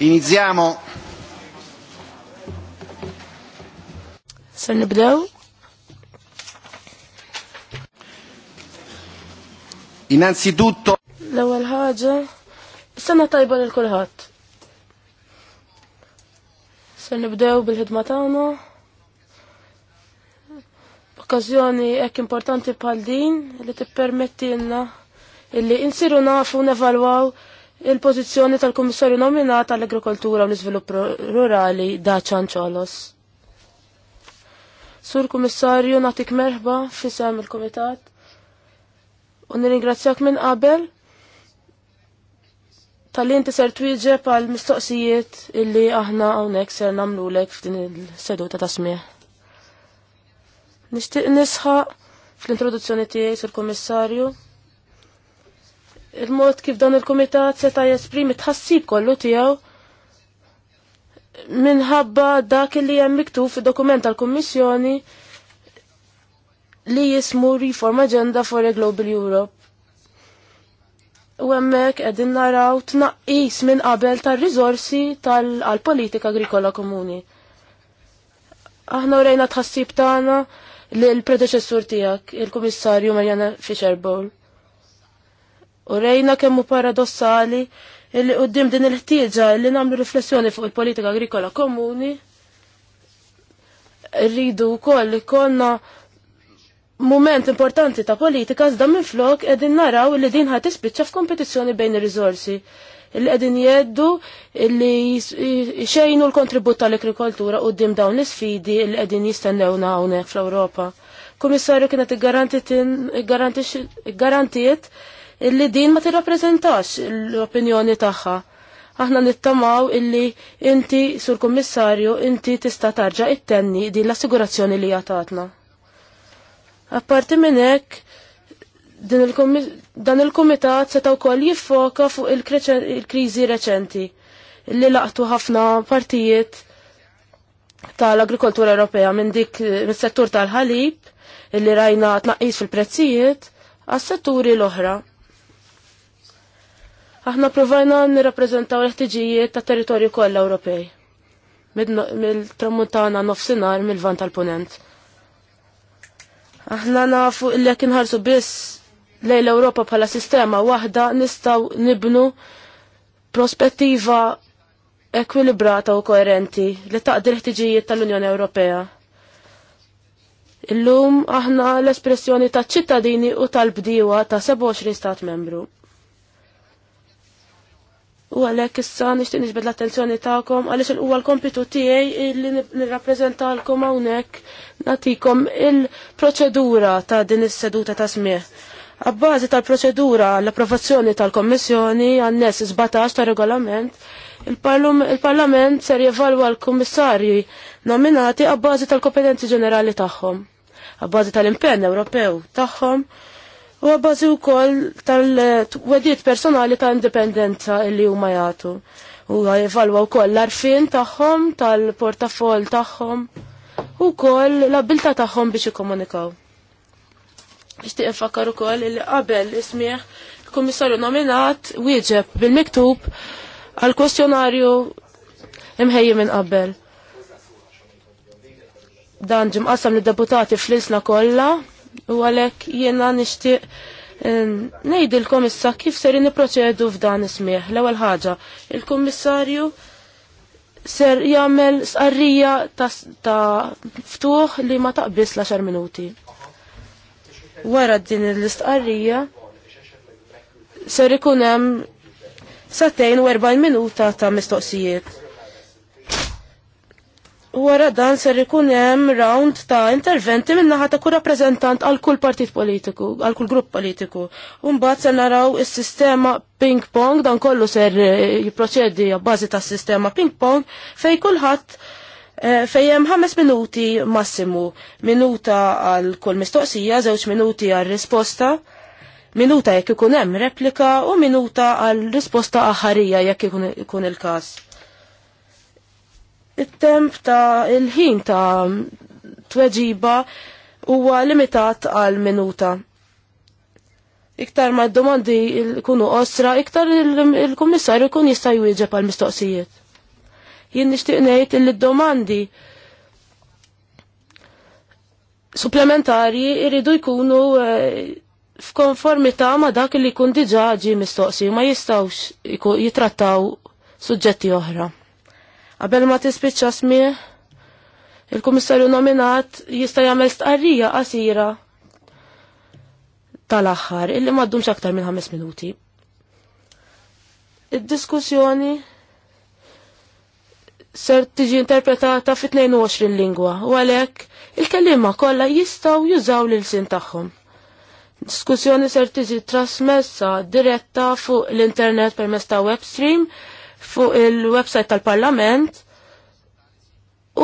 Iniziamo. Se nibdew? Innanzitutto. L-ewwel ħaġa, sena tajba lil kulħadd. Se nibdew bil-ħidma tagħna. Okkażjoni hekk importanti bħal din li tippermettilna illi insiru nafu nevalwaw il-pozizjoni tal-Komissarju nominat tal-Agrikoltura u l-Iżvilupp Rurali Daċan Ċolos. Sur Komissarju, natik merħba sem il-Komitat u nirringrazzjak minn qabel tal-inti ser twieġeb għal mistoqsijiet illi aħna hawnhekk ser nagħmlulek f'din il-seduta ta' smieħ. Nixtieq nisħaq fl-introduzzjoni tiegħi sur Komissarju il-mod kif dan il-komitat seta' jesprimi tħassib kollu tiegħu minħabba dak li hemm miktub fi dokument tal-Kummissjoni li jismu Reform Agenda for a Global Europe. U hemmhekk qegħdin naraw tnaqqis minn qabel tar-riżorsi tal-politika agrikola komuni. Aħna rejna tħassib tagħna l-predeċessur tiegħek, il-Kummissarju Marjana fischer Bowl U rejna kemmu paradossali illi qoddim din il-ħtieġa illi nagħmlu riflessjoni fuq il-politika agrikola komuni rridu wkoll li konna moment importanti ta' politika iżda minn flok qegħdin naraw li din ħad tispiċċa f'kompetizzjoni bejn ir-riżorsi. Illi qegħdin jeddu illi xejnu l-kontribut tal-agrikoltura qudiem dawn l-isfidi illi qegħdin jistennewna hawnhekk fl-Ewropa. Kummissarju kienet iggarantiet illi din ma tirrappreżentax l-opinjoni tagħha. Aħna nittamaw illi inti sur kummissarju inti tista' tarġa' it-tenni din l-assigurazzjoni li jagħtatna. Apparti minn hekk dan il-kumitat setaw wkoll jiffoka fuq il-kriżi reċenti li laqtu ħafna partijiet tal-agrikoltura Ewropea minn dik mis-settur tal-ħalib illi rajna tnaqqis fil-prezzijiet għas-setturi l-oħra Aħna provajna nirrapprezentaw l-ħtiġijiet ta' territorju kollha Ewropej. Mill-tramuntana nofsinhar mill-van tal-punent. Aħna nafu li jekk inħarsu biss lejn l-Ewropa bħala sistema waħda nistgħu nibnu prospettiva ekwilibrata u koerenti li taqdir ħtiġijiet tal-Unjoni Ewropea. Illum aħna l-espressjoni ta' ċittadini u tal bdiwa ta' 27 stat membru. U għalek issa nishtiq nixbed l-attenzjoni ta'kom għalix huwa l-kompitu tiegħi li nirrappreżentalkom hawnhekk natikom il-proċedura ta' din is-seduta ta' smieħ. Abbażi tal-proċedura l-approvazzjoni tal-Kommissjoni għannes 17 ta' regolament, il-Parlament ser jevalwa l-Kummissarji nominati abbażi tal-kompetenzi ġenerali tagħhom, għabbażi tal-impenn Ewropew tagħhom U għabbażi u koll tal-wedit personali ta' indipendenza illi huma jagħtu. U għajevalwa u koll l-arfin tagħhom, tal-portafol tagħhom, u koll l-abilta tagħhom biex jikkomunikaw. Ixtieq infakkar ukoll illi qabel ismieħ il-kummissarju nominat wieġeb bil-miktub għal kwestjonarju imħejji minn qabel. Dan ġimqasam lid deputati fl-isna kollha u għalhekk jiena nixtieq ngħidilkom issa kif ser niproċedu f'dan ismiħ, L-ewwel ħaġa, il-Kummissarju ser jagħmel sqarrija ta' ftuħ li ma taqbis l-10 minuti. Wara din l-istqarrija ser ikun hemm satejn minuta ta' mistoqsijiet. Wara dan ser ikun hemm round ta' interventi minn naħa ta' kull rappreżentant għal kull partit politiku, għal kull grupp politiku. U mbagħad se naraw is-sistema ping pong dan kollu ser eh, jipproċedi bażi tas sistema ping pong fejn kulħadd eh, hemm ħames minuti massimu, minuta għal kull mistoqsija, żewġ minuti għal risposta, minuta jekk ikun hemm replika u minuta għal risposta aħarija jekk ikun il-każ it-temp ta' il-ħin ta' tweġiba huwa limitat għal minuta. Iktar ma' domandi kunu osra, iktar il-kommissarju il kun jista' jwieġeb għal mistoqsijiet. Jien nixtieq ngħid il-domandi supplementari irridu jkunu eh, f'konformità ma' dak li kun diġa ġi mistoqsi ma jistawx jitrattaw suġġetti oħra. Qabel ma tispiċċa smih, il-Kummissarju nominat jista' jagħmel stqarrija qasira tal-aħħar illi m'għaddumx aktar minn ħames minuti. Id-diskussjoni ser tiġi interpretata fi 22 lingwa u għalhekk il-kelliema kollha jistgħu jużaw l-sin tagħhom. Diskussjoni ser tiġi trasmessa diretta fuq l-internet permesta ta' webstream fuq il-website tal-Parlament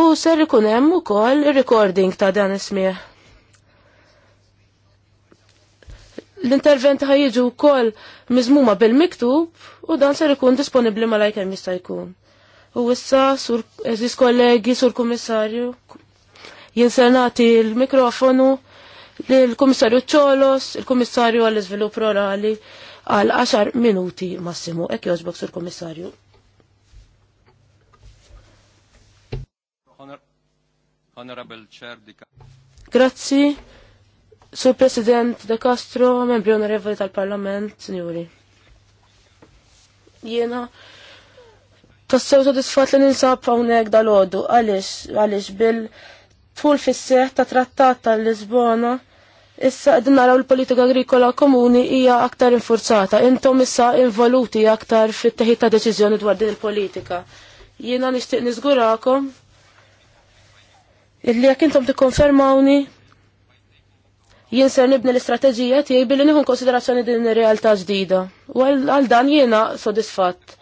u ser ikun hemm ukoll ir-recording ta' dan ismieħ. L-intervent ħajġu wkoll miżmuma bil-miktub u dan ser ikun disponibbli malajk hemm jista' jkun. U issa sur eżis kollegi sur kummissarju jinsenati l-mikrofonu l kummissarju ċolos, il kummissarju għall-Izvilup Rurali għal 10 minuti massimu. Ek joġbok sur Komissarju. Honorable Chair Di Grazzi, Sur President De Castro, membri onorevoli tal-Parlament, signori. Jena, tassew sodisfat li ninsab hawnhekk dal-għodu, għaliex, għaliex bil-tul fis-seħ ta' trattat tal-Lisbona, issa qed naraw il-politika agrikola komuni hija aktar infurzata, intom issa involuti aktar fit-teħid ta' deċiżjoni dwar din il-politika. Jiena nixtieq niżgurakom illi jekk intom tikkonfermawni jien ser nibni l-istrateġija tiegħi billi nieħu konsiderazzjoni din ir-realtà ġdida. U għal dan jiena sodisfatt.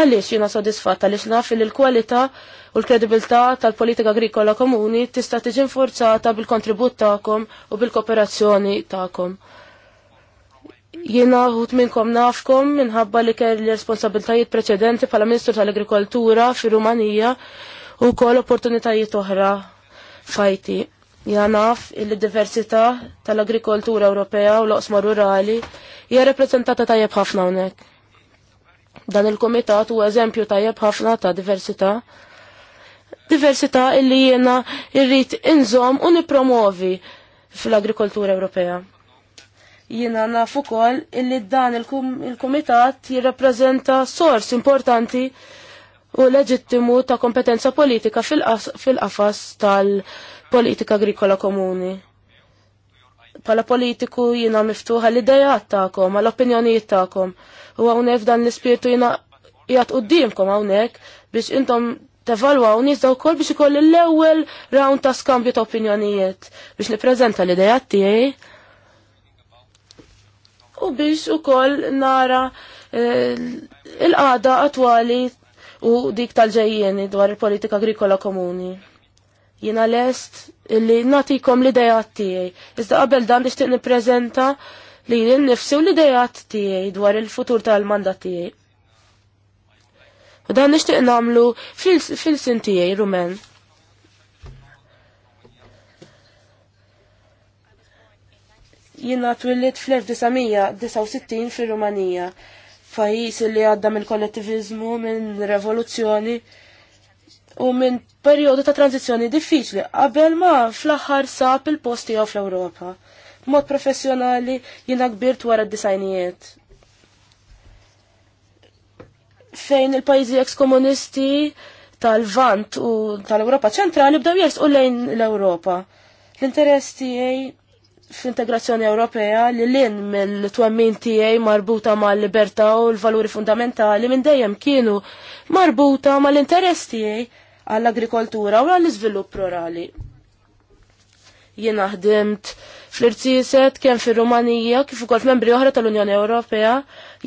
Għaliex jiena sodisfatt għaliex naf li l-kwalità u l-kredibilità tal-politika agrikola komuni tista' tiġi nforzata bil-kontribut tagħkom u bil-kooperazzjoni tagħkom. Jiena ħut minnkom nafkom minħabba li kelli responsabiltajiet preċedenti bħala Ministru tal-Agrikoltura fir-Rumanija u kol opportunitajiet oħra fajti. Janaf il-diversità tal-agrikoltura Ewropea u l-oqsma rurali hija rappreżentata tajjeb ħafna hawnhekk. Dan il-komitat u eżempju tajjeb ħafna ta' diversità. Diversità illi jiena irrid inżom u nipromovi fil-agrikoltura Ewropea. Jiena naf ukoll illi dan il-kumitat jirrappreżenta sors importanti u leġittimu ta' kompetenza politika fil-qafas tal-politika agrikola komuni. Pala politiku jina miftuħa l-idejat ta'kom, għal-opinjonijiet ta'kom, u għawnek f'dan l-ispirtu jina jgħat uddimkom għawnek biex intom tevalwaw nizdaw kol biex ikoll l-ewel round ta' skambju ta' opinjonijiet biex niprezenta l-idejat tiegħi u biex ukoll nara il-qada eh, attwali u dik tal-ġejjeni dwar il-politika agrikola komuni. Jina lest illi natikom l-idejat tiegħi. Iżda qabel dan nixtieq nippreżenta li jinn nifsi u l-idejat tiegħi dwar il-futur tal-mandat tiegħi. U dan nixtieq nagħmlu fil-sin tiegħi rumen. Jina twillit fl-1969 fil-Rumanija fajis li għadda minn kollettivizmu, minn revoluzzjoni u minn periodu ta' tranzizjoni diffiċli qabel ma fl-aħħar sab il posti għaw fl-Ewropa. Mod professjonali jiena gbirt wara d-disajnijiet. Fejn il-pajjiżi Komunisti tal-Vant u tal-Ewropa ċentrali bdew u lejn l-Ewropa. L-interess tiegħi fl-integrazzjoni Ewropea li l-in mill-twemmin tiegħi marbuta ma' libertà u l-valuri fundamentali minn dejjem kienu marbuta ma' l-interess tiegħi għall-agrikoltura u għall-iżvilupp rurali. Jiena ħdimt fl-irtiset kemm fir-Rumanija kif ukoll f'membri oħra tal-Unjoni Ewropea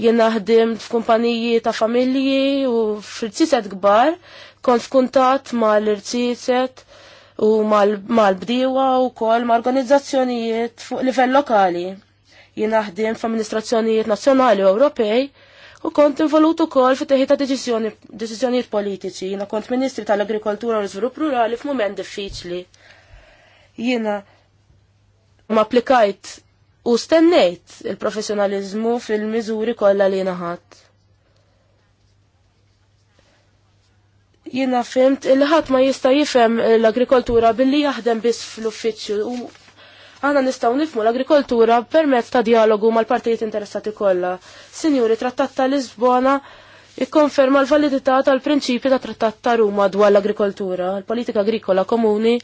jiena ħdimt f'kumpaniji ta' familji u fl-irtiset kbar kont f'kuntat ma' l-irtiset u mal bdiwa u kol ma' organizzazzjonijiet fuq livell lokali. Jina ħdim f'amministrazzjonijiet nazzjonali u Ewropej u kont involut ukoll fi teħita deċiżjonijiet politiċi. Jina kont Ministri tal-Agrikoltura u l-Żvilupp Rurali f'mument diffiċli. Jina ma applikajt u stennejt il-professjonalizmu fil-miżuri kollha li naħat. jina fimt il ħadd ma jista' jifhem l-agrikoltura billi jaħdem biss fl-uffiċċju u aħna nistgħu nifmu l-agrikoltura permezz ta' dialogu mal-partijiet interessati kollha. Sinjuri, trattat ta' Lisbona ikkonferma l-validità tal-prinċipju ta' trattat ta' Ruma dwar l-agrikoltura, l-politika agrikola komuni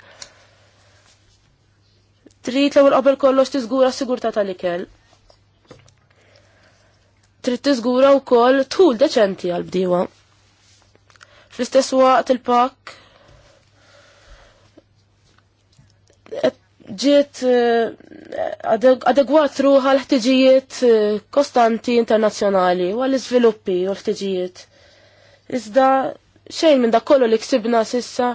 trid l-ewwel qabel kollox tiżgura s-sigurtà tal-ikel. Trid tiżgura wkoll tul deċenti għal bdiewa. Fl-istess waqt il-pak ġiet eh, adegwat ruħa l-ħtiġijiet eh, kostanti internazzjonali u għall-iżviluppi u l-ħtiġijiet. Iżda xejn minn dak kollu li ksibna sissa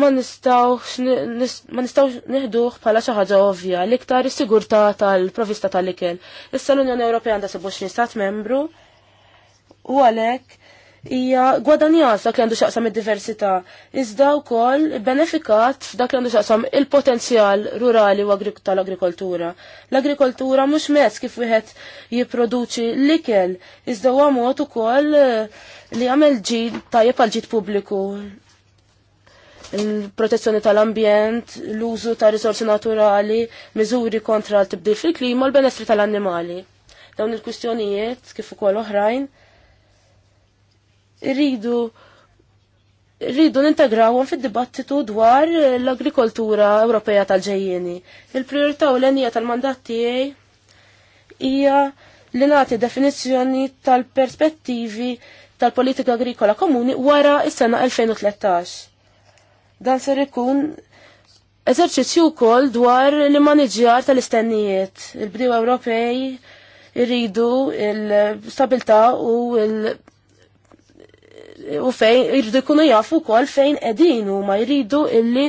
ma nistawx ma nistawx neħduh bħala xi ħaġa ovvja l-iktar is-sigurtà tal-provista tal-ikel. Issa l-Unjoni Ewropea għandha 27 membru u għalhekk hija gwadanjat dak li għandu xaqsam id-diversità, iżda wkoll benefikat f'dak li għandu xaqsam il-potenzjal rurali u tal-agrikoltura. L-agrikoltura mhux mezz kif wieħed jipproduċi l-ikel, iżda huwa mod ukoll eh, li għamel ġid tajjeb għal ġid pubbliku il-protezzjoni tal-ambjent, l-użu ta' risorsi naturali, miżuri kontra l-tibdil fil-klima, l-benessri tal-annimali. Dawn il-kustjonijiet kif ukoll oħrajn rridu rridu nintegrawhom fid-dibattitu dwar l-agrikoltura Ewropea tal-ġejjieni. Il-priorità u l-enija tal-mandat tiegħi hija li nagħti definizzjoni tal-perspettivi tal-politika agrikola komuni wara s sena 2013. Dan ser ikun eżerċizzju wkoll dwar l-maniġjar tal-istennijiet. Il-bdew Ewropej irridu il stabilta u l- il u fejn irridu jkunu jafu wkoll fejn qegħdin huma jridu illi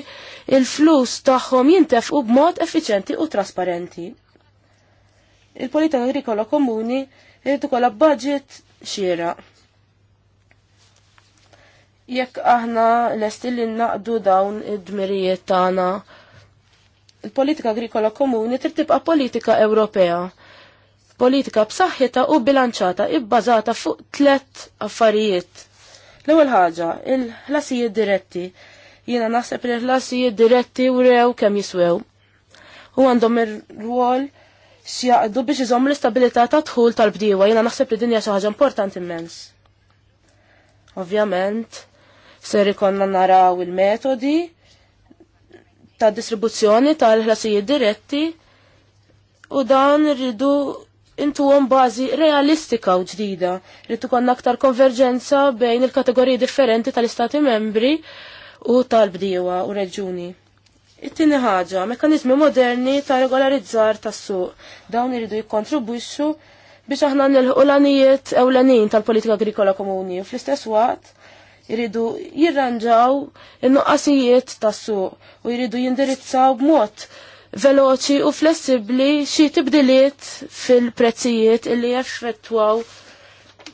il-flus tagħhom jintefqu b'mod effiċenti u trasparenti. Il-politika agrikola komuni irridu kolla budget xiera. Jekk aħna l-estilli naqdu dawn id-dmirijiet tagħna il-politika agrikola komuni trid tibqa' politika Ewropea. Politika b'saħħitha u bilanċata ibbażata fuq tlet affarijiet. L-ewwel ħaġa, il-ħlasijiet diretti. Jiena naħseb li l-ħlasijiet diretti u rew kemm jiswew. U għandhom ir-rwol x'jaqdu biex iżomm l-istabilità ta' dħul tal-bdiewa. Jiena naħseb li dinja xi ħaġa importanti immens. Ovvjament, ser ikonna naraw il-metodi ta' distribuzzjoni tal-ħlasijiet diretti u dan rridu intu għom bazi realistika u ġdida li tukon aktar konverġenza bejn il-kategoriji differenti tal-istati membri u tal-bdiewa u reġuni. It-tini ħaġa, mekanizmi moderni ta' regolarizzar tas suq dawn iridu jikkontribwixxu biex aħna nilħu l-anijiet ewlenin tal-politika agrikola komuni u fl-istess waqt iridu jirranġaw in-nuqqasijiet tas suq u iridu jindirizzaw b'mod veloċi u flessibli xi tibdiliet fil-prezzijiet illi jaffettwaw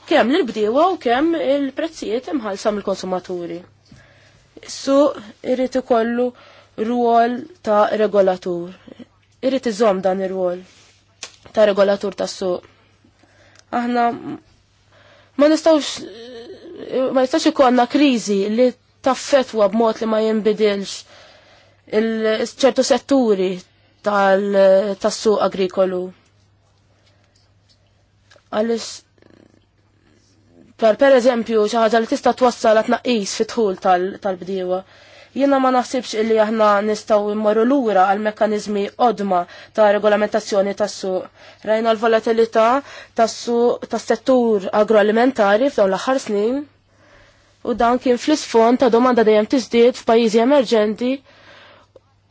kemm l-bdiewa u kemm il-prezzijiet imħalsam il-konsumaturi. Su irrit ikollu ruol ta' regolatur. Irrit iżomm dan ir-ruol ta' regolatur ta' suq. Aħna ma nistawx ma nistax ikonna kriżi li taffetwa b'mod li ma jinbidilx il-ċertu setturi tal-suq agrikolu. Għalix Per, per eżempju, xaħġa li tista' twassal għat naqis fit tal-bdiewa. Jiena ma naħsibx illi aħna nistgħu immorru lura għal mekkaniżmi qodma ta' regolamentazzjoni tas-suq. Rajna l-volatilità tas-suq tas-settur agroalimentari f'dawn l-aħħar snin u dan kien fl-isfond ta' domanda dejjem tiżdied f'pajjiżi emerġenti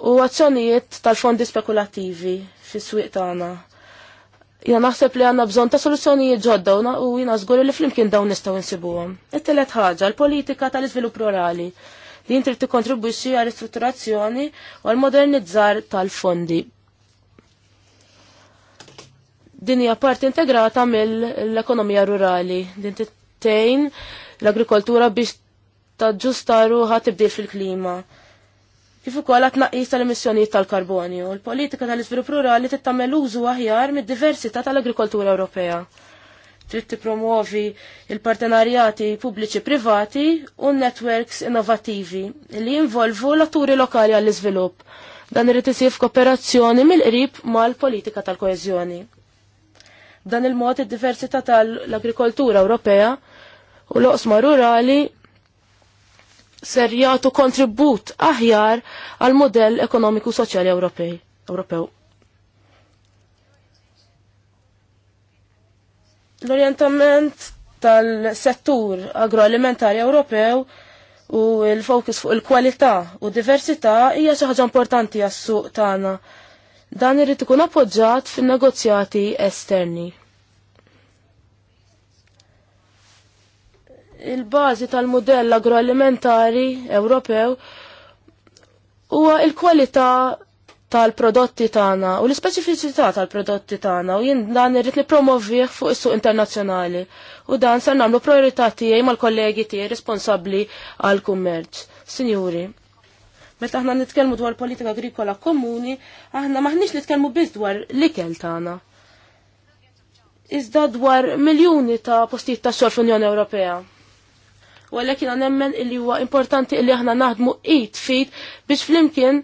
u azzjonijiet tal-fondi spekulativi fis-swieq tagħna. Jina naħseb li għanna bżon ta' soluzzjonijiet ġodda u jina żgur li flimkien dawn nistgħu nsibuhom. It-telet ħaġa, l-politika tal-iżvilupp rurali li jintri tikkontribwixxi għal ristrutturazzjoni u għal modernizzar tal-fondi. Din hija parti integrata mill-ekonomija rurali. Din tittejn l-agrikoltura biex taġġusta ruħa tibdil fil-klima kif ukoll għat naqis tal-emissjonijiet tal-karbonju. L-politika tal-iżvilupp rurali tagħmel użu aħjar mid-diversità tal-agrikoltura Ewropea. Trid tippromuovi il-partenarjati pubbliċi privati u networks innovativi li jinvolvu l-atturi lokali għall-iżvilupp. Dan irid isir kooperazzjoni mill-qrib mal-politika tal-koeżjoni. Dan il-mod id-diversità tal-agrikoltura Ewropea u l-oqsma rurali ser jagħtu kontribut aħjar għal modell ekonomiku soċjali Ewropej. Ewropew. L-orientament tal-settur agroalimentari Ewropew u l-fokus fuq il-kwalità u diversità hija xi ħaġa importanti għas-suq tagħna. Dan irid ikun appoġġjat fin-negozjati esterni. il-bażi tal-modell agroalimentari Ewropew huwa il-kwalità tal-prodotti tagħna u l-ispeċifiċità tal-prodotti tagħna u jien dan irrid nippromovih fuq is-suq internazzjonali u dan ser nagħmlu priorità tiegħi mal-kollegi tiegħi responsabbli għal kummerċ. Sinjuri, meta aħna nitkellmu dwar politika agrikola komuni, aħna maħniex nitkellmu biss dwar l-ikel tagħna. Iżda dwar miljuni ta' postijiet ta' xogħol fl-Unjoni Ewropea. U għalhekk jiena nemmen illi huwa importanti illi aħna naħdmu it fit biex flimkien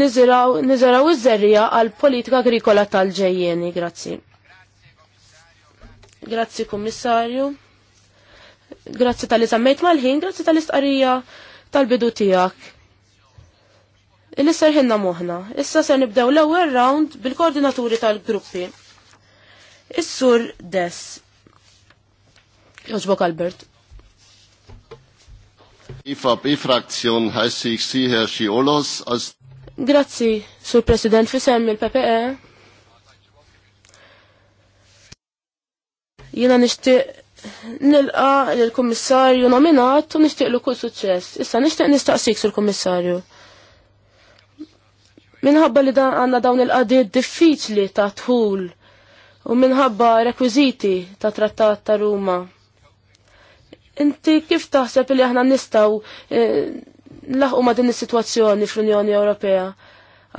niżiraw niżiraw iż-żerrija għal politika agrikola tal-ġejjeni. Grazzi. Grazzi kummissarju. Grazzi tal-li semmejt mal-ħin, grazzi tal-istqarrija tal-bidu tiegħek. Illi ser ħinna moħna. Issa ser nibdew l-ewwel round bil-koordinaturi tal-gruppi. Is-sur Des. Joġbok Albert. IVP-fraktion heißt ich Sie, Herr Schiolos. Als Grazzi, Sur President, fisem il-PPE. Jena nishtiq nilqa l-Kommissarju nominat u nishtiq l kull suċċess. Issa nishtiq nistaqsik sur kommissarju Minħabba li dan għanna dawn il-qadiet diffiċli ta' tħul u minħabba rekwiziti ta' trattat ta' Ruma Inti kif taħseb li aħna nistaw eh, laħqu ma din is-sitwazzjoni fl-Unjoni Ewropea?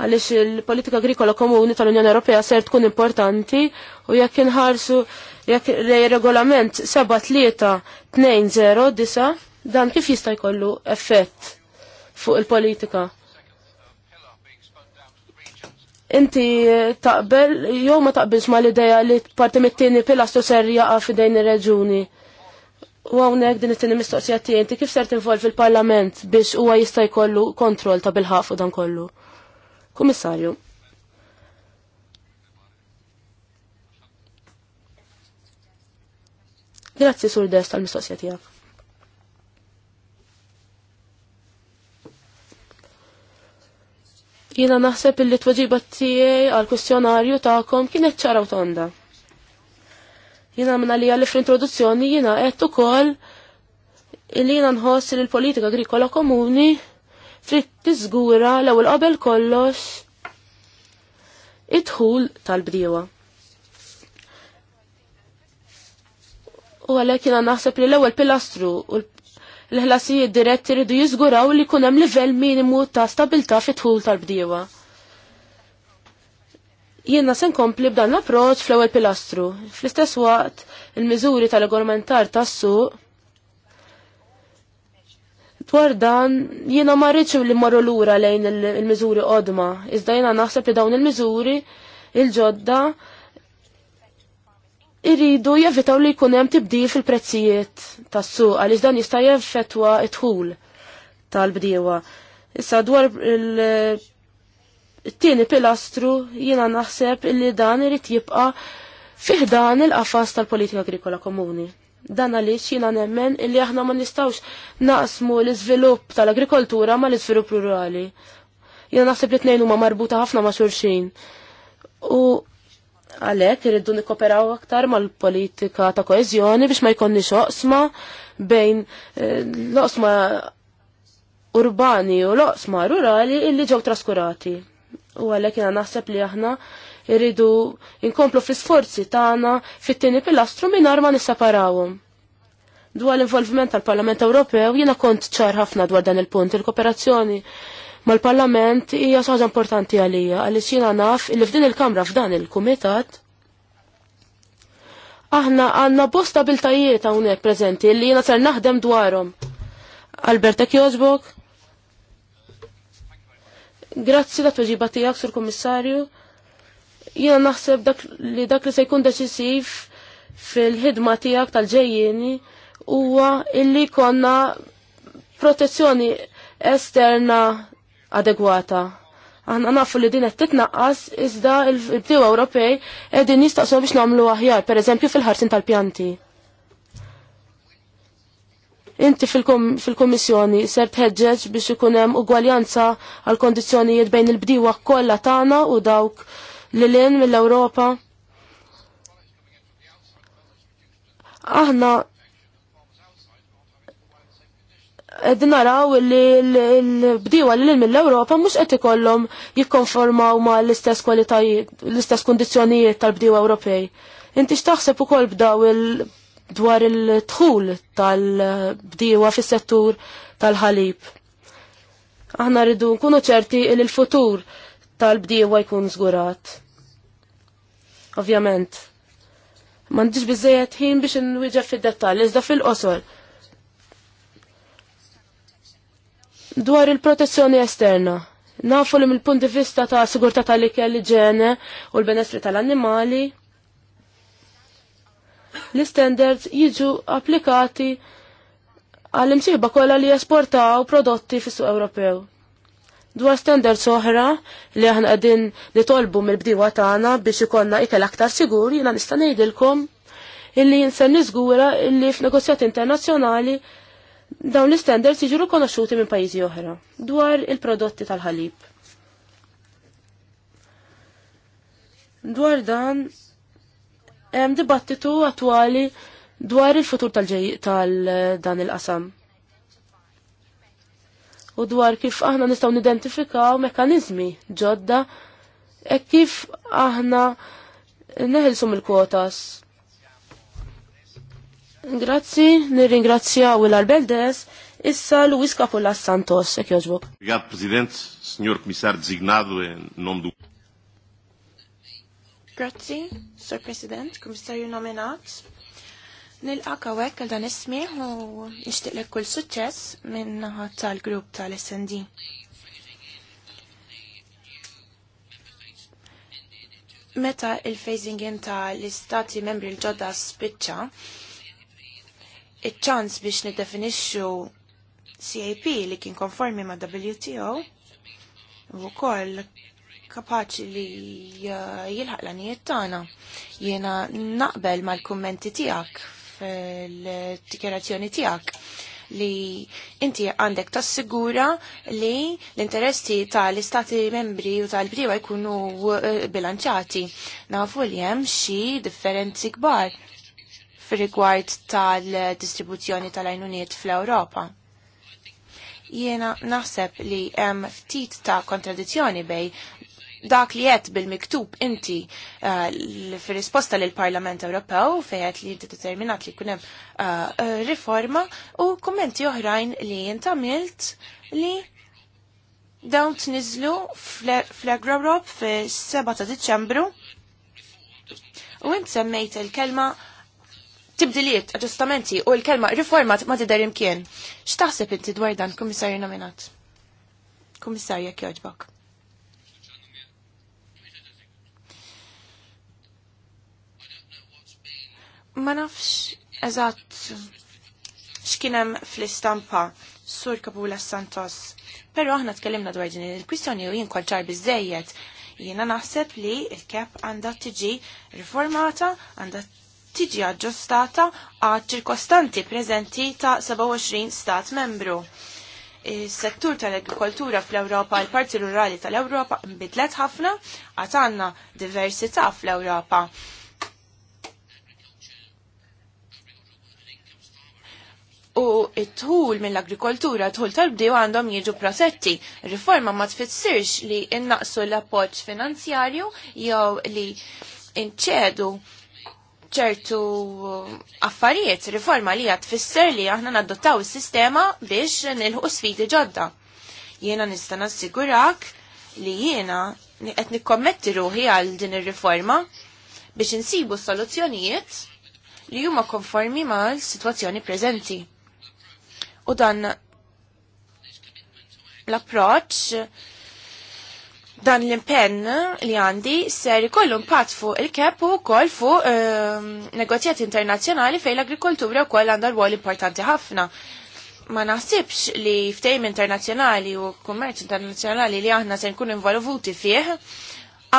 Għaliex il-politika agrikola komuni tal-Unjoni Ewropea ser tkun importanti u jekk inħarsu jekk regolament 7-3-2-0 dan kif jista' jkollu effett fuq il-politika? inti eh, taqbel, jew ma taqbilx mal ideja li parti mit-tieni pilastru ser jaqa' f'idejn ir-reġuni. U għawnek din it-tini mistoqsija tiegħi kif ser tinvolvi l-Parlament biex huwa jista' jkollu kontroll ta' bil-ħaf u dan kollu. Kummissarju. Grazzi sur Des tal-mistoqsija tiegħek. Jiena naħseb illi t tiegħi għal kwistjonarju tagħkom kienet ċara u tonda. Jina minna li għalli fl-introduzzjoni jina għettu kol li jina nħoss l-politika agrikola komuni trid tiżgura l-ewwel qabel kollox idħul tal-bdiewa. U għalhekk jiena naħseb li l-ewwel pilastru u l-ħlasijiet diretti rridu jiżguraw li jkun hemm livell minimu ta' stabilta fit-tħul tal-bdiewa. Jiena se nkompli b'dan l-approċ fl-ewwel pilastru. Fl-istess waqt il-miżuri tal-regolamentar tas-suq dwar dan jiena ma rridx li marru lura lejn il-miżuri qodma, iżda jiena naħseb li dawn il-miżuri il-ġodda irridu jevitaw li jkun hemm tibdil fil-prezzijiet tas-suq għaliex dan jista' jeffettwa t dħul tal-bdiewa. Issa dwar il- it-tieni pilastru jiena naħseb illi dan irid jibqa' fih dan il-qafas tal-politika agrikola komuni. Dan għaliex jiena nemmen illi aħna ma nistgħux naqsmu l-iżvilupp tal-agrikoltura ma l-iżvilupp rurali. Jiena naħseb li tnejn huma marbuta ħafna ma' xulxin. U għalhekk irridu nikkoperaw aktar mal-politika ta' koeżjoni biex ma jkonni oqsma bejn eh, l-oqsma urbani u l-oqsma rurali illi ġew traskurati. U għalhekk jiena naħseb li aħna irridu inkomplu fl-isforzi tagħna fit-tieni pilastru mingħajr ma nisseparawhom. Dwar l-involviment tal-Parlament Ewropew jiena kont ċar ħafna dwar dan il-punt il-kooperazzjoni mal-Parlament hija ħaġa importanti għalija għaliex jiena naf li f'din il-Kamra f'dan il-Kumitat aħna għandna bosta biltajiet hawnhekk preżenti li jiena ser naħdem dwarhom. Albertek Jozbok, Grazzi la tweġiba tiegħek sur Kommissarju. Jiena naħseb dak li dak li se jkun deċisiv fil-ħidma tiegħek tal-ġejjieni huwa illi konna protezzjoni esterna adegwata. Aħna nafu li din qed titnaqqas iżda l-bdew Ewropej qegħdin jistaqsu biex nagħmlu aħjar, pereżempju fil-ħarsin tal-pjanti. Inti fil-Komissjoni fil ser tħeġġeġ biex ikun hemm ugwaljanza għal kondizzjonijiet bejn il bdiwa kollha tagħna u dawk li lin mill-Ewropa. Aħna qed naraw li l-bdiewa li mill-Ewropa mhux qed ikollhom jikkonformaw ma l-istess kwalitajiet, l-istess kundizzjonijiet tal bdiwa Ewropej. Inti x'taħseb ukoll b'daw il- dwar il-tħul tal-bdiewa fis-settur tal-ħalib. Aħna rridu nkunu ċerti li l-futur tal-bdiewa jkun żgurat. Ovvjament. M'għandix biżejjed ħin biex nwieġeb fid-dettall, iżda fil-qosor. Dwar il-protezzjoni esterna. Nafu li mill-punt di vista ta' sigurtà tal-ikel ġene u l-benessri tal-annimali, l-standards jiġu applikati għall-imsieħba kollha li jesportaw prodotti fis-suq Ewropew. Dwar standards oħra li aħna qegħdin nitolbu mill bdiwa tagħna biex ikonna ikel aktar sigur jiena nista' ngħidilkom illi jinser niżgura illi f'negozjati internazzjonali dawn l-standards jiġu rikonoxxuti minn pajjiżi oħra dwar il-prodotti tal-ħalib. Dwar dan hemm dibattitu attwali dwar il-futur tal-dan il-qasam. U dwar kif aħna nistgħu nidentifikaw mekkaniżmi ġodda e kif aħna neħilsum il-kwotas. Grazzi, nirringrazzjaw il-Arbeldes, issa Luis Capulla Santos, ek joġbok. Obrigado, Presidente, signor Comissar designado e nome du... Grazzi, Sir President, Komissarju nominat. Nil-għaka għek għal dan ismi u nishtiq li kull suċċess minn tal-grupp tal-SND. Meta il-phasing in tal-istati membri l-ġodda spiċċa, il-ċans biex nidefinixxu CAP li kien konformi ma' WTO u koll kapaċi li jilħaq l-għanijiet tagħna. Jiena naqbel mal-kummenti tiegħek fil-dikjerazzjoni tiegħek li inti għandek tassigura li l-interessi tal-istati membri u tal-briwa jkunu eh, bilanċati. Nafu li hemm xi differenzi kbar fir-rigward tal-distribuzzjoni tal-għajnuniet fl-Ewropa. Jiena naħseb li hemm ftit ta' kontradizzjoni bej dak li jett bil-miktub inti fil-risposta eh, l parlament Ewropew fejet li determinat li kunem eh, eh, riforma u kommenti oħrajn li jintamilt li dawn t-nizlu fl-Agrorop fil-7 ta' Diċembru u int semmejt il-kelma tibdiliet, aġustamenti u l-kelma riforma ma tidher imkien. X'taħseb inti dwar dan, kummissarju nominat? Kummissarja kjoġbok. Ma nafx eżatt x'kienem fl-istampa Sur Kapula Santos. Pero aħna tkellimna dwar din il-kwistjoni u jien konċar biżejjed. Jiena naħseb li il-kep għandha tiġi riformata, għandha tiġi aġġustata għad ċirkostanti preżenti ta' 27 stat membru. Is-settur tal-agrikoltura fl-Ewropa, il-parti rurali tal-Ewropa, mbidlet ħafna, għad għandna diversità fl-Ewropa u it-tul mill-agrikoltura, t-tul tal-bdew għandhom jiġu prosetti. Riforma ma tfissirx li innaqsu l-appoġġ finanzjarju jew li inċedu ċertu affarijiet, riforma li għat fisser li aħna naddottaw il-sistema biex nilħu sfidi ġodda. Jiena nista nassigurak li jiena qed nikkommetti ruħi għal din ir-riforma biex insibu soluzzjonijiet li huma konformi mal-sitwazzjoni preżenti u dan l-approċ dan l-impenn li għandi ser ikollu impatt fuq il-kep u wkoll fuq e, negozjati internazzjonali fejn l-agrikoltura wkoll għandha rwol importanti ħafna. Ma naħsibx li ftejm internazzjonali u kummerċ internazzjonali li aħna se nkunu involvuti fih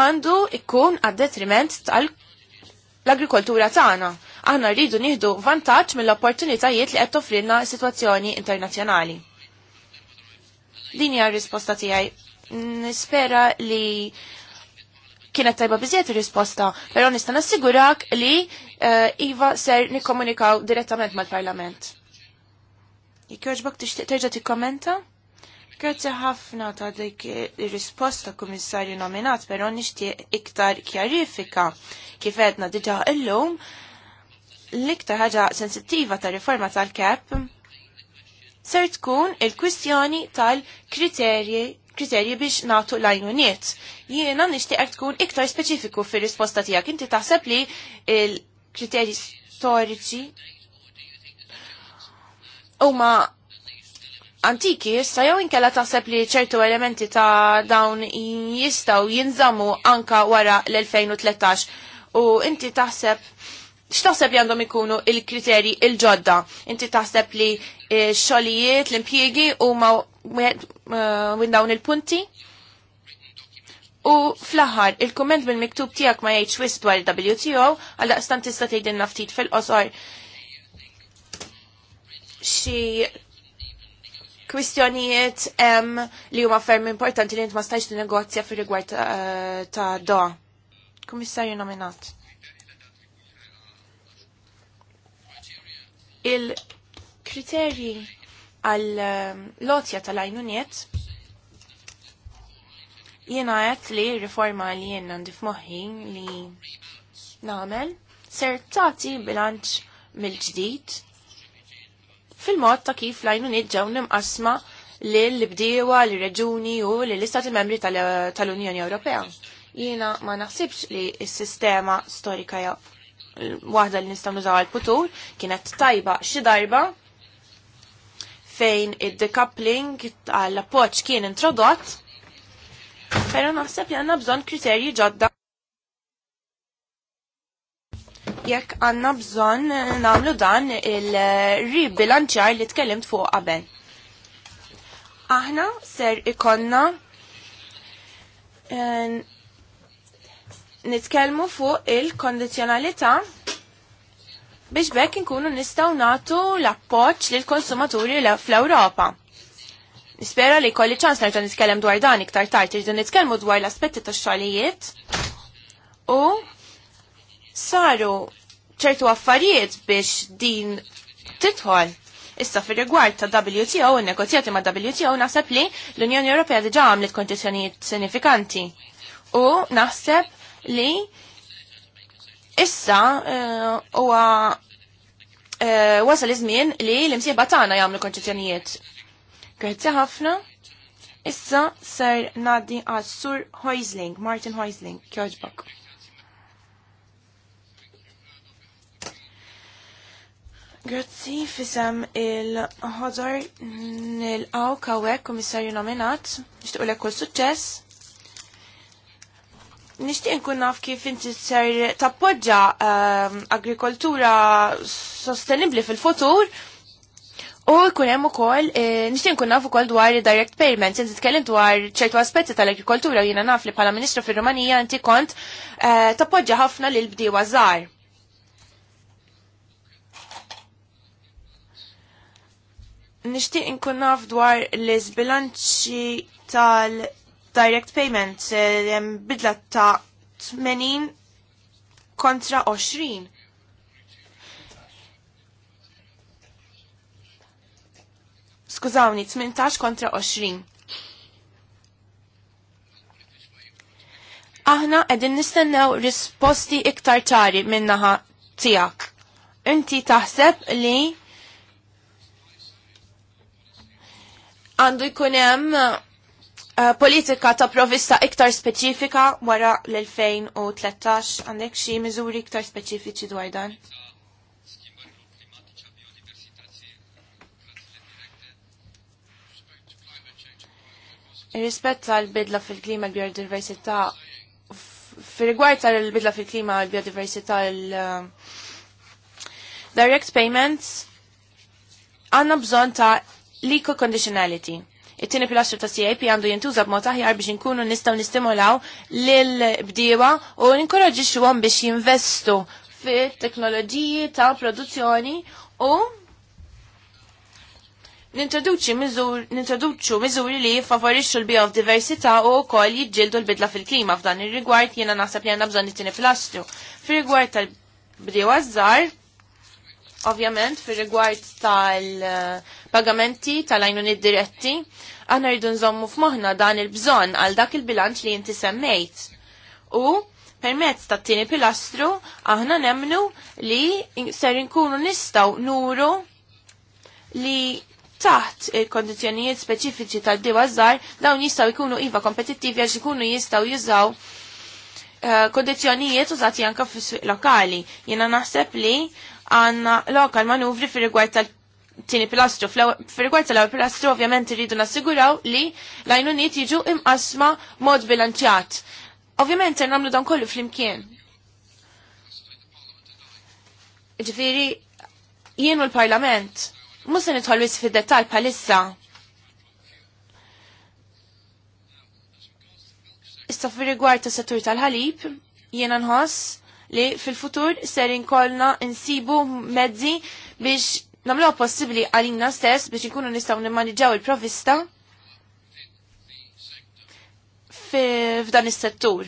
għandu ikkun għad-detriment tal-agrikoltura tagħna. Aħna rridu nieħdu vantaġġ mill-opportunitajiet li qed toffrilna sitwazzjoni internazzjonali. Din hija r-risposta tiegħi. Nispera li kienet tajba biżjed ir-risposta, però nista' nassigurak li eh, iva ser nikkomunikaw direttament mal-Parlament. Jekk tixtieq terġa' tikkommenta? Grazzi ħafna ta' dik ir-risposta kummissarju nominat, però nixtieq iktar kjarifika kif għedna diġà illum l-iktar ħaġa sensittiva ta' riforma tal-kep ser tkun il-kwistjoni tal-kriterji kriterji biex natu lajnuniet. Jiena nishtiqek tkun iktar speċifiku fir risposta tijak. Inti taħseb li il-kriterji storiċi u ma antiki jista jew inkella taħseb li ċertu elementi ta' dawn jistaw jinżamu anka wara l-2013 u inti taħseb x'taħseb li għandhom ikunu il-kriterji il-ġodda? Inti taħseb li eh, xogħlijiet, l-impjiegi huma eh, minn dawn il-punti? U fl-aħħar, il-komment bil-miktub tiegħek ma jgħidx wisq dwar il-WTO, għal daqstan tista' tgħidilna ftit fil-qosor xi kwistjonijiet li huma ferm importanti li int ma stajx negozja fir-rigward eh, ta' da. Kummissarju nominat. il-kriterji għal-lotja ehm, tal-ajnuniet jiena għet li riforma li jiena ndif moħi li namel ser tati bilanċ mill-ġdid fil-mod ta' kif l-ajnuniet ġew nimqasma l-bdiewa, l-reġuni u l-istati membri tal-Unjoni Ewropea. Jiena ma naħsibx li s-sistema storika jaf waħda li nistgħu nużaw għal putur kienet tajba xi darba fejn id-decoupling għall-appoġġ kien introdott, però naħseb li għandna bżonn kriterji ġodda jekk għanna bżon namlu dan il-ribilanċar li tkellimt fuq qabel. Aħna ser ikonna eh, nitkellmu fuq il-kondizjonalità biex bekk inkunu nistgħu nagħtu l-appoċ lill konsumaturi fl-Ewropa. Nispera li kolli ċans nerġa' nitkellem dwar dan iktar tard irdu nitkellmu dwar l-aspetti tax-xogħlijiet u saru ċertu affarijiet biex din titħol. Issa fir rigward ta' WTO u negozjati ma' WTO naħseb li l-Unjoni Ewropea diġa għamlet kondizjonijiet sinifikanti u naħseb li issa eh, huwa eh, wasal iż-żmien li l-imsieba tagħna jagħmlu konċezzjonijiet. Grazzi ħafna. Issa ser nadi għas Sur Hoisling, Martin Hoisling, kjoġbok. Grazzi fisem il ħodżar nil-għaw kawek komissarju nominat, nishtuq kull suċċess nishtiq nkun naf kif inti ser tappoġġa ehm, agrikoltura sostenibli fil-futur u jkun hemm ukoll eh, nixtieq nkun naf ukoll dwar direct payments. Inti tkellim dwar ċertu aspetti tal-agrikoltura jiena naf li bħala Ministru fir-Rumanija inti kont uh, tappoġġa ħafna lil bdiewa żgħar. Nixtieq nkun naf dwar l iżbilanċi tal- direct payment eh, bidla ta' 80 kontra 20. Skużawni, 18 kontra 20. Aħna qegħdin nistennew risposti iktar tari minnaħa tiegħek. Inti taħseb li għandu jkun hemm Eh, politika ta' provista iktar speċifika wara l-2013 għandek xi miżuri iktar speċifiċi dwar dan? Rispett tal-bidla fil-klima l-biodiversità, fil-rigward tal-bidla fil-klima l-biodiversità l-direct eh, payments, għanna bżon ta' legal conditionality it-tieni pilastru ta' CIP għandu jintuża b'mod aħjar biex inkunu nistgħu nistimulaw lill bdiewa u ninkoraġixxuhom biex jinvestu fit-teknoloġiji ta' produzzjoni u nintroduċu miżuri li jiffavorixxu l-biodiversità u wkoll jiġġieldu l-bidla fil-klima f'dan ir-rigward jiena naħseb li għandna bżonn it-tieni filastru. Fir-rigward tal-bdiewa żgħar, ovvjament fir-rigward tal- pagamenti tal-għajnuni diretti, aħna rridu nżommu f'moħna dan il-bżon għal dak il-bilanċ li inti semmejt. U permezz ta' tieni pilastru aħna nemnu li ser inkunu nistaw nuru li taħt il-kondizjonijiet speċifiċi tal-diwa żgħar dawn jistgħu jkunu iva kompetittivi għax ikunu jistgħu jużaw eh, kondizjonijiet użati anke fis-suq lokali. Jiena naħseb li għandna lokal manuvri fir rigward tal tini pilastru. Fil-rigward tal-ewwel pilastru ovvjament irridu nassiguraw li l-għajnuniet jiġu imqasma mod bilanċjat. Ovvjament ser nagħmlu dan kollu flimkien. imkien Ġifiri, u l-Parlament mhux se nidħol fid-dettall bħalissa. Issa fil rigward tas-settur tal-ħalib, jiena nħoss li fil-futur serin kolna insibu mezzi biex namlu possibbli għalina stess biex ikunu nistgħu nimmaniġġaw il-provista f'dan is-settur.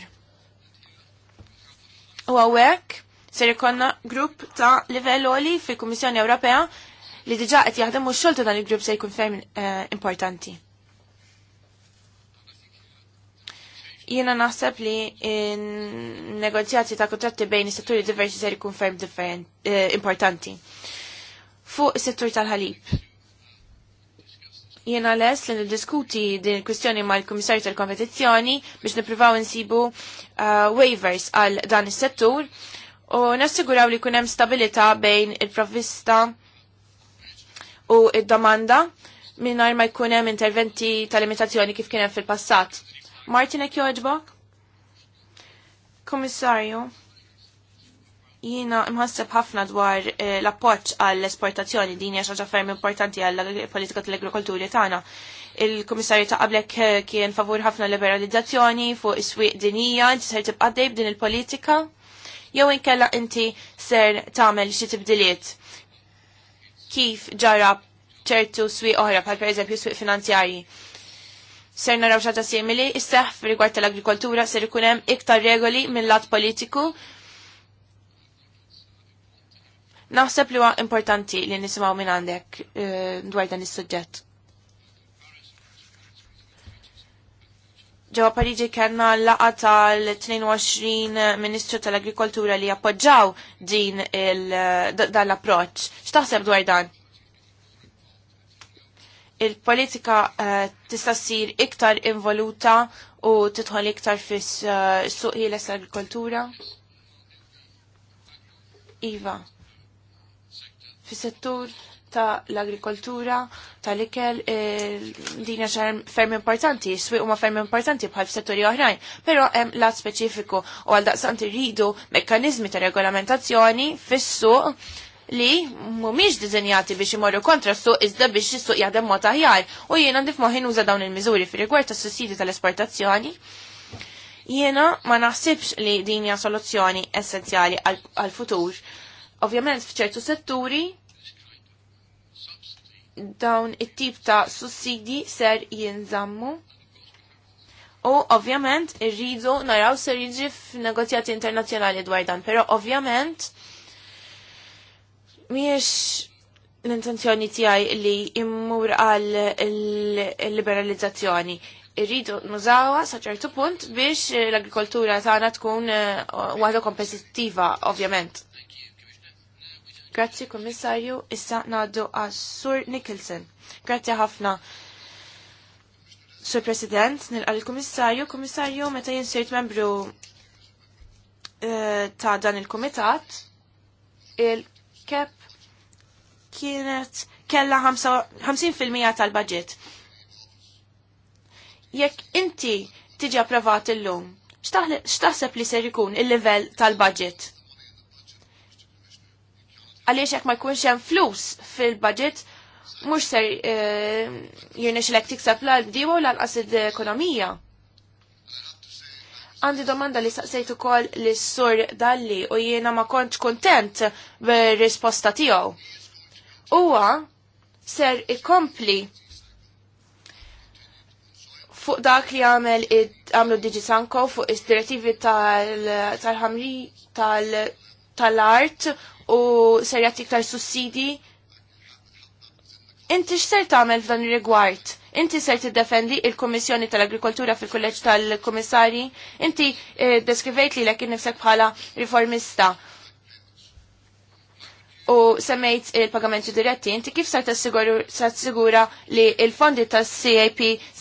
U għawek ser ikonna grupp ta' livell oli fil-Kummissjoni Ewropea li diġa qed jaħdem u xolta dan il-grupp se jkun ferm eh, importanti. Jiena naħseb li negozjati ta' kontratti bejn is-setturi diversi ser ikun ferm eh, importanti fuq is-settur tal-ħalib. Jiena les li niddiskuti din il-kwistjoni mal-Kummissarju tal-Kompetizzjoni biex nippruvaw insibu uh, waivers għal dan is-settur u nassiguraw li kunem stabilita bejn il-provvista u id-domanda il minnar ma jkunem interventi tal limitazzjoni kif kienem fil-passat. Martinek joġbok? Komissarju? Jiena imħasseb ħafna dwar eh, l-appoċ għall-esportazzjoni din hija xaġa ferm importanti għall politika tal-agrikolturi tagħna. Il-Kummissarju ta' qablek eh, kien favur ħafna liberalizzazzjoni fuq is-swieq dinija, inti ser tibqa' dejb din il-politika jew inkella inti ser tagħmel xi tibdiliet. Kif ġara ċertu swieq oħra bħal pereżempju swieq finanzjarji ser naraw ta' simili, isseħ rigward tal-agrikoltura ser ikun hemm iktar regoli minn lat politiku Naħseb li huwa importanti li nisimgħu minn għandek eh, dwar dan is-suġġett. Ġewwa Pariġi kellna laqgħa tal-22 Ministru tal-Agrikoltura li appoġġaw din dan l-approċċ. X'taħseb dwar dan? Il-politika eh, tista' ssir iktar involuta u tidħol iktar fis-suq eh, ħieles l-agrikoltura? Iva fis-settur ta' l-agrikoltura, ta' l-ikel, eh, dina ferm importanti, swi u huma ferm importanti bħal f-settori oħrajn, pero hemm lat speċifiku u għal daqsant rridu mekkanizmi ta' regolamentazzjoni fis-suq li mhumiex dizenjati biex imorru kontra su izda iżda biex is-suq jaħdem mod aħjar u jiena ndif moħin uża dawn il-miżuri fi rigward tas-sussidi tal-esportazzjoni. Jiena ma naħsibx li dinja soluzzjoni essenzjali għal-futur Ovvjament f'ċertu setturi dawn it-tip ta' sussidi ser jinżammu. U ovvjament irridu naraw ser jiġi f'negozjati internazzjonali dwar dan, però ovvjament miex l-intenzjoni tiegħi li immur għal liberalizzazzjoni. Irridu nużawa sa ċertu punt biex l-agrikoltura tagħna tkun eh, waħda kompetittiva, ovvjament. Grazzi Komissarju, issa naddu għas-Sur Nicholson. Grazzi ħafna. Sur President, nilqa l-Komissarju, Komissarju meta jinsirt membru eh, ta' dan il-Komitat, il-KEP kienet kella 50% tal-budget. Jekk inti tiġi approvat illum, xtaħseb li ser ikun il-level tal-budget? għaliex jekk ma jkunx hemm flus fil-budget mhux ser eh, jirnex lek tiksab l-diwa u lanqas id-ekonomija. Għandi domanda li saqsejt ukoll li sur dalli u jiena ma kontx kontent bir-risposta tiegħu. Huwa ser ikompli fuq dak li għamel għamlu Digi fuq is-direttivi tal-ħamri tal-, -tal tal-art u ser jagħti iktar sussidi. Inti x'ser tagħmel f'dan ir-rigward? Inti ser tiddefendi il komissjoni tal-Agrikoltura fil-Kulleġġ tal-Kummissarji? Inti eh, deskrivejt l-ekin nifsek bħala riformista. U semmejt il-pagamenti diretti, inti kif ser sigura li il-fondi ta' cap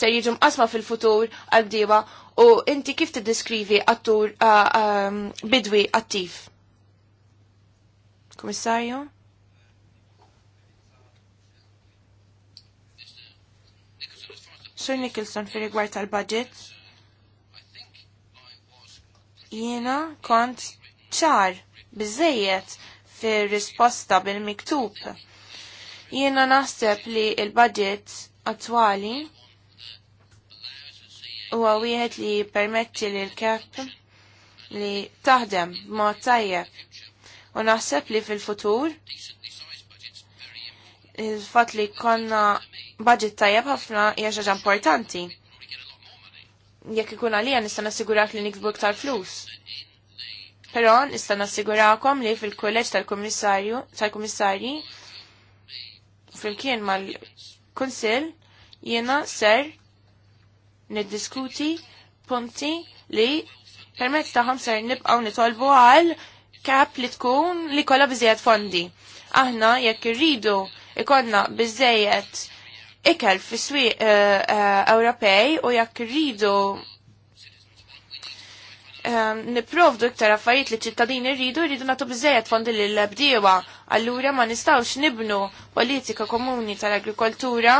ser jiġu mqasma fil-futur għal-diba u inti kif tiddiskrivi attur uh, um, bidwi attiv? Commissario? Sir Nicholson fi rigward tal-budget. Jiena kont ċar biżejjed fir risposta bil-miktub. Jiena naħseb li il-budget attwali huwa wieħed li permetti l kep li taħdem ma tajjeb U naħseb li fil-futur il-fat li konna budget tajjeb ħafna hija xaġa importanti. Jekk ikun għalija nista' assigurak li nikbu iktar flus. Però nista' assigurakom li fil kolleġ tal-kummissarju tal-kummissarji flimkien mal-kunsill jiena ser niddiskuti punti li permezz taħħom ser nibqaw nitolbu għal kap li tkun li kolla bizzejet fondi. Aħna jekk irridu ikonna bizzejet ikel fi swi eh, eh, Ewropej u jekk irridu ehm, niprovdu iktar affarijiet li ċittadini rridu rridu nagħtu bizzejet fondi l bdiewa. Allura ma nistgħux nibnu politika komuni tal-agrikoltura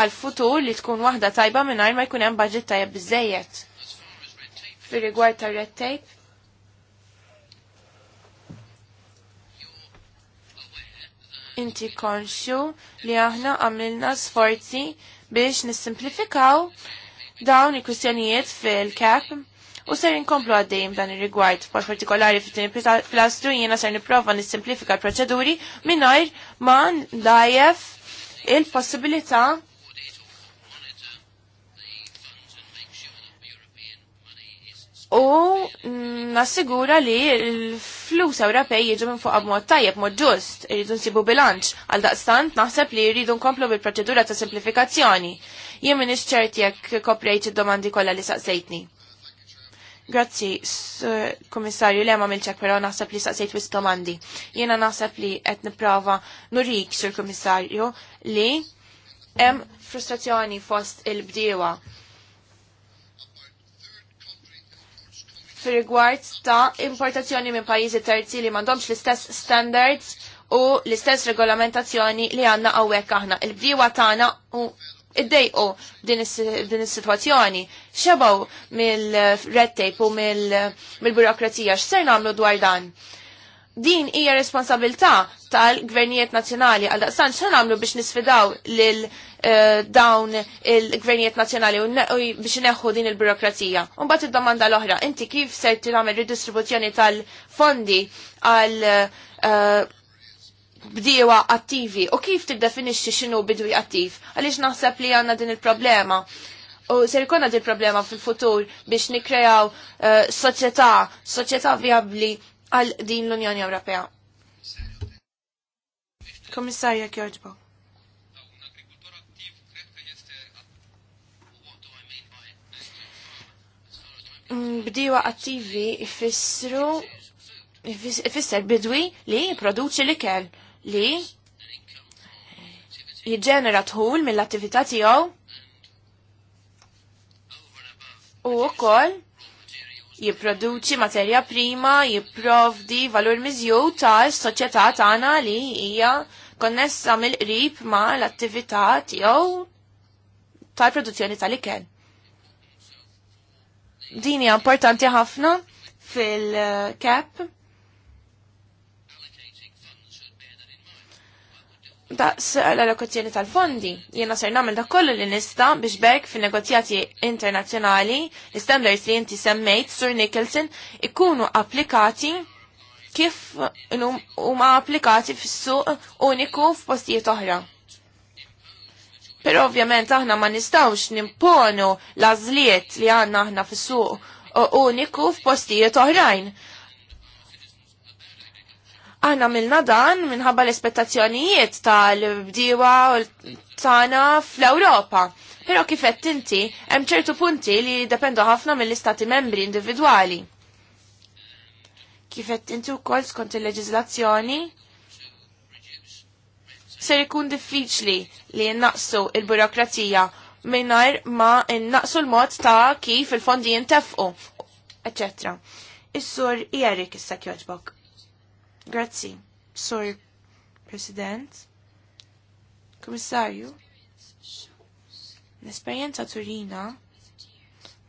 għal futur li tkun waħda tajba mingħajr ma jkun hemm budget tajjeb biżejjed. Fir rigward tar-red tape, inti konxju li aħna għamilna sforzi biex nissimplifikaw dawn il-kwistjonijiet fil-kap u ser inkomplu għaddejjem dan ir-rigward, b'mod partikolari fit tini plastru jiena ser nipprova nissimplifika l-proċeduri mingħajr ma ndajjef il-possibilità u nassigura li l flus Ewropej jiġu minn fuq b'mod tajjeb mod ġust, irridu nsibu bilanċ għal daqstant naħseb li jridu nkomplu bil-proċedura ta' simplifikazzjoni. Jien m'iniex ċert jekk koprejt id-domandi kollha li saqsejtni. Grazzi, komissarju, le ma milċek, pero naħseb li saqsejt wis domandi. Jiena naħseb li qed nipprova nurik, sur komissarju, li hemm frustrazzjoni fost il-bdiewa fir rigward ta' importazzjoni minn pajjiżi terzi li m'għandhomx l-istess standards u l-istess regolamentazzjoni li għandna għawek aħna. il bdiwa tagħna u iddejqu din is-sitwazzjoni xebaw mill-red tape u mill-burokrazija x'ser nagħmlu dwar dan din hija responsabilità tal-gvernijiet nazzjonali għal daqstan xan għamlu biex nisfidaw lil eh, dawn il-gvernijiet nazzjonali u biex neħu din il-birokrazija. Unbat id-domanda l-oħra, inti kif ser tagħmel redistribuzzjoni tal-fondi għal eh, bdiewa attivi u kif tiddefinixxi x'inhu bidwi attiv? Għaliex naħseb li għandna din il-problema. U ser ikonna din il-problema fil-futur biex nikrejaw eh, soċjetà, soċjetà viabli għal din l-Unjoni Ewropea. Komissarja Kjordbo. Mm, Bdiwa attivi ifissru ifisser bidwi li jipproduċi li kell li jiġġenera tħul mill-attività tiegħu u wkoll jipproduċi materja prima, jipprovdi valur miżjud ta' soċieta soċjetà tagħna li hija konnessa mill-qrib ma' l-attività tiegħu tal-produzzjoni tal-ikel. Din hija importanti ħafna fil kep daqs l-allokazzjoni tal-fondi. Jena ser namel da kollu li nista biex bekk fin negozjati internazzjonali l-standards li inti semmejt sur Nicholson ikunu applikati kif huma applikati fis-suq uniku f'postijiet oħra. Per ovvjament aħna ma nistawx nimponu l-azliet li għanna aħna fis-suq uniku f'postijiet oħrajn Aħna milna dan minħabba l-espettazzjonijiet tal-bdiewa tagħna fl-Ewropa. Però kifett inti hemm ċertu punti li dependu ħafna mill-istati membri individwali. Kif qed u wkoll skont il-leġiżlazzjoni ser ikun diffiċli li naqsu il-burokrazija minnar ma naqsu l-mod ta' kif il-fondi jintefqu, eccetera. Is-sur Erik issa kjoġbok. Grazzi, Sur President, Komissarju, l-esperienza Turina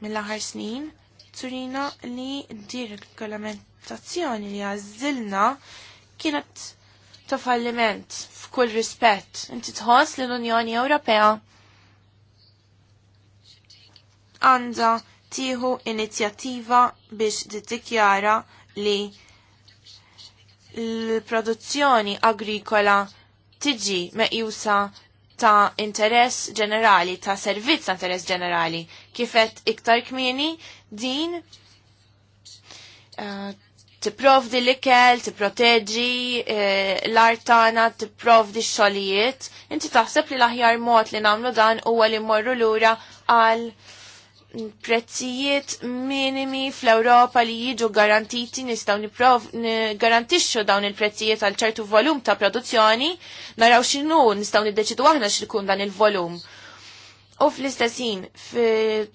mill-aħħar snin Turina li dir regolamentazzjoni li għażilna kienet ta' falliment f'kull rispett. Inti tħoss li l-Unjoni Ewropea għandha tieħu inizjattiva biex tiddikjara li l-produzzjoni agrikola tiġi meqjusa ta' interess ġenerali, ta' servizz ta' interess ġenerali. Kifet iktar kmini din uh, tipprovdi l-ikel, tipproteġi eh, l artana tagħna, tipprovdi x-xogħlijiet. Inti taħseb li l-aħjar mod li nagħmlu dan huwa li mmorru lura għal prezzijiet minimi fl-Europa li jiġu garantiti nistaw niprov garantisċu dawn il-prezzijiet għal ċertu volum ta' produzzjoni, naraw xinu nistaw niddeċidu aħna x'ikun dan il-volum. U fl-istessin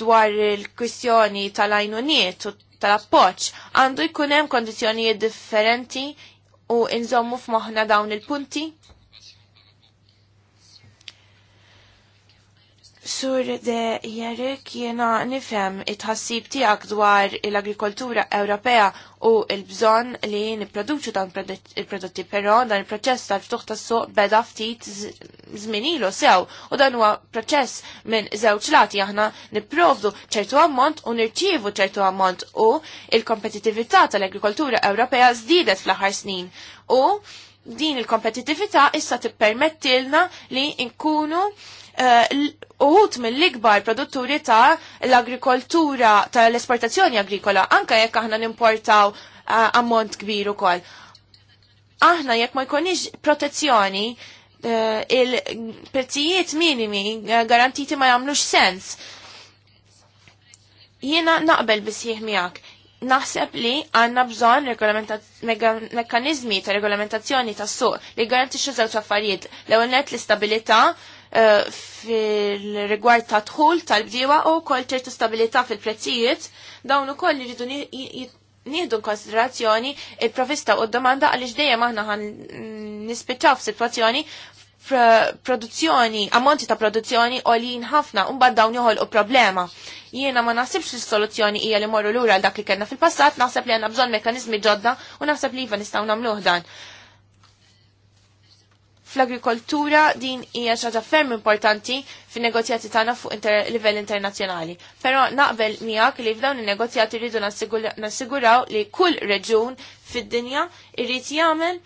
dwar il-kwistjoni tal ajnuniet u tal-appoċ għandu jkun hemm kondizzjonijiet differenti u nżommu f'moħħna dawn il-punti Sur de jerek jena nifem it-ħassib tijak dwar l-agrikoltura Ewropea u l-bżon li niproduċu dan il-prodotti però dan il-proċess tal-ftuħ tas-suq beda ftit zminilu sew u dan huwa proċess minn żewġ lati aħna nipprovdu ċertu ammont u nirċievu ċertu ammont u il-kompetitività tal-agrikoltura Ewropea żdiedet fl-aħħar snin u din il-kompetitività issa tippermettilna li nkunu Eh, uħut mill-ikbar produtturi ta' l-agrikoltura, ta' l-esportazzjoni agrikola, anka jekk aħna nimportaw eh, ammont kbir ukoll. Aħna jekk ma jkunix protezzjoni, eh, il-prezzijiet minimi garantiti ma jagħmlux sens. Jiena naqbel bis miegħek naħseb li għanna bżon mekkanizmi ta' regolamentazzjoni ta' suq li garanti xeżew affarijiet l ewwel net l istabilita Eh, fil-rigward ta' tħul tal-bdiewa u kol ċertu stabilità fil-prezzijiet, dawn ukoll jridu nieħdu konsiderazzjoni il-provista u d-domanda għaliex dejjem aħna ħan nispiċċaw f'sitwazzjoni produzzjoni, ammonti ta' produzzjoni olin ħafna, bad dawn joħol u problema. Jiena ma naħsibx li soluzzjoni hija li morru lura għal dak li kellna fil-passat, naħseb li għanna bżonn mekanizmi ġodda u naħseb li iva nistgħu namluħdan. dan. Fl-agrikoltura din hija ċaġa ferm importanti fin-negozjati tagħna fuq inter livell internazzjonali. Però naqbel miegħek li f'dawn in-negozjati rridu nassiguraw li kull reġun fid-dinja irrid jagħmel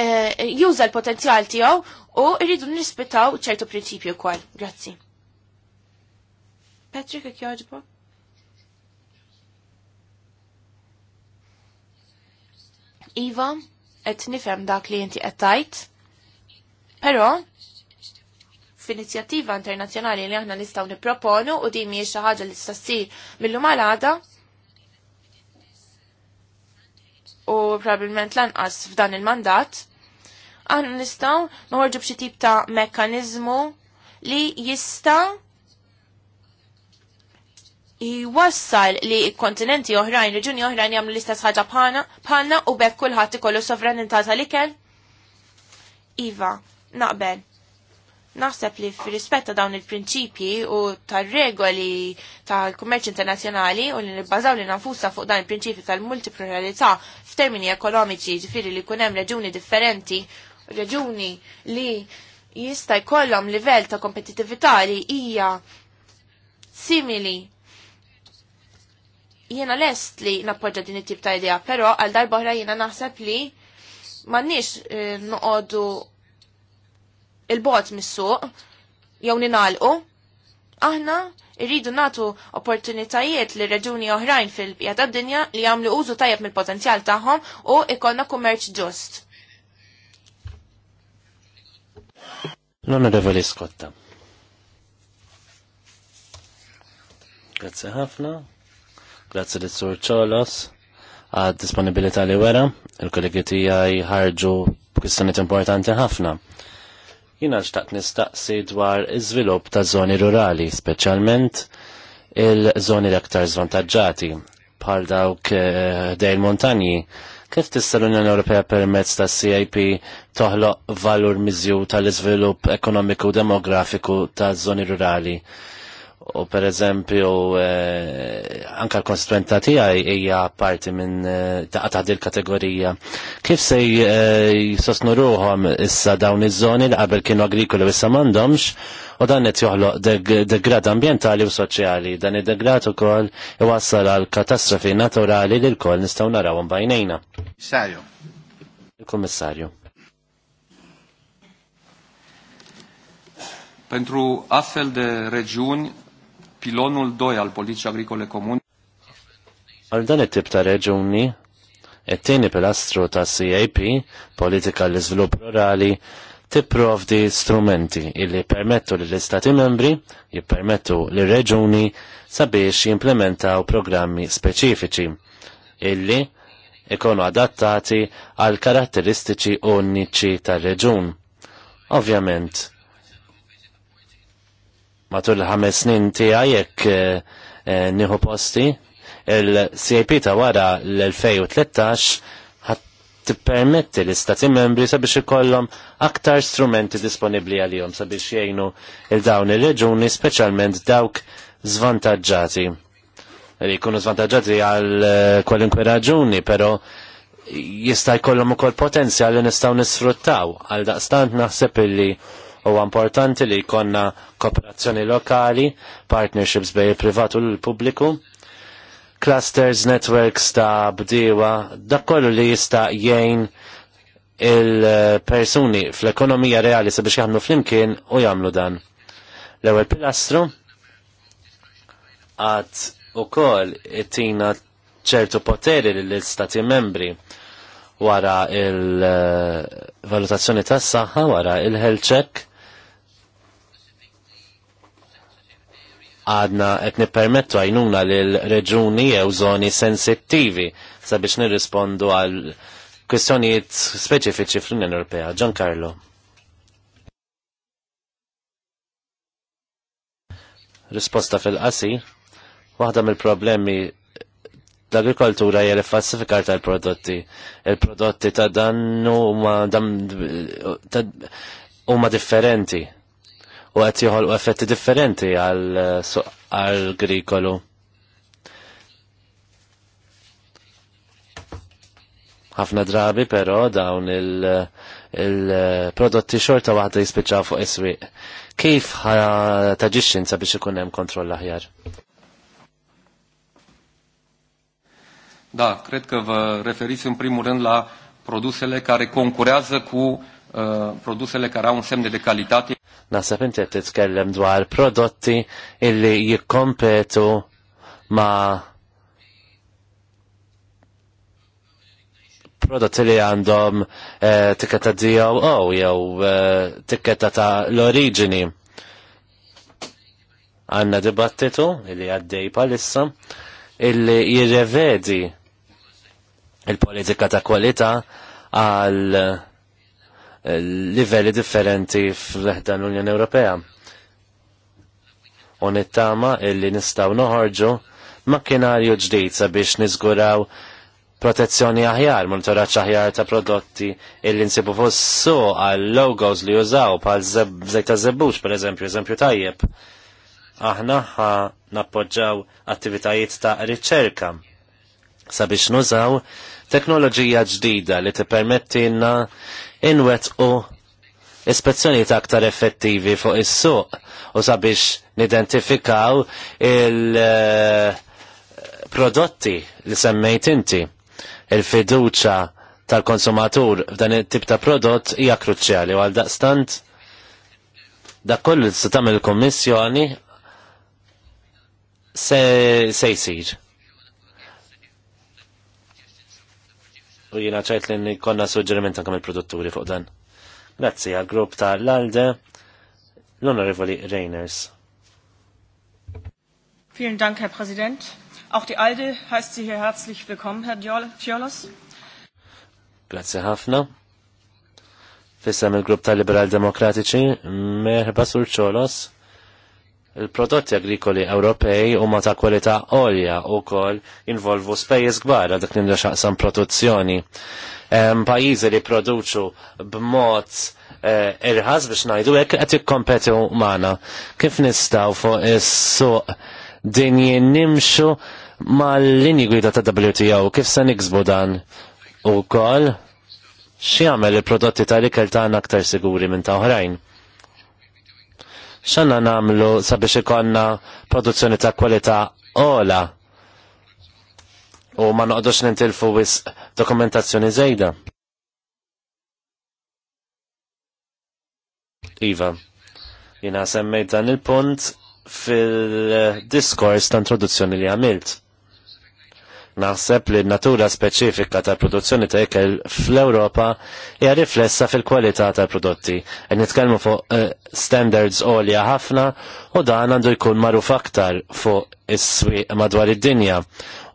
eh, juża l-potenzjal tiegħu u rridu nispettaw ċertu prinċipju wkoll. Grazzi. Patrick, jekk jogħġbok? Iva, qed nifhem dak li inti qed tajt. Però f'inizjattiva internazzjonali li aħna nistgħu nipproponu u din mhijiex xi ħaġa li tista' ssir mill-lum u probabbilment lanqas f'dan il-mandat, aħna nistgħu noħorġu b'xi tip ta' mekkaniżmu li jista' jwassal li kontinenti oħrajn, reġuni oħrajn jagħmlu l-istess ħaġa bħalna u bekk kulħadd ikollu sovranità tal-ikel? Iva, naqbel. Naħseb li ta' dawn il-prinċipji u tar-regoli tal-kummerċ internazzjonali u li nibbażaw li nafusa fuq dan il-prinċipji tal-multipluralità f'termini ekonomiċi, ġifiri li kunem hemm reġuni differenti, reġuni li jista' jkollhom livell ta' kompetitività li hija simili jiena lest li nappoġġa din it-tip ta' idea, però għal darba oħra jiena naħseb li m'għandniex eh, noqogħdu il-bot mis-suq jew ninalqu, aħna irridu natu opportunitajiet li reġuni oħrajn fil bija tad-dinja li jagħmlu użu tajjeb mill-potenzjal tagħhom u ikollna kummerċ ġust. Nonna onorevoli Skotta. Grazie ħafna. Grazie li sur ċolos għad disponibilità li wera. Il-kollegi tijaj ħarġu kwistjoniet importanti ħafna. Jina xtaqt nistaqsi dwar iżvilupp ta' zoni rurali, speċjalment il-żoni l-aktar zvantagġati bħal dawk eh, dejl montanji. Kif tista' l-Unjoni Ewropea permezz ta' CIP toħloq valur miżju tal-iżvilupp ekonomiku u demografiku ta' żoni rurali u per eżempju eh, anka l-konstituenta tijaj hija parti minn eh, ta' ta' dil kategorija. Kif se eh, jsostnu ruhom issa dawn iż-żoni li qabel kienu agrikoli issa m'għandhomx u dan qed joħloq degrad ambjentali u soċjali. Dan id-degrad ukoll iwassal għal katastrofi naturali li l-koll nistgħu narawhom bajnejna. Sarju. Il-Kummissarju. Pentru astfel de regiuni pilonul 2 al politicii agricole Komuni. Għal dan it-tip ta' reġuni, it-tieni pilastru ta' CAP, politika l iżvilupp rurali, tipprovdi strumenti illi permettu l-Istati membri jippermettu l reġuni sabiex jimplementaw programmi speċifiċi illi ikonu adattati għal karatteristiċi uniċi tar-reġun. Ovvjament, matul ħames snin tiegħi jekk eh, eh, nieħu posti il-CIP ta' wara l-2013 ħadd tippermetti l-istati membri sabiex ikollhom aktar strumenti disponibbli għalihom sabiex jgħinu il-dawn ir-reġuni speċjalment dawk zvantaġġati. Li jkunu zvantaġġati għal eh, kwalunkwe raġuni, però jista' jkollhom ukoll potenzjal li nistgħu nisfruttaw. Għal daqstant naħseb illi Huwa importanti li jkonna kooperazzjoni lokali, partnerships bej privatu l-pubbliku, clusters, networks ta' bdiewa, dak kollu li jista' jgħin il-persuni fl-ekonomija reali sabiex jgħamlu fl-imkien u jagħmlu dan. L-ewwel pilastru għad ukoll it-tina ċertu poteri lill-istati membri wara il-valutazzjoni eh, tas saħħa wara il-health check għadna qed nippermettu għajnuna lil reġuni jew żoni sensittivi sabiex nirrispondu għal kwistjonijiet speċifiċi fl-Unjoni Ewropea. Giancarlo. Risposta fil qasi waħda mill-problemi l-agrikoltura hija falsifikar tal-prodotti. Il-prodotti ta' dannu huma differenti u qed u effetti differenti għal eh, agrikolu. ħafna drabi però dawn il-prodotti il eh, xorta waħda jispiċċaw fuq is Kif taġiċin sa biex ikunem hemm kontroll aħjar? Da, cred că vă referiți în primul rând la produsele care concurează cu Uh, produsele care au semne de kalitati. Nasab inti qed titkellem dwar prodotti illi jikkompetu ma' prodotti li għandhom eh, tikketta DOO jew eh, tikketta ta' l-oriġini. Għanna dibattitu illi għaddej palissa illi jirrevedi il-politika ta' kwalità għal livelli differenti fl-ħdan l-Unjoni Ewropea. U nittama illi nistaw noħorġu makkinarju ġdid sabiex niżguraw protezzjoni aħjar, monitoraċ aħjar ta' prodotti illi nsibu fossu għal logos li jużaw pal zejta zebbux per eżempju, eżempju tajjeb. Aħna ħa nappoġġaw attivitajiet ta' riċerka sabiex nużaw teknoloġija ġdida li tippermettilna inwet u ispezzjoni ta' aktar effettivi fuq is-suq u sabiex nidentifikaw il-prodotti li semmejt inti. Il-fiduċa tal-konsumatur f'dan it-tip ta' prodott hija kruċjali għal daqstant dak kollu li tagħmel il-Kummissjoni se jsir. u jina ċajt li konna suġġeriment anke mill-produtturi fuq dan. Grazzi għal grupp ta' l-Alde, l honorevoli Reiners. Vielen Dank, Herr Präsident. Auch die ALDE heißt Sie hier herzlich willkommen, Herr Fiolos. Grazie ħafna. Fissam il-grupp tal-Liberal Demokratiċi, merħba sur ċolos il-prodotti agrikoli Ewropej huma ta' kwalità għolja kol involvu spejjeż gbar għal dak nimda xaqsam produzzjoni. Pajjiżi li produċu b'mod eh, irħas biex ngħidu hekk qed ikkompetu magħna. Kif nistgħu fuq is-suq dinji nimxu mal-linji gwida ta' WTO kif se niksbu dan ukoll jagħmel il-prodotti tal-ikel tagħna aktar siguri minn ta' oħrajn xanna namlu sabiex ikonna produzzjoni ta' kwalità ola u ma noqdux nintilfu wis dokumentazzjoni zejda. Iva, jina semmejt dan il-punt fil-diskors ta' introduzzjoni li għamilt. Naħseb li natura speċifika tal produzzjoni ta' ikel fl-Ewropa hija riflessa fil-kwalità tal-prodotti. Qed nitkellmu fuq eh, standards għolja ħafna u dan għandu jkun magħruf aktar fuq is-swieq madwar id-dinja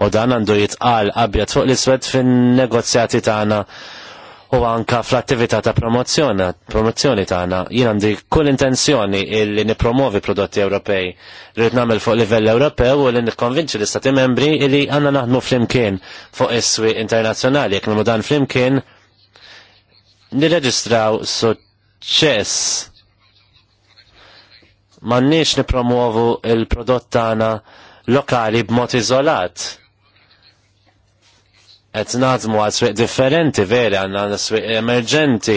u dan għandu jitqal abjad fuq l-iswed fin-negozjati tagħna u anka fl-attività ta' promozzjoni promozzjoni tagħna jien għandi kull intenzjoni illi nippromovi prodotti Ewropej rrid nagħmel fuq livell Ewropew u li nikkonvinċi l-istati membri li għandna naħdmu flimkien fuq iswi internazzjonali jekk nagħmlu dan flimkien nirreġistraw suċċess m'għandniex nippromovu il-prodott tagħna lokali b'mod iżolat qed naħdmu għal swieq differenti vera għandna swieq emerġenti,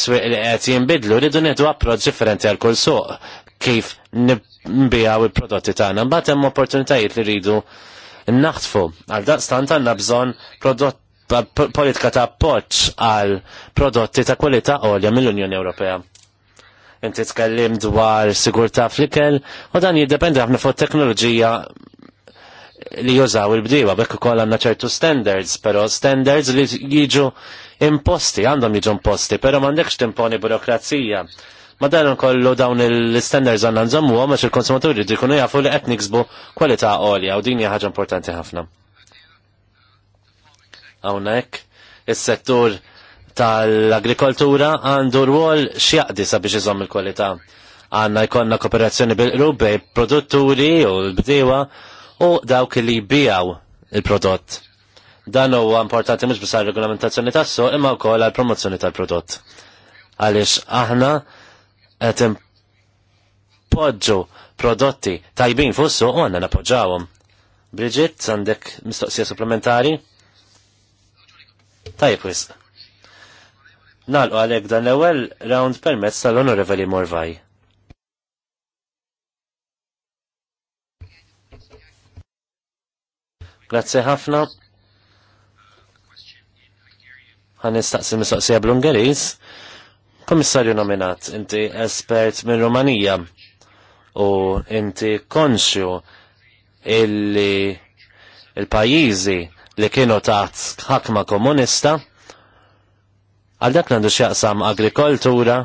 swieq li qed jinbidlu rridu nieħdu approċċ differenti għal kull suq kif nbijaw il-prodotti tagħna. Mbagħad hemm opportunitajiet li rridu naħtfu. Għal daqstant għandna bżonn prodott politika ta' appoġġ għal prodotti ta' kwalità għolja mill-Unjoni Ewropea. Inti tkellim dwar sigurtà fl-ikel u dan jiddependi ħafna fuq teknoloġija li jużaw il-bdiewa bekk ukoll għandna ċertu standards, però standards li jiġu imposti, għandhom jiġu imposti, però m'għandekx timponi burokrazija. Ma dan kollu dawn il-standards għandna nżommu għom għax il-konsumaturi jkunu jafu li qed niksbu kwalità għolja u din hija ħaġa importanti ħafna. Hawnhekk is-settur tal-agrikoltura għandu rwol x'jaqdi sabiex iżomm il-kwalità. Għandna jkollna kooperazzjoni bil rubbe bej produtturi u l-bdiewa u dawk li bijaw il-prodott. Dan huwa importanti mux bisa regolamentazzjoni tas-suq imma wkoll għall-promozzjoni tal-prodott. Għaliex aħna qed impoġġu prodotti tajbin fussu u għanna napoġġawhom. Bridget, għandek mistoqsija supplementari? Tajb wisq. Nalqu għalhekk dan l-ewwel round permezz tal-Onorevoli Morvaj. Grazzi ħafna. Għan nistaqsi mistoqsija bl-Ungeris. Komissarju nominat, inti espert minn Romanija u inti konxju illi il-pajizi li kienu taħt ħakma komunista għal dak nandu xjaqsam agrikoltura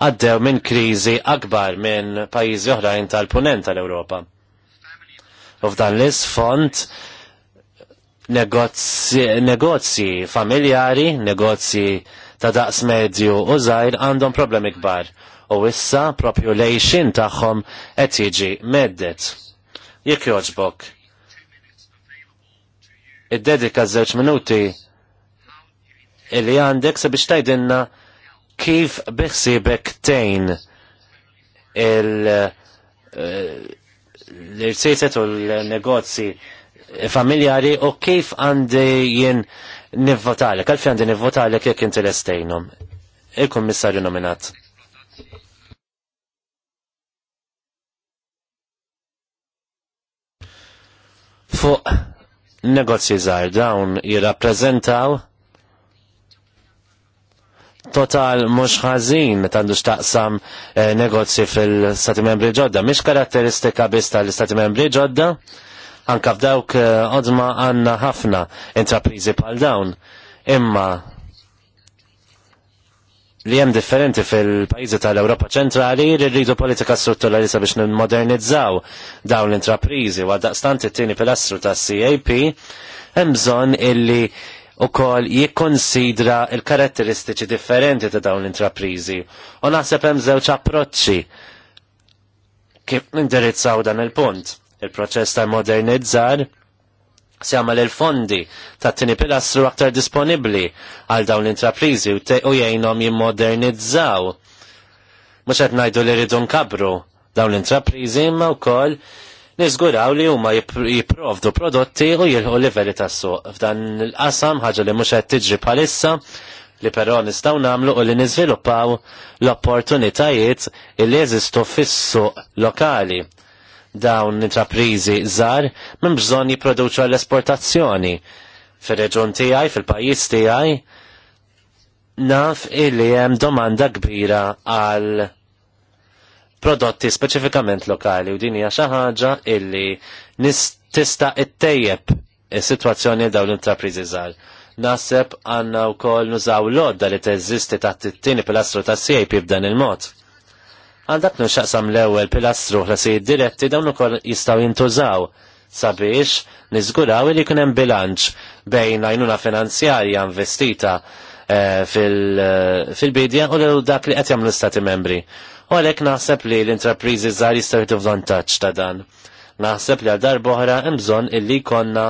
għaddew minn kriżi akbar minn pajjiżi oħrajn tal-punent tal-Ewropa. U f'dan l-isfond negozji familjari, negozji ta' daqs medju u żgħir għandhom problemi kbar u issa propju lejxin tagħhom qed jiġi meddet. Jekk joġbok. Id-dedika żewġ minuti illi għandek sabiex tajdinna kif biħsibek tejn eh, l-irsiset u l negozzi familjari u kif għandi jien nivvotalek, għalfi għandi nivvotalek jek jinti l-estejnum, il-kommissarju nominat. Fuq negozzi żgħar dawn jirrappreżentaw total mhux ħażin meta għandu xtaqsam eh, negozji fil-Stati Membri ġodda. Mhix karatteristika biss tal-Stati Membri ġodda, anka f'dawk eh, għodma għandna ħafna intrapriżi bħal dawn. Imma li hemm differenti fil-pajjiżi tal-Ewropa ċentrali rridu politika strutturali sabiex nimmodernizzaw dawn l-intrapriżi wa daqstant it-tieni pilastru tas-CAP hemm bżonn illi u kol jikkonsidra il-karatteristiċi differenti ta' dawn l-intraprizi. U naħseb hemm żewġ approċċi kif nindirizzaw dan il-punt. Il-proċess ta' modernizzar se jagħmel il-fondi ta' tini pilastru aktar disponibbli għal dawn l-intraprizi u jgħinhom jimmodernizzaw. Mhux qed ngħidu li rridu kabru dawn l-intraprizi imma wkoll niżguraw li huma jipprovdu prodotti u jilħu livelli tas-suq. F'dan il-qasam ħaġa li mhux qed tiġri bħalissa li però nistgħu nagħmlu u li niżviluppaw l-opportunitajiet li jeżistu fis-suq lokali dawn intraprizi żgħar minn bżonn jipproduċu għall-esportazzjoni. Fir-reġun tiegħi, fil-pajjiż tiegħi, naf illi hemm domanda kbira għal prodotti speċifikament lokali u din hija xi ħaġa illi tista' ittejjeb is-sitwazzjoni dawn l-intrapriżi żgħar. Naħseb għandna wkoll nużaw l-odda li teżisti ta' it pilastru ta' CAP b'dan il-mod. Għandak nuxaqsam l-ewwel pilastru ħlasijiet diretti dawn ukoll jistgħu jintużaw sabiex niżguraw li kien hemm bilanċ bejn għajnuna finanzjarja investita eh, eh, fil-bidja u dak li qed jagħmlu stati membri u għalek naħseb li l-intrapriżi żgħar jistgħu jitu vantaġġ ta' dan. Naħseb li għal boħra hemm bżonn illi jkollna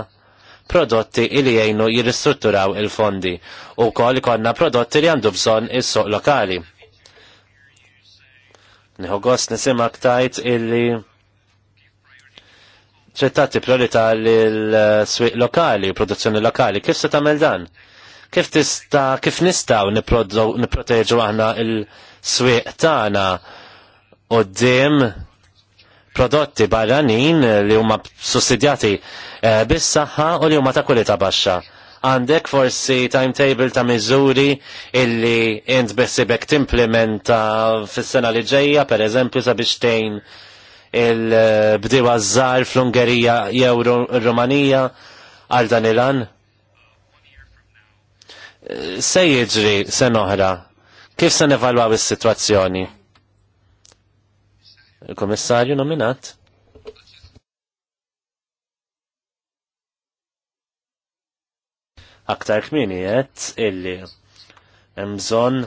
prodotti illi jgħinu jirristrutturaw il-fondi u kol konna prodotti li għandu bżonn is soq lokali. Niħu gost nisima ktajt illi ċettati priorità l-swiq lokali, produzzjoni lokali, kif se tamel dan? Kif tista, kif nistaw niproteġu aħna il- swieq tagħna qudiem prodotti barranin li huma sussidjati eh, bis-saħħa u li huma ta' kulita baxxa. Għandek forsi timetable ta' miżuri illi int bessibek timplementa fis-sena li ġejja, per eżempju sabiex tejn il-bdiwa għazzar fl-Ungerija jew Rumanija għal dan il-an? Eh, se jiġri sen oħra? Kif se nevalwaw is-sitwazzjoni? Il-Komissarju nominat? Aktar kmini jett eh? illi mżon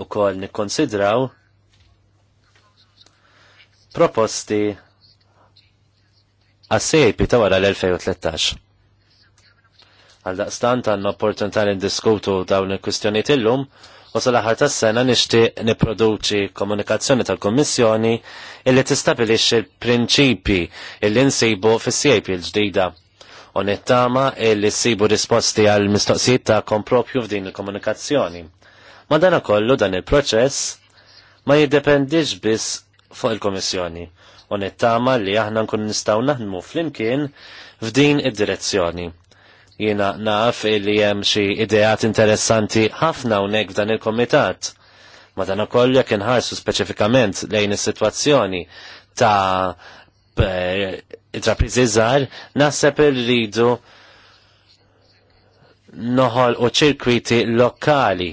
u kol nikkonsidraw proposti għasejpi ta' wara l-2013 għal daqstant għanna opportunità li ndiskutu dawn il-kwistjoniet illum u sal-aħħar tas-sena nixtieq nipproduċi komunikazzjoni tal-Kummissjoni illi tistabilixxi l-prinċipi illi nsibu fis-CAP il-ġdida. U nittama illi ssibu risposti għal mistoqsijiet tagħkom propju f'din il-komunikazzjoni. dan kollu dan il-proċess ma jiddependix biss fuq il-Kummissjoni u nittama li aħna nkun nistgħu naħdmu flimkien f'din id-direzzjoni. Jiena naf li hemm xi ideat interessanti ħafna hawnhekk f'dan il-komitat. dan ukoll jekk inħarsu speċifikament lejn is-sitwazzjoni ta' eh, intrapriżi żgħar, naħseb irridu noħol u ċirkwiti lokali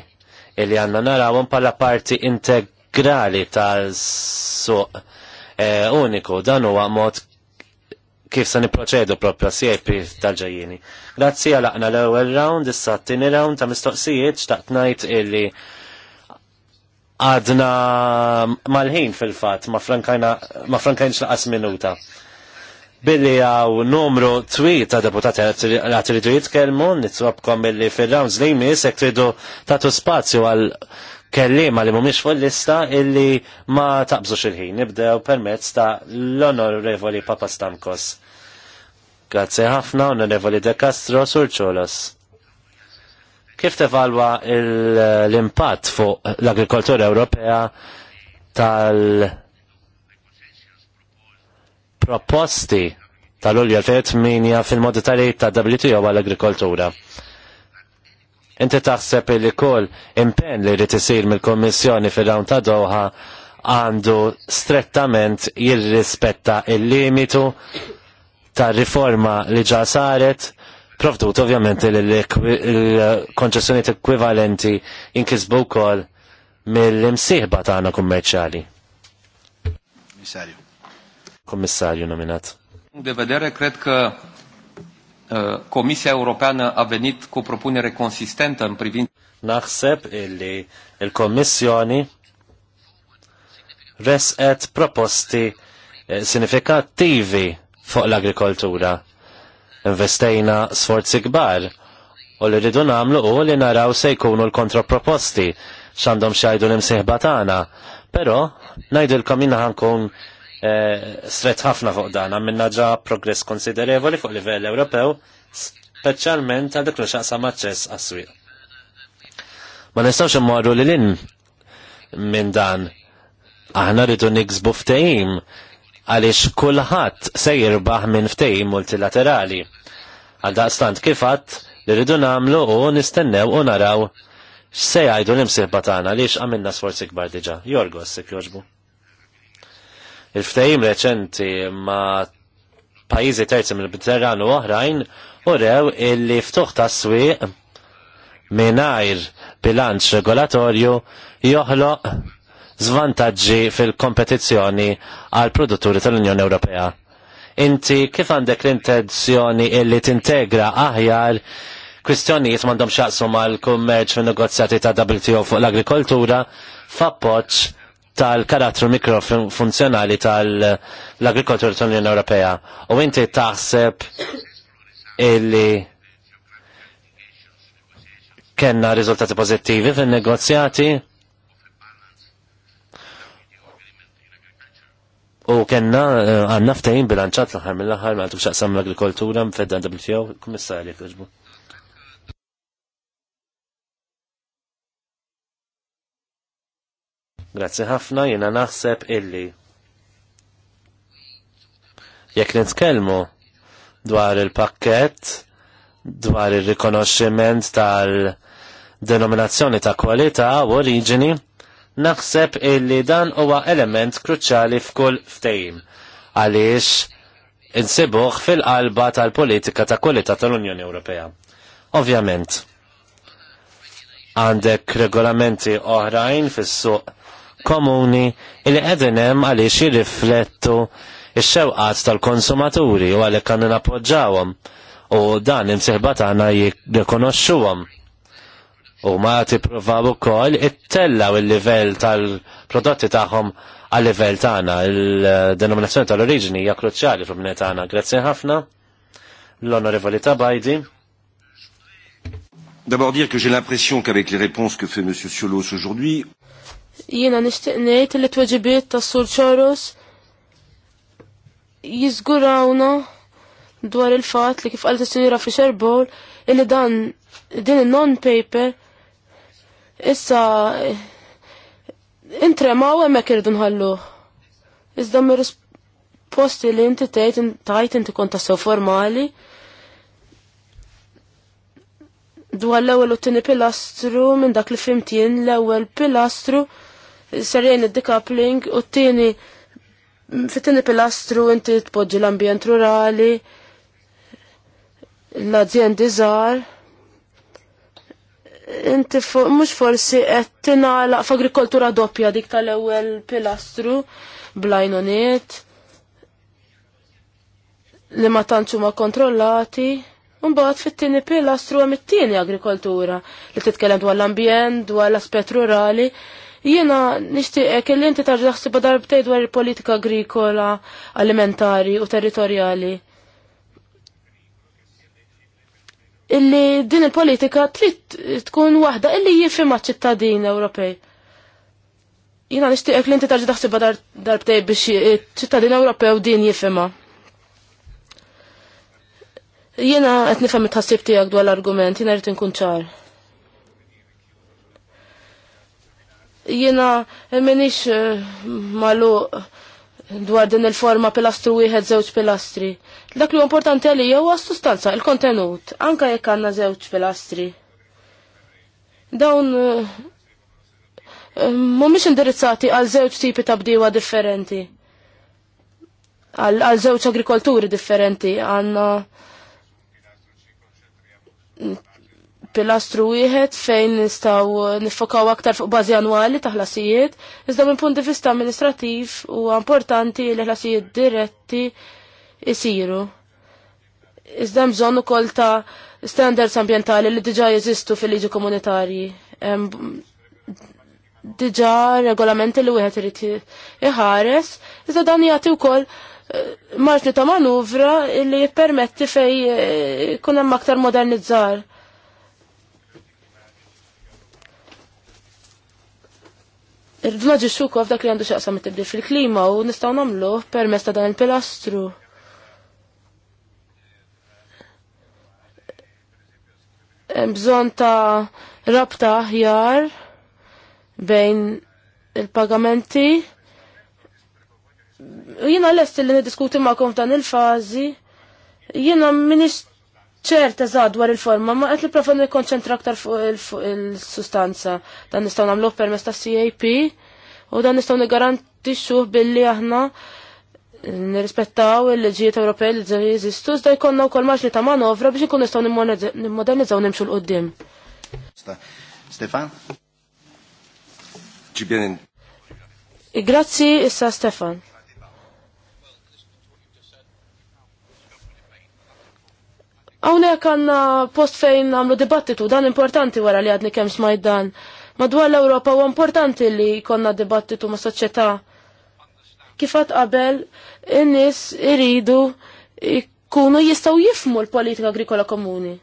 illi għanna narawhom pala parti integrali tal-suq eh, uniku dan huwa mod kif se niproċedu propja siepi tal-ġajjini. Grazzi għalaqna l-ewwel round, issa t-tieni round ta' mistoqsijiet xtaqt ngħid illi għadna malħin fil-fatt ma frankajn xlaqas minuta. Billi għaw numru twil ta' deputati għat li jitkellmu, nitzwabkom billi fil-rounds li jmiss jek tridu tatu spazju għal kellima li mumiex fuq lista illi ma taqbżux il-ħin. Nibdew permezz ta' l-onorevoli Papa Stamkos. Grazie ħafna, onorevoli De Castro, Sur Kif tevalwa l-impatt fuq l-agrikoltura Ewropea tal- proposti tal-ulja 2008 fil-modi tal-ejt ta' WTO għal-agrikoltura. Inti taħseb li kull impenn li jrid isir mill-Kommissjoni fir-rawn ta' Doha għandu strettament jirrispetta il-limitu ta' riforma li ġa saret provdut ovvjament li l-konċessjoniet ekwivalenti inkisbu wkoll mill-imsieħba tagħna kummerċjali. Kommissarju. Kommissarju nominat. De vedere, cred că Uh, Comisia Europeană a venit cu propunere consistentă în privința... Naħseb illi il res et proposti eh, sinifikattivi fuq l-agrikoltura. Investejna sforzi kbar u li rridu namlu u li naraw se jkunu l-kontraproposti xandom xajdu l-imsiħba tagħna. Però l jina ħankun Eh, stret ħafna fuq dan, għamilna ġa progress konsiderevoli fuq livell Ewropew, speċjalment għal dik li xaqsam aċċess għas-swieq. Ma nistgħux immorru l in minn dan. Aħna rridu niksbu ftehim għaliex kulħadd se jirbaħ minn ftehim multilaterali. Għal daqstant kifat li rridu nagħmlu u nistennew u naraw x'se jgħidu l-imsieħba tagħna għaliex għamilna sforzi kbar diġà. Jorgos, se jogħġbu. Il-ftehim reċenti ma' pajizi terzi mill-Mediterran u oħrajn u rew illi ftuħ ta' swieq mingħajr bilanċ regolatorju joħloq zvantaġġi fil-kompetizzjoni għal produtturi tal-Unjoni Ewropea. Inti kif għandek l-intenzjoni illi tintegra aħjar kwistjonijiet m'għandhom xaqsu mal-kummerċ fin negozjati ta' WTO fuq l-agrikoltura f'appoġġ tal-karattru mikrofunzjonali tal-agrikoltur tal-Unjoni Ewropea. U inti taħseb illi kenna riżultati pozittivi fin negozjati U kenna eh, għanna ftejn bilanċat l-ħar mill-ħar mal tux xaqsam l-agrikoltura mfeddan WTO, kummissarju, kħuġbu. Grazzi ħafna jena naħseb illi. Jekk nitkellmu dwar il-pakket, dwar il-rikonoxximent tal-denominazzjoni ta' kwalità u oriġini, naħseb illi dan huwa element kruċjali f'kull ftejim għaliex insibuħ fil-qalba tal-politika ta' kwalità tal-Unjoni Ewropea. Ovvjament, għandek regolamenti oħrajn fis-suq komuni li qegħdin għaliex jirriflettu ix-xewqat tal-konsumaturi u għalek għandna nappoġġawhom u dan imsieħba tagħna jirrikonoxxuhom. U ma tippruvaw ukoll ittellaw il-livell tal-prodotti tagħhom għal livell tagħna. Il-denominazzjoni tal-oriġini hija kruċjali fl tagħna. Grazzi ħafna. L-Onorevoli Tabajdi. D'abord dire que j'ai l'impression qu'avec les réponses que fait M. Ciolos aujourd'hui, Jiena nixtieq ngħid li tweġibiet tas-Sur Ċoros jizgurawna dwar il-fatt li kif għal t sinjura Fisher Bowl illi dan din il-non paper issa intremaw hemmhekk irdu nħalluh. Iżda mir posti li inti tgħid tajt inti kont tassew formali dwar l-ewwel u t-tieni pilastru minn dak li fimtien l-ewwel pilastru serjen id-decoupling u t-tieni fit-tieni pilastru inti tpoġġi l-ambjent rurali l-azjendi żgħar inti mhux forsi qed tingħalaq f'agrikoltura doppja dik tal-ewwel pilastru blajnoniet li ma tantx huma kontrollati. Mbagħad fit-tieni pilastru hemm it-tieni agrikoltura li titkellem dwar l-ambjent, dwar l-aspett rurali, Jiena nixtieqek illi inti tarġa' badar darbtej dwar il-politika agrikola, alimentari u territorjali. Illi din il-politika trid tkun waħda illi jifhimha ċittadin Ewropej jina nishtiqek li inti tarġi taħsibha darbtej biex ċittadin Ewropew din jifhimha. Jiena qed nifhem it-tħassib tiegħek dwar l-argument, jiena rrid inkun ċar. Jiena menix eh, malu dwar din il-forma pilastru wieħed żewġ pilastri. Dak li importanti għalija huwa s-sustanza, il-kontenut, anka jekk għandna żewġ pilastri. Dawn eh, mhumiex indirizzati għal żewġ tipi ta' bdiewa differenti. Għal żewġ agrikolturi differenti għandna pilastru wieħed fejn nistgħu nifokaw aktar fuq bażi annwali ta' ħlasijiet, iżda minn punt di vista amministrattiv huwa importanti li ħlasijiet diretti isiru. Iżda bżonn ukoll ta' standards ambjentali li diġà jeżistu fil-liġi komunitarji. Diġà regolamenti li wieħed irid iħares, iżda dan jagħti wkoll eh, marġni ta' manuvra li jippermetti fej eh, kun hemm aktar modernizzar Il-vloġi xuku għafdak li għandu xaqsam tibdi fil-klima u nistaw namlu permess ta' dan il-pilastru. Bżon ta' rabta ħjar bejn il-pagamenti. Jina l-est li diskuti ma' f'dan il-fazi. Jina minist ċert, eżad dwar il-forma, ma għet li profa nikonċentra aktar fuq il-sustanza. Dan nistaw namlu permess ta' CAP u dan nistaw nigarantixxu billi aħna nirrispettaw il-leġijiet Ewropej li zda jkonna jkollna wkoll li ta' manovra biex ikun nistgħu nimmodernizzaw nimxu l qoddim Stefan? Ġibjenin. Grazzi issa Stefan. Hawnhekk għandna post fejn għamlu dibattitu dan importanti wara li għadni kemm smajt dan. Madwar l-Ewropa huwa importanti li konna dibattitu ma' soċjetà. Kif qatt qabel in-nies iridu jkunu jistgħu jifmu l-politika agrikola komuni.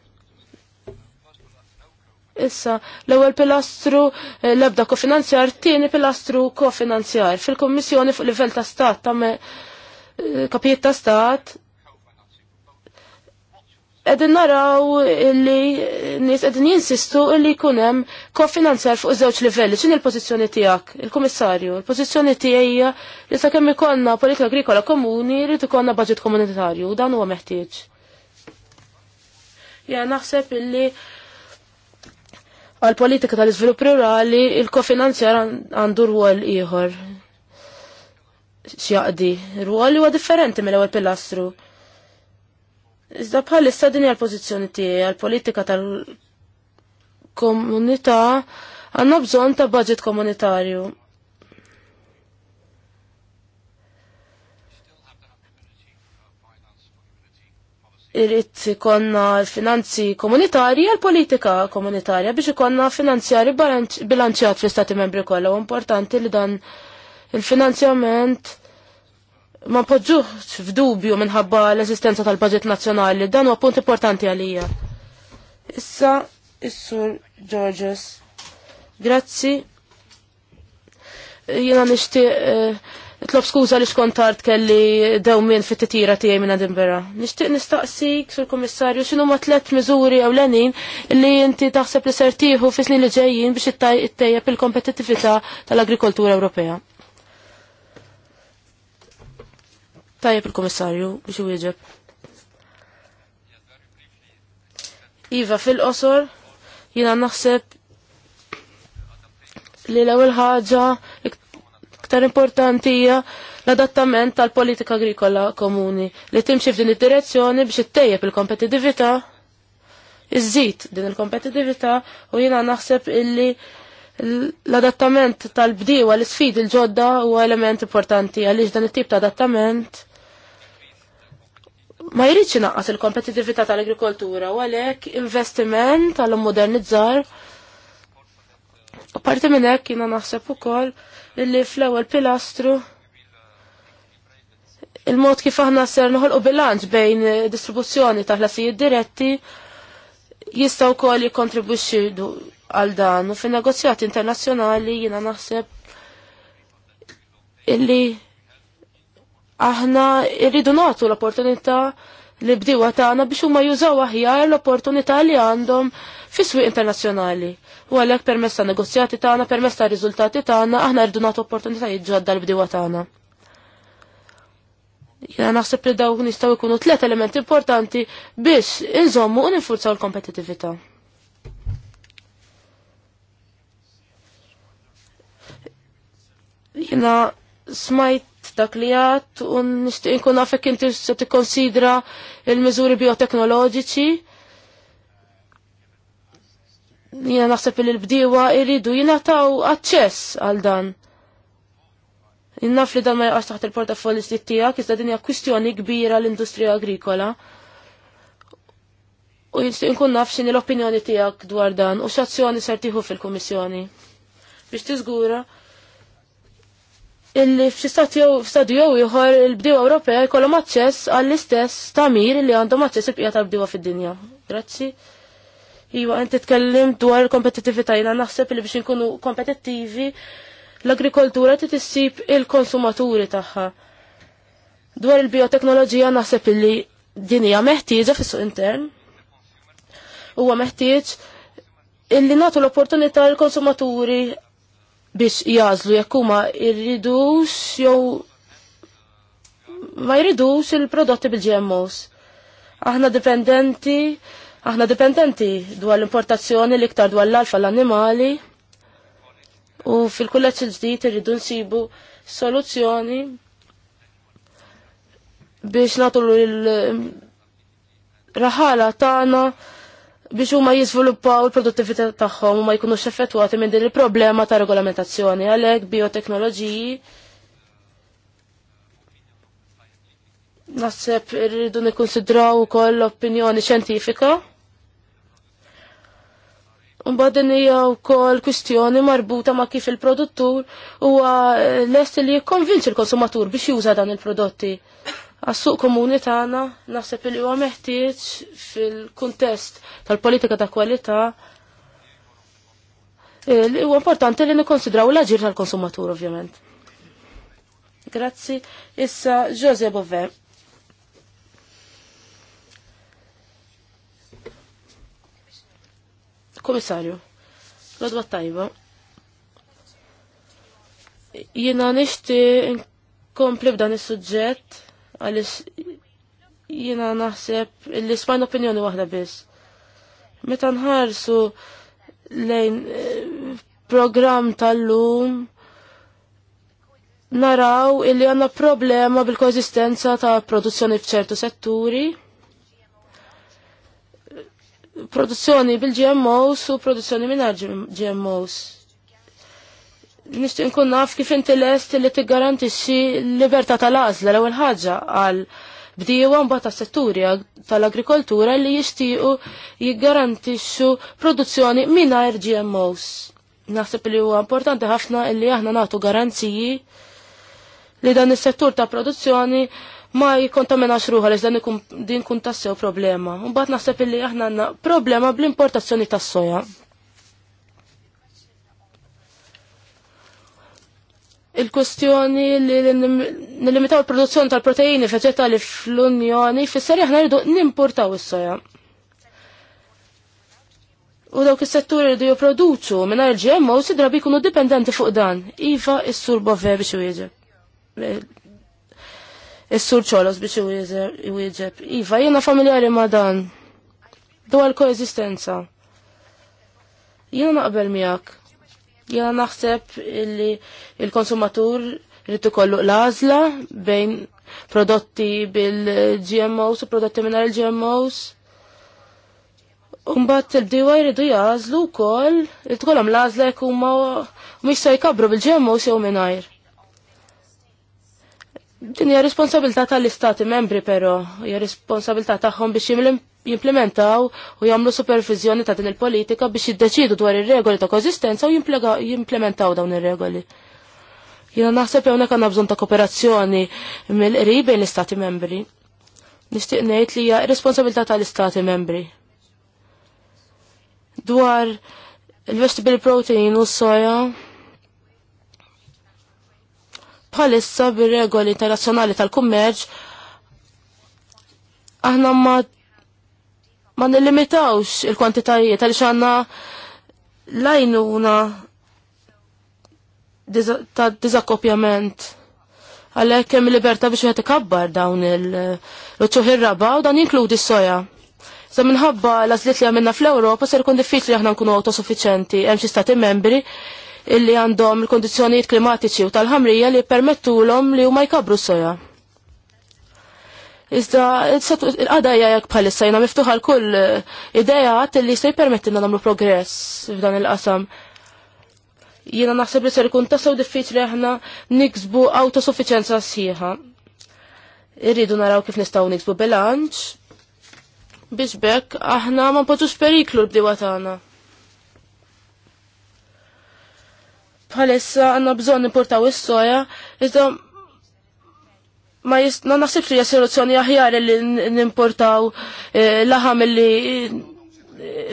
Issa, l-ewwel pilastru eh, l-ebda kofinanzjar, tieni pilastru kofinanzjar. Fil-Kommissjoni fuq livell ta' stat ta' eh, kapijiet ta' stat Edin naraw illi nis edin jinsistu li kunem kofinanzar fuq żewġ livelli. ċin il-pozizjoni tijak, il-komissarju? Il-pozizjoni tijajja li sa' kemmi konna politika agrikola komuni li konna budget komunitarju. Dan huwa meħtieġ. Ja, naħseb illi għal politika tal izvilup rurali il kofinanzar għandu rwol ieħor. X'jaqdi, rwol huwa differenti mill-ewwel pilastru Iżda bħalissa din hija l-pożizzjoni tiegħi għall-politika tal-komunità għandna bżonn ta' budget komunitarju. Irrid ikonna l-finanzi komunitarji għal politika komunitarja biex ikonna finanzjari bilanċjat fl-Istati membri kollha. Importanti li dan il-finanzjament ma poġġuħx f'dubju minħabba l-esistenza tal-budget nazzjonali, dan huwa punt importanti għalija. Issa, is-Sur Georges, grazzi. Jiena nixtieq eh, Tlob skuża li xkontart kelli dewmien fit titira tiegħi minn Edinburgh. Nixtieq nistaqsik sur komissarju, xinu ma tliet miżuri lenin li inti taħseb li ser tieħu fis-snin li ġejjin biex it-tajja il kompetitivita tal-agrikoltura Ewropea. Tajjeb il-Komissarju biex wieġeb. Iva fil-qosor jiena naħseb li l-ewwel ħaġa iktar importanti hija l-adattament tal-politika agrikola komuni li timxi f'din id-direzzjoni biex ittejjeb il-kompetitività iżżid din il-kompetitività u jiena naħseb illi l-adattament tal-bdiewa l-sfidi l-ġodda huwa element importanti għaliex dan it-tip ta' adattament ma jridx inaqqas il-kompetitività tal-agrikoltura u għalhekk investiment għal modernizzar u parti minn hekk jiena naħseb ukoll illi fl-ewwel pilastru il-mod kif aħna ser noħolqu bilanċ bejn distribuzzjoni ta' ħlasijiet diretti jista' wkoll jikkontribwixxi għal dan u fin-negozjati internazzjonali jiena naħseb illi aħna irridu nagħtu l-opportunità li bdiwa tagħna biex huma jużaw aħjar l-opportunità li għandhom fi swi internazzjonali. U għalhekk permezz ta' negozjati tagħna, permezz ta' riżultati tagħna, aħna rridu nagħtu opportunitajiet ġodda l-bdiwa tagħna. Jena naħseb li dawn nistaw jkunu tliet elementi importanti biex inżommu u ninfurzaw l kompetitivita Jena smajt f'dak li għat u nishtiq nkun għafek inti se tikkonsidra il-miżuri bioteknoloġiċi. Jena naħseb li l-bdiewa iridu jingħataw aċċess għal dan. Innaf li dan ma jgħax taħt il-portafolli stit tiegħek iżda din hija kwistjoni kbira l-industrija agrikola. U jinstiq inkun naf x'inhi l-opinjoni tiegħek dwar dan u x'azzjoni ser tieħu fil-Kummissjoni. Biex tiżgura illi f'stadju jew ieħor il-bdiewa Ewropea jkollhom aċċess għall-istess tamir li għandhom aċċess il-bqija tal-bdiewa fid-dinja. Grazzi. Iwa, inti tkellim dwar kompetitività jina naħseb li biex nkunu kompetittivi l-agrikoltura ti il-konsumaturi tagħha. Dwar il-bioteknoloġija naħseb li din hija meħtieġa fis-suq intern. Huwa meħtieġ illi nagħtu l-opportunità l-konsumaturi biex jazlu jekk huma irridux jew ma jridux il-prodotti bil-GMOs. Aħna dipendenti, aħna dipendenti dwar l-importazzjoni l-iktar dwar l-alfa l-annimali u fil-kulleċ ġdijt irridu nsibu soluzzjoni biex natu l-raħala tagħna biex huma jiżviluppaw il-produttività tagħhom u ma jkunux effettwati minn din il-problema ta' regolamentazzjoni għalhekk bioteknoloġiji naħseb irridu nikkonsidraw ukoll opinjoni xjentifika. Mbagħad din hija wkoll kwistjoni marbuta ma' kif il-produttur huwa lest li jikkonvinċi l-konsumatur biex juża dan il-prodotti. Għassuq suq komuni tagħna naħseb li huwa meħtieġ fil-kuntest tal-politika ta' kwalità eh, li huwa importanti li nikkonsidraw l-aġir tal-konsumatur ovvjament. Grazzi. Issa Jose Bove. Komissarju, l-odwa tajba. Jina nishti nkompli b'dan is-suġġett għalis jiena naħseb li smajna opinjoni waħda biss. Meta nħarsu lejn eh, program tal-lum naraw illi għanna problema bil-koesistenza ta' produzzjoni f'ċertu setturi, produzzjoni bil-GMOs u produzzjoni minar GMOs nixtieq nkun naf kif inti lest li tiggarantixxi l-libertà tal-għażla l-ewwel ħaġa għal bdiewa mbagħad tas-setturi tal-agrikoltura li jixtiequ jiggarantixxu produzzjoni mingħajr GMOs. Naħseb li huwa importanti ħafna li aħna nagħtu garanziji li dan is-settur ta' produzzjoni ma jikkontaminax ruħa li dan ikun din kun tassew problema. Mbagħad naħseb illi aħna problema bl-importazzjoni tas-soja. il-kustjoni li nilimitaw il-produzzjoni tal-proteini vegetali fl-Unjoni, fissar aħna rridu nimportaw is-soja. U dawk is-setturi li jipproduċu minn GMO si drabi jkunu dipendenti fuq dan. Iva is-sur bove biex wieġeb. Is-sur ċolos biex jieġeb. Iva, jiena familjari ma' dan. Dwar koeżistenza. Jiena naqbel miegħek Jena naħseb li il-konsumatur rritu kollu l bejn prodotti bil-GMOs u prodotti minna il-GMOs. Umbat il-bdiwa jridu jazlu koll, jitkollam l lazla jek huma mis jkabru bil-GMOs jew minnajr. Din hija responsabilità tal-istati membri però, hija responsabilità tagħhom biex jimlim jimplementaw u jagħmlu supervizjoni ta' din il-politika biex jiddeċidu dwar ir-regoli ta' kożistenza u jimplementaw dawn ir-regoli. Jiena naħseb hawnhekk għandna bżon ta' kooperazzjoni mill-qrib bejn l-Istati membri. Nixtieq ngħid li hija responsabilità tal-Istati membri. Dwar il-vegetable protein u soja bħalissa bir-regoli internazzjonali tal-kummerċ aħna ma ma nillimitawx il-kwantitajiet għaliex xanna lajnuna ta' dizakopjament. għalhekk kemm libertà biex wieħed ikabbar dawn il-ċuħ ir-raba u dan jinkludi s-soja. Sa minħabba l-azliet li għamilna fl-Ewropa ser kun diffiċli aħna nkunu autosuffiċenti, hemm xi stati membri illi għandhom il-kondizzjonijiet klimatiċi u tal-ħamrija li l-om li huma jkabru s-soja. Iżda, il-qadajja jek bħalissa jina miftuħa l-kull eh, ideja għat li jista' jpermettilna namlu progress f'dan il-qasam. Jina naħseb li ser ikun tasaw diffiċli aħna niksbu autosuffiċenza sħiħa. Irridu naraw kif nistgħu niksbu bilanċ biex bekk aħna ma npoġġux periklu l bdiwa tagħna. Bħalissa għandna bżonn importaw is-soja, iżda ma jistna naħsibx li soluzzjoni aħjar li n-importaw eh, laħam li eh,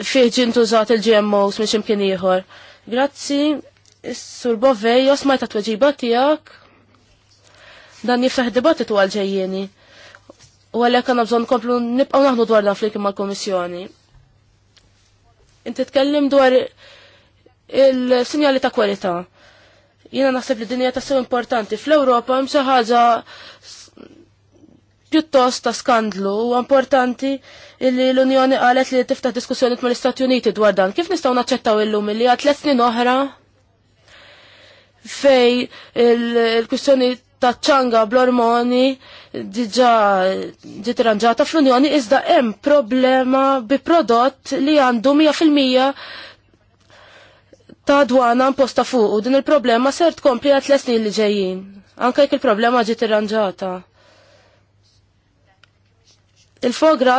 fih zaħt il-GMOs minn ximkien ieħor. Grazzi, sur Bovej, josmajta jtat tweġiba tijak, dan jiftaħ dibattitu għal-ġejjeni. U għalek għanna bżon komplu nipqaw naħdu dwar dan flik ma' komissjoni. Inti tkellim dwar il-sinjali ta' kwalità jina naħseb li dinja tassew importanti. Fl-Europa msa ħaġa pjuttost ta' skandlu u importanti li l-Unjoni qalet li tiftaħ diskussjoni mal istati Uniti dwar dan. Kif nistgħu naċċettaw illum li għad tliet snin oħra fej il-kwistjoni ta' ċanga bl-ormoni diġa ġiet irranġata fl-Unjoni iżda hemm problema bi prodott li għandu 100% ta' dwana imposta fuq u din il-problema ser tkompli għat snin li ġejjin. Anka jekk il-problema ġiet irranġata il-fogra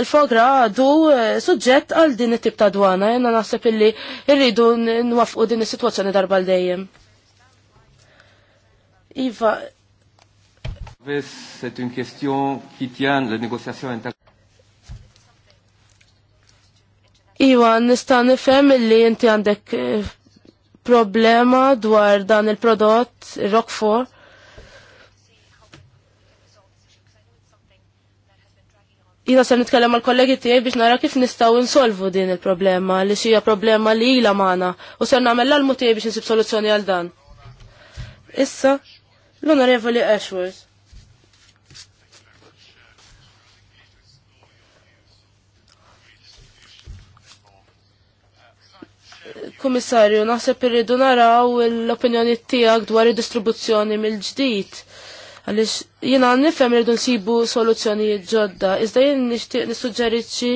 għadu eh, suġġett għal din it-tip ta' dwana, jenna naħseb illi irridu nwafqu din is-sitwazzjoni darba l dejjem. Iva. c'est une question qui tient la négociation Iva, nista' nifhem illi inti għandek eh, problema dwar dan il-prodott, il rockfor. Jina se nitkellem mal kollegi tiegħi biex nara kif nistgħu insolvu din il-problema li xija problema li ilha magħna u sem nagħmel l-almu tiegħi biex insib soluzzjoni għal dan. Issa, l-Onorevoli Ashworth. Komissarju, naħseb irridu naraw l-opinjoni tiegħek dwar id-distribuzzjoni mill-ġdid Għalix jina nifem li nsibu soluzzjonijiet ġodda, iżda jien nishtiq nissuġġerixxi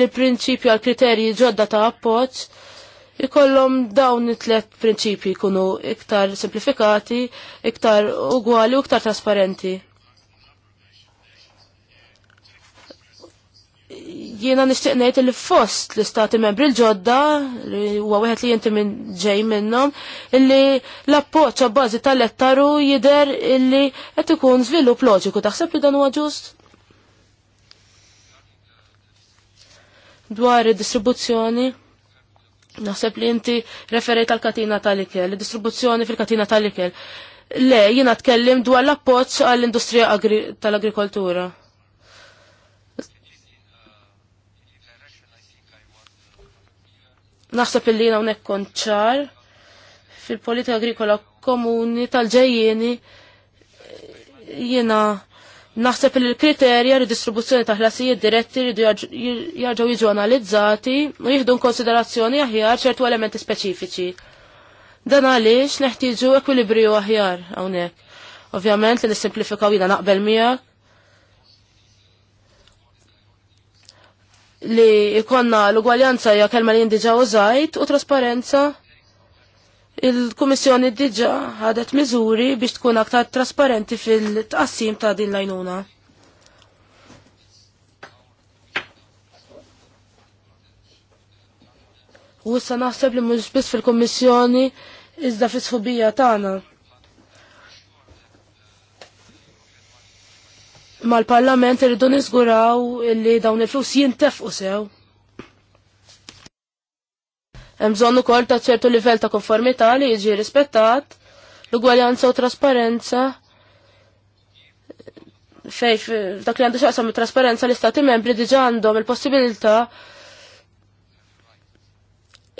li prinċipju għal kriterji ġodda ta' appoġġ ikollhom dawn it-tlet prinċipji jkunu iktar simplifikati, iktar ugwali u iktar trasparenti. Jiena nixtieq ngħid li fost l-istati membri l-ġodda li huwa wieħed li jinti minn ġej minnhom illi l-appoġġ bażi tal-ettaru jidher illi qed ikun żvilupp loġiku taħseb li dan huwa ġust? Dwar id-distribuzzjoni naħseb li inti referejt tal-katina tal-ikel, distribuzzjoni fil-katina tal-ikel. Le, jiena tkellim dwar l-appoġġ għall-industrija tal-agrikoltura. Naħseb illi jina hawnhekk kont ċar fil-politika agrikola komuni tal-ġejjieni jiena Naħseb illi l-kriterja ridistribuzzjoni ta' ħlasijiet diretti ridu jarġaw jiġu analizzati u jieħdu konsiderazzjoni aħjar ċertu elementi speċifiċi. Dan għaliex neħtieġu ekwilibrju aħjar hawnhekk. Ovvjament li nissimplifikaw jiena naqbel miegħek li ikonna l-ugwaljanza hija kelma li jindiġa użajt u trasparenza il-Kummissjoni diġa ħadet miżuri biex tkun aktar trasparenti fil-tqassim ta' din lajnuna. U issa naħseb li mhux biss fil-Kummissjoni iżda fis-sħubija tagħna. mal-parlament irridu niżguraw li dawn il-flus jintefqu sew. Hemm bżonn ukoll ta' ċertu livell ta' konformità li jiġi rispettat l-ugwaljanza u trasparenza fej dak li għandu xaqsam trasparenza l-istati membri diġa għandhom il-possibilità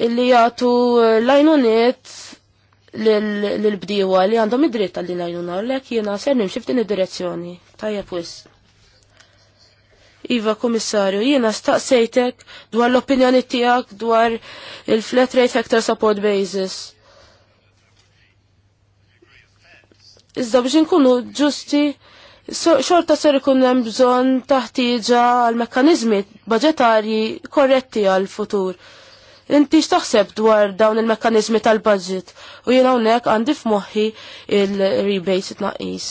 illi jagħtu ajnuniet l-bdiewa li għandhom id-dritt tal najnuna l jiena ser nimxi f'din id-direzzjoni. Tajja wis. Iva komissarju, jiena staqsejtek dwar l-opinjoni tiegħek dwar il-flat rate factor support basis. Iżda biex inkunu ġusti, xorta ser ikun hemm bżonn taħtieġa għal mekkaniżmi baġetarji korretti għal futur Inti x'taħseb dwar dawn il-mekkaniżmi tal-budget u jien hawnhekk għandi f'moħħi il it tnaqqis.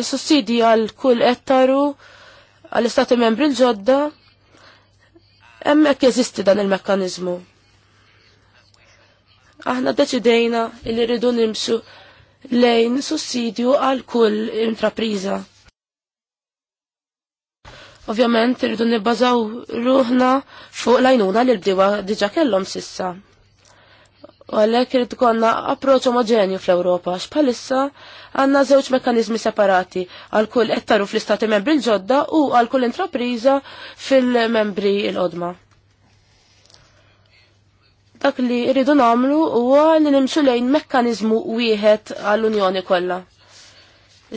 il-sussidi għal kull ettaru għal istati membri l-ġodda emmek jeżisti dan il-mekkanizmu. Aħna deċidejna li rridu nimsu lejn sussidju għal kull intrapriża. Ovvjament irridu nibbażaw ruħna fuq lajnuna li l-bdiwa diġa kellhom sissa. U għalhekk irid konna approċċ omoġenju fl-Ewropa x'palissa għandna żewġ mekkaniżmi separati għal kull qed fl-istati membri l-ġodda u għal kull intrapriża fil-membri l-qodma. Dak li rridu nagħmlu huwa li nimxu lejn mekkaniżmu wieħed għall-Unjoni kollha.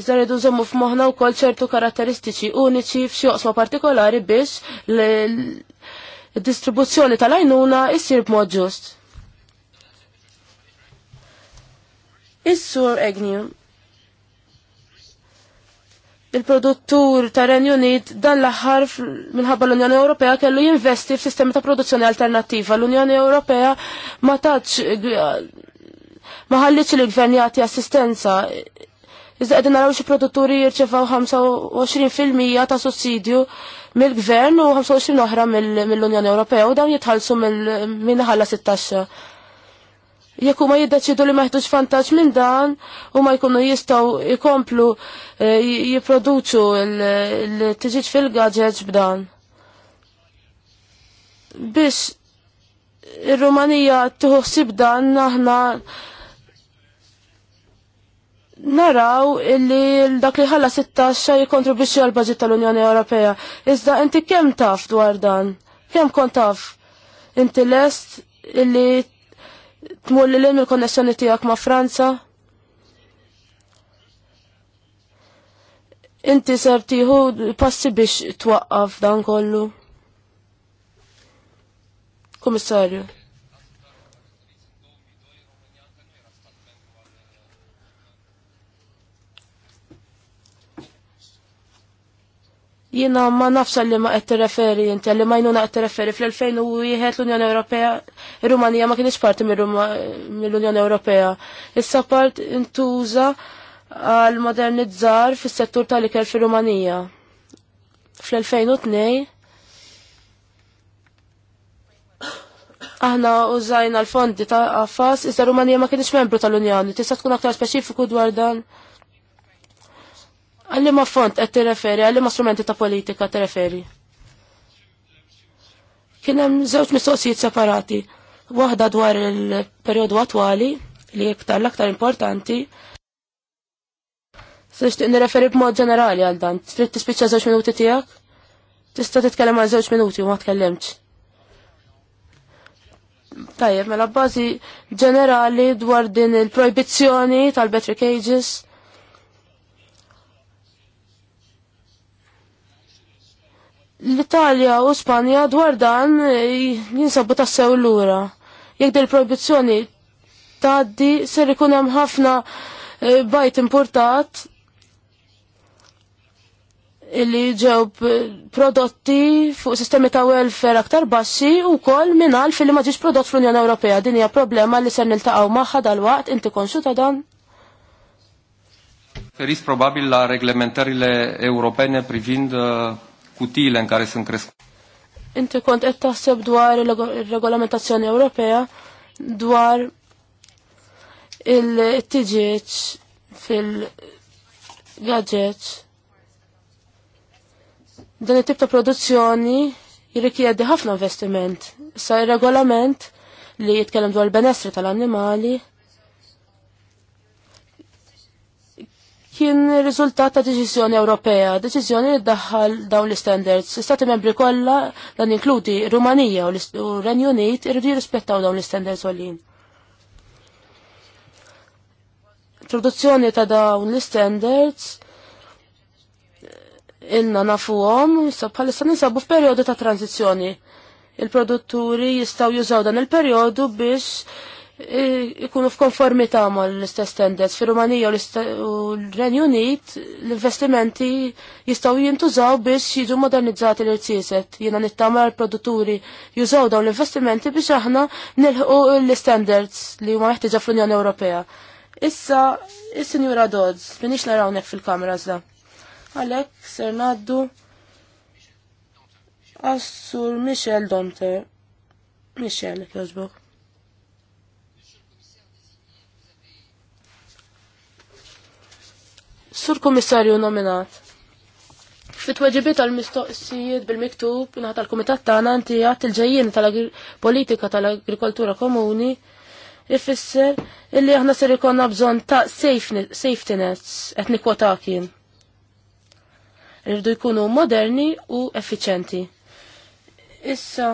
Iżda rridu nżommu f'moħħna wkoll ċertu karatteristiċi uniċi f'xi oqsma partikolari biex l-distribuzzjoni tal-għajnuna issir b'mod ġust. Is-sur Egnium il-produttur ta' Renju Unit dan l-aħħar minħabba l-Unjoni Ewropea kellu jinvesti f'sistemi ta' produzzjoni alternattiva. L-Unjoni Ewropea ma tatx eh, ma ħallitx li gvern jagħti assistenza. Iżda qegħdin naraw xi produtturi jirċevaw 25% ta' sussidju mill-gvern u 25 oħra mill-Unjoni Ewropea u dawn jitħallsu minn 16 jekk huma jiddeċidu li meħtux vantaġġ minn dan u ma jkunu jistgħu jkomplu eh, jipproduċu l-tiġiġ fil-gadgets b'dan. Biex ir-Rumanija tħossib dan aħna naraw illi dak li ħalla 16 jikontribwixxi għal budget tal-Unjoni Ewropea. Iżda inti kemm taf dwar dan? Kemm kont taf? Inti lest illi tmur li l-in il-konnessjoni tijak ma' Franza. Inti ser tiħu passi biex twaqqaf dan kollu. Komissarju. Jiena ma nafsa li ma qed tirreferi jinti, li ma jnuna qed tirreferi fl-2001 l-Unjoni Ewropea, ir-Rumanija ma kienx parti mill-Unjoni Ewropea. Issa part intuża għal modernizzar fis-settur tal-ikel fir-Rumanija. Fl-2002 aħna użajna l-fondi ta' għafas, iżda Rumanija ma kienix membru tal-Unjoni. Tista' tkun aktar speċifiku dwar dan? Għalli ma font qed tirreferi, għalli ma strumenti ta' politika tirreferi. Kien hemm żewġ mistoqsijiet separati. Waħda dwar il-perjodu attwali li iktar l-aktar importanti. Se referi nirreferi b'mod ġenerali għal dan. Trid tispiċċa żewġ minuti tiegħek? Tista' titkellem għal żewġ minuti u ma t-kellemċ. Tajjeb, mela bazi ġenerali dwar din il-projbizzjoni tal betri Cages L-Italja u Spanja dwar dan eh, jinsabu tassew lura. Jekk del proibizzjoni taddi ser ikun hemm ħafna eh, bajt importat illi ġew prodotti fuq sistemi ta' welfare aktar bassi u kol minnal fil ma maġiġ prodott fl-Unjoni Ewropea. Din hija problema li ser niltaqgħu magħha dal-waqt inti konxu ta' dan. Feris probabil la reglementarile europene privind eh, cutiile în care sunt Inti kont qed taħseb dwar ir-regolamentazzjoni Ewropea dwar il-tiġieġ fil-gaġġeġ. Dan it-tip ta' produzzjoni jirrikjedi ħafna investiment. Sa' regolament li jitkellem dwar il-benessri tal-annimali kien riżultat ta' deċiżjoni Ewropea, deċiżjoni li ddaħħal dawn l-standards. Istati membri kollha dan inkludi Rumanija u Renju Unit irridu jirrispettaw dawn l-standards għolin. Produzzjoni ta' dawn l-standards ilna nafuhom, bħalissa ninsabu f'perjodu ta' tranzizzjoni. Il-produtturi jistgħu jużaw dan il-perjodu biex ikunu f'konformità l istess standards. Fir-Rumanija u l-Renju Unit l-investimenti jistgħu jintużaw biex jiġu modernizzati l-irċiset. Jiena nittama l-produtturi jużaw dawn l-investimenti biex aħna nilħu l-standards li huma meħtieġa fl-Unjoni Ewropea. Issa, is-Sinjura Dodds, minix narawnek fil kamera da. Għalek, ser Assur Michel Donter. Michel, jozbok. Sur Komissarju nominat. fit weġibiet għal-mistoqsijiet bil-miktub naħat tal-Kumitat tagħna inti għat il-ġejjien tal-politika tal-agrikoltura komuni ifisser illi aħna ser ikonna bżonn ta' safety nets qed nikwota kien. Irridu jkunu moderni u effiċenti. Issa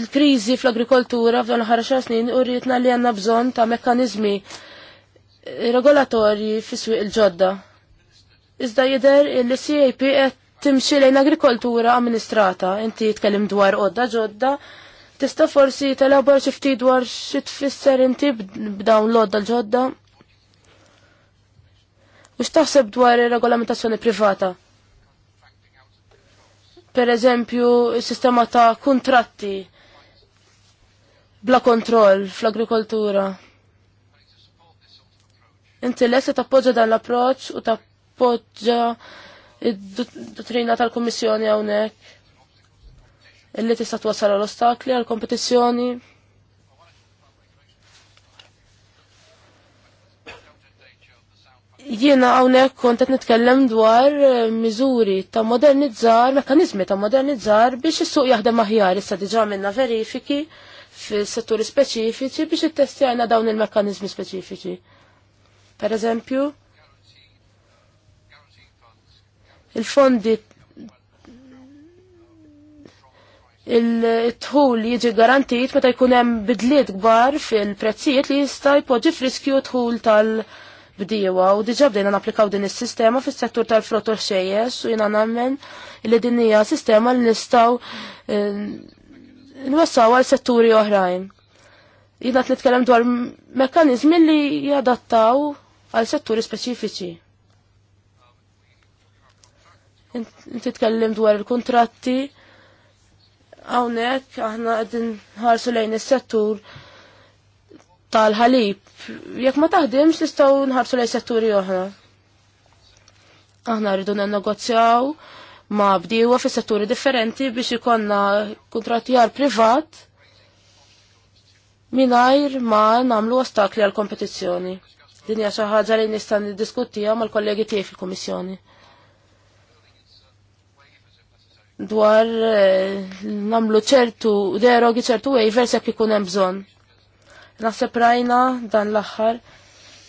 il-kriżi fl-agrikoltura f'dan l snin u rritna li għandna bżonn ta' mekkaniżmi regolatorji fis il-ġodda. Iżda jidher li CAP qed timxi lejn agrikoltura amministrata. Inti tkellim dwar qodda ġodda, tista' forsi telabor xi ftit dwar xi tfisser inti b'dawn l għodda l-ġodda. U x'taħseb dwar ir-regolamentazzjoni privata? Per eżempju, sistema ta' kontratti bla kontroll fl-agrikoltura. Inti l-essi tappoġġa dan l-approċċ u tappoġġa id-dottrina tal-Kummissjoni hawnhekk illi tista' twassal għal ostakli għal kompetizzjoni. Jiena hawnhekk kont qed nitkellem dwar eh, miżuri ta' modernizzar, mekkaniżmi ta' modernizzar biex is-suq jaħdem aħjar issa diġà minna verifiki fis-setturi speċifiċi biex ittestjajna dawn il-mekkaniżmi speċifiċi. Per eżempju, il-fondi il-tħul jiġi garantit meta jkun hemm bidliet kbar fil-prezzijiet li jista' jpoġġi friskju tħul tal-bdiewa u diġà bdejna napplikaw din is-sistema fis-settur tal l xejjes u jiena nagħmel li din hija sistema li nistgħu eh, nwassaw għal setturi oħrajn. Jiena qed nitkellem dwar mekkaniżmi li jadattaw għal setturi speċifiċi. Inti tkellim dwar il-kontratti, hawnhekk aħna għedin ħarsu lejn is-settur tal-ħalib. Jekk ma taħdimx nistgħu nħarsu lejn setturi oħra. Aħna rridu negozjaw ma bdiewa fi setturi differenti biex ikonna għar privat minajr ma namlu ostakli għal kompetizzjoni. Din hija xi ħaġa li nista' niddiskutija mal-kollegi tiegħi fil-Kummissjoni. Dwar eh, nagħmlu ċertu derogi ċertu waivers jekk ikun hemm bżonn. Naħseb rajna dan l-aħħar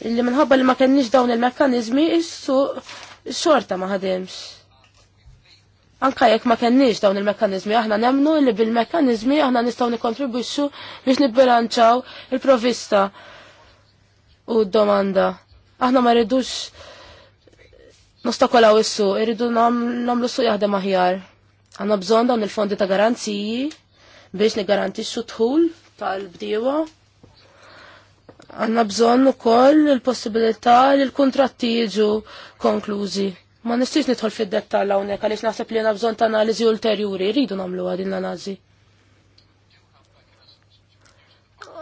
illi minħabba li ma kenniex dawn il-mekkaniżmi issu xorta ma ħademx. Anka jekk ma kenniex dawn il mekkaniżmi aħna nemnu li bil mekkaniżmi aħna nistgħu nikkontribwixxu biex nibbilanċaw il-provista u domanda. Aħna ma rridux nostakolaw issu, irridu namlu su jaħdem aħjar. Għanna bżon dawn il-fondi ta' garanziji biex nigarantixxu tħul tal-bdiewa. Għanna bżon ukoll il-possibilità li l-kontratti jiġu konklużi. Ma nistax nidħol fid-dettall hawnhekk għaliex naħseb li għanna bżonn ta' analiżi ulterjuri, rridu nagħmluha din l analizi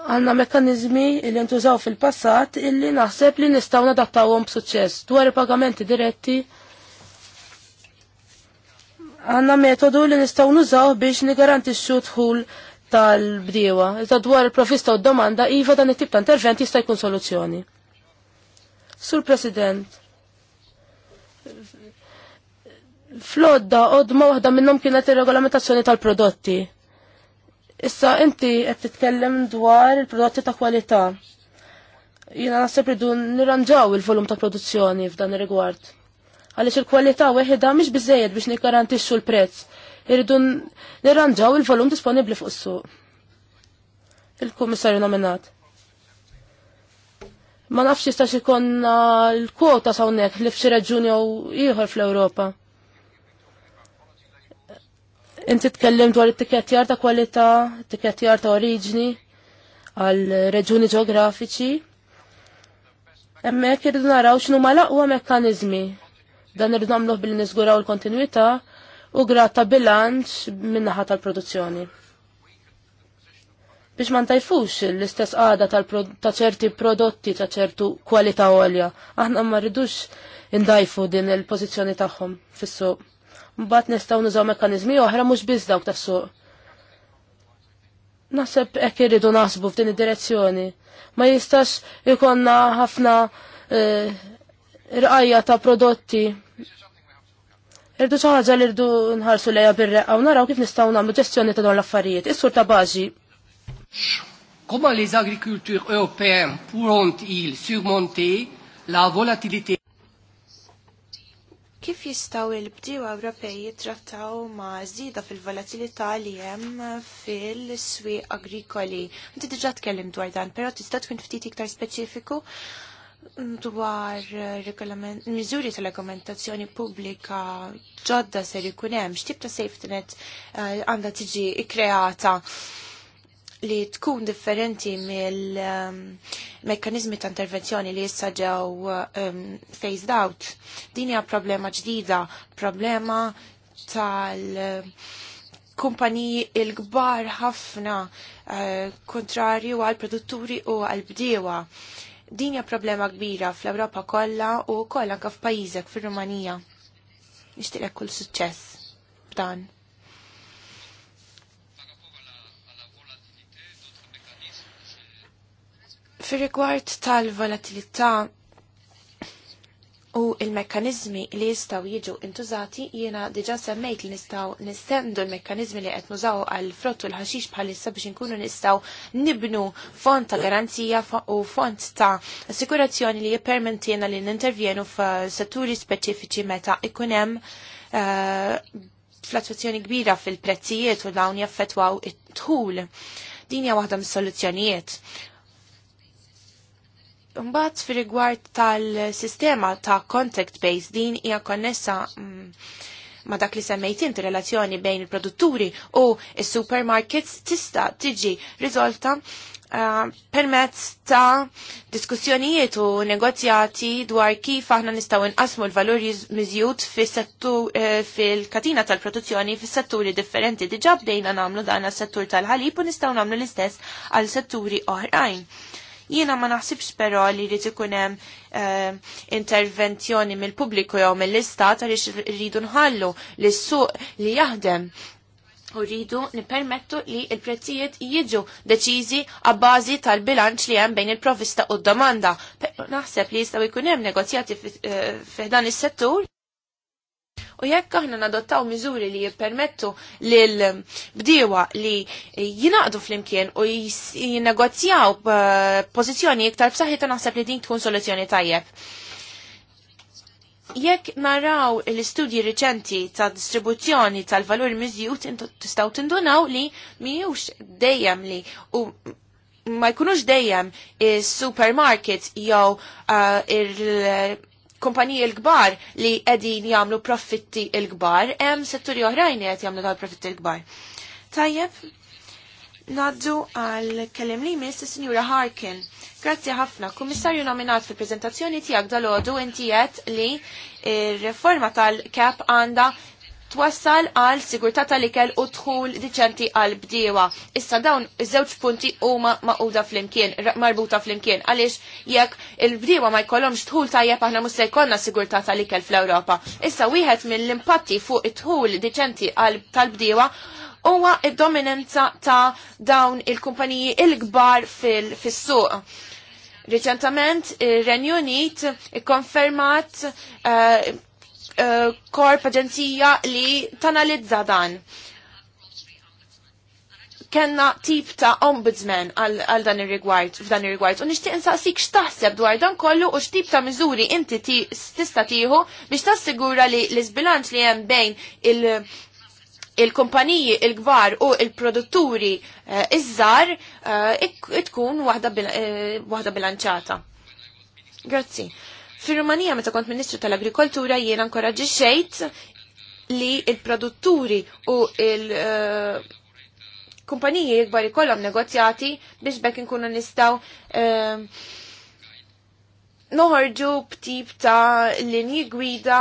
għanna mekanizmi li ntużaw fil-passat illi naħseb li nistaw nadattawhom b'suċċess. Dwar il-pagamenti diretti għanna metodu li nistaw nużaw biex nigarantixxu dħul tal-bdiewa. Iżda dwar il profista u d-domanda iva dan it-tip ta' intervent jista' jkun soluzzjoni. Sur President, flodda odma waħda minnhom kienet ir-regolamentazzjoni tal-prodotti Issa inti qed titkellem dwar il-prodotti ta' kwalità. Jiena naħseb ridu nirranġaw il-volum ta' produzzjoni f'dan ir-rigward. Għaliex il-kwalità weħda mhix biżejjed biex nikkarantixxu l-prezz. Irridu nirranġaw il-volum disponibbli fuq is-suq. Il-kummissarju nominat. Ma nafx jistax ikonna l-kwota sawnek li f'xi reġuni jew ieħor fl-Ewropa. Inti tkellem dwar it-tikettjar ta' kwalità, it-tikettjar ta' oriġni għal reġuni ġeografiċi. Emmek irridu naraw x'nu ma laqwa mekkaniżmi. Dan irridu nagħmluh billi niżguraw il-kontinwità u gratta ta' bilanċ min-naħa tal-produzzjoni. Biex ma ntajfux l-istess għada ta' ċerti prodotti ta' ċertu kwalità għolja. Aħna ma rridux indajfu din il-pożizzjoni tagħhom fis-suq mbagħad nistgħu nużaw mekkaniżmi oħra mhux biss dawk tas-suq. Naħseb hekk irridu naħsbu f'din id-direzzjoni. Ma jistax ikonna ħafna e, rqajja ta' prodotti. Irdu xi ħaġa li rdu nħarsu lejha bir-reqqa u naraw kif nistgħu nagħmlu ġestjoni ta' dawn l-affarijiet. Is-sur ta' baġi. Comment les agriculteurs européens pourront-ils surmonter la volatilité Kif jistaw il-bdiewa Ewropej jitrattaw ma' zida fil-volatilità li hemm fil-swieq agrikoli? Inti diġà tkellim dwar dan, però tista' tkun ftit iktar speċifiku dwar miżuri tal-argumentazzjoni pubblika ġodda ser ikun hemm, x'tib ta' safety net eh, għandha tiġi ikkreata li tkun differenti mill-mekkanizmi um, ta' intervenzjoni li jissa ġew um, phased out. Din hija problema ġdida, problema tal- um, kumpaniji il-gbar ħafna uh, kontrarju għal produtturi u għal bdiewa. Din hija problema kbira fl-Ewropa kollha u kollha anke f'pajjiżek fir-Rumanija. Nixtieq kull suċċess b'dan. Fir-rigward tal-volatilità u il-mekkanizmi li jistaw jiġu intużati jiena diġa semmejt li nistaw nistendu l-mekkanizmi li qed nużaw għal frott u l-ħaxix bħalissa biex inkunu nistaw nibnu font ta' garanzija u font ta' assikurazzjoni li jippermentina li nintervjenu f'setturi speċifiċi meta ikun hemm uh, eh, flattuazzjoni kbira fil-prezzijiet u dawn jaffetwaw it-tħul. Din hija waħda mis-soluzzjonijiet Mbagħad fi rigward tal-sistema ta' contact base din hija konnessa mm, ma' dak li semmejt inti relazzjoni bejn il-produtturi u il supermarkets tista' tiġi riżolta uh, permezz ta' diskussjonijiet u negozjati dwar kif aħna nistgħu inqasmu l valuri miżjud eh, fil-katina tal-produzzjoni fis-setturi differenti diġà bdejna nagħmlu dan għas-settur tal-ħalib u nistgħu nagħmlu l-istess għal setturi oħrajn. Oh Jiena ma naħsibx però li jrid ikun hemm eh, intervenzjoni mill-pubbliku jew mill-istat għaliex rridu nħallu lis-suq li jaħdem u rridu nipermettu li l prezzijiet jiġu deċiżi għabbażi tal-bilanċ li hemm bejn il-provista u d-domanda. Naħseb li jistgħu jkun hemm negozjati f'dan eh, is-settur U jekk aħna nadottaw miżuri li jippermettu lil bdiewa li jinaqdu flimkien u jinnegozjaw eh, pozizjoni iktar ta naħseb li din tkun soluzzjoni tajjeb. Jekk naraw l-istudji riċenti ta' distribuzzjoni tal-valur miżjut tistgħu tindunaw li mhijiex dejjem li u ma jkunux dejjem is-supermarket jew uh, kumpaniji l-kbar li qegħdin jagħmlu profitti l-kbar, hemm setturi oħrajn qed jagħmlu dal-profitti l-kbar. Tajjeb, Naddu għal kellem li miss Signora Harkin. Grazzi ħafna. Kummissarju nominat fil prezentazzjoni tijak dal-ħodu inti li il-reforma tal-kap għanda twassal għal sigurtà tal-ikel u tħul diċenti għal bdiewa. Issa dawn iż-żewġ punti huma maquda flimkien, marbuta flimkien, għaliex jekk il-bdiewa ma jkollhomx tħul tajjeb aħna mhux se jkollna sigurtà tal-ikel fl-Ewropa. Issa wieħed mill-impatti fuq it tħul diċenti tal-bdiewa huwa id-dominanza ta' dawn il-kumpaniji il-kbar fil-suq. Reċentament, il-Renju Unit ikkonfermat uh, Eh, korp aġenzija li tanalizza dan. Kenna tip ta' ombudsman għal dan il rigward f'dan ir-rigward, u nixtieq insaqsik x'taħseb dwar dan kollu u x'tip ta' miżuri inti tista' tieħu biex tassigura li l-isbilanċ li hemm bejn il- il-kumpaniji il-gvar u il-produtturi eh, iż-żar eh, tkun waħda bilanċata. Grazzi. Fir-Rumanija meta kont Ministru tal-Agrikoltura jiena ankora xejt li il-produtturi u il- eh, kumpaniji jikbar ikollhom negozjati biex bekk inkunu nistgħu eh, noħorġu b'tip ta' linji gwida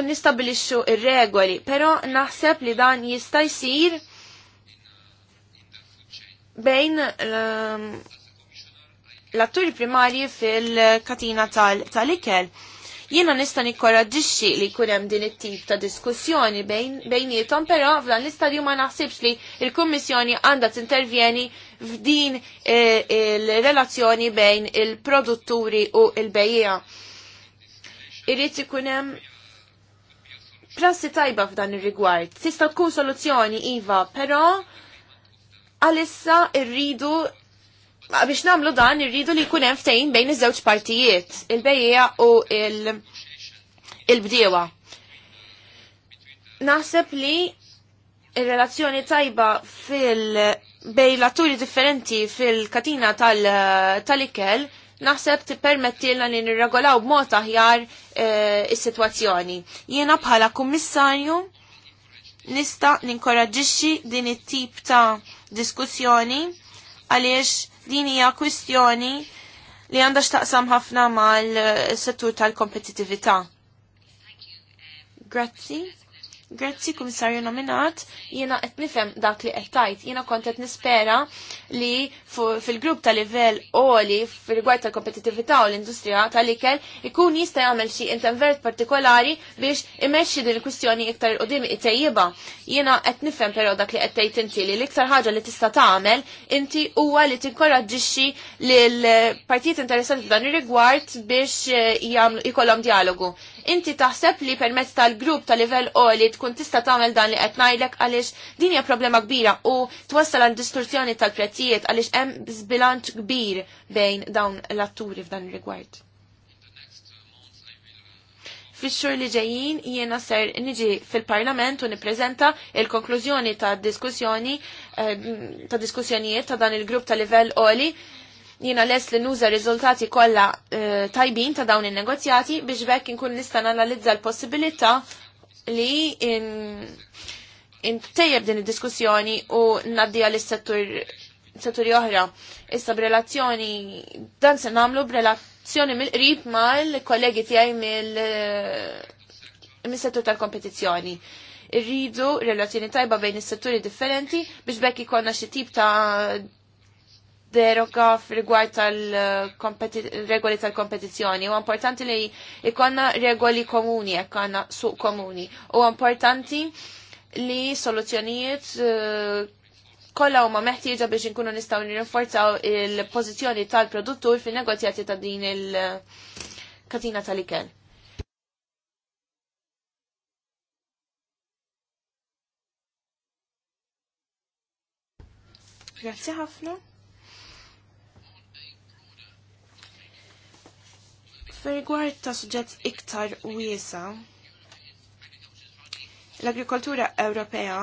u nistabilixxu ir-regoli, però naħseb li dan jista' jsir bejn eh, l-atturi primarji fil-katina tal-ikel. Jiena nista' nikkoraġġixxi li jkun hemm din it-tip ta' diskussjoni bejnietom, però f'dan l-istadju ma naħsibx li l-Kummissjoni għandha tintervjeni f'din e, il-relazzjoni bejn il-produtturi u il-bejja. Irrid ikun hemm prassi tajba f'dan ir-rigward. Tista' tkun soluzzjoni iva, però għalissa rridu biex namlu dan irridu li jkun hemm ftehim bejn iż-żewġ partijiet, il-bejja u il-bdiewa. Naħseb li il-relazzjoni tajba fil bej l-atturi differenti fil-katina tal-ikel naħseb tippermetti l li nirregolaw b'mod aħjar e, is-sitwazzjoni. Jiena bħala kummissarju nista' ninkoraġġixxi din it-tip ta' diskussjoni għaliex Din hija kwistjoni li għandha x'taqsam ħafna mal-settur tal-kompetitività. Grazzi. Grazzi kummissarju nominat, jiena qed nifhem dak li qed tajt, jiena kont qed nispera li fil-grupp ta' livell oli rigward tal kompetitività u l-industrija tal-ikel ikun jista' jagħmel xi intervert partikolari biex imexxi din il-kwistjoni iktar qudiem itejjiba. Jiena qed nifhem però dak li qed tgħid inti li l-iktar ħaġa li tista' tagħmel inti huwa li tinkoraġġixxi lil partijiet interessanti f'dan ir-rigward biex eh, jagħmlu jkollhom dialogu. Inti taħseb li permezz tal-grupp ta' livell li tkun tista' tagħmel dan li qed ngħidlek għaliex din hija problema kbira u twassal għal distorsjoni tal-prezzijiet għaliex hemm żbilanċ kbir bejn dawn l-atturi f'dan ir-rigward. Fix-xhur li ġejjin jiena ser niġi fil-Parlament u nippreżenta il-konklużjoni ta' diskussjoni eh, ta' diskussjonijiet ta' dan il-grupp ta' livell oli Jiena les li nuża riżultati kollha eh, tajbin ta' dawn in-negozjati biex bekk inkun nista' nanalizza l-possibilità li intejjeb din id-diskussjoni u naddija lis-settur setturi oħra. Issa b'relazzjoni dan se nagħmlu b'relazzjoni mill-qrib mal-kollegi tiegħi mill eh, mis-settur tal-kompetizzjoni. Irridu relazzjoni tajba bejn is-setturi differenti biex bekk ikonna xi tip ta' deroga f'rigward tal-regoli tal-kompetizjoni. U importanti li ikonna regoli komuni, ikonna suq komuni. U importanti li soluzzjonijiet uh, kollha huma meħtieġa biex inkunu nistgħu nirrinforzaw il-pożizzjoni tal-produttur fin-negozjati ta' din il-katina tal-ikel. Grazzi ħafna. Fir-rigward ta' suġġett iktar wiesa, l-agrikoltura Ewropea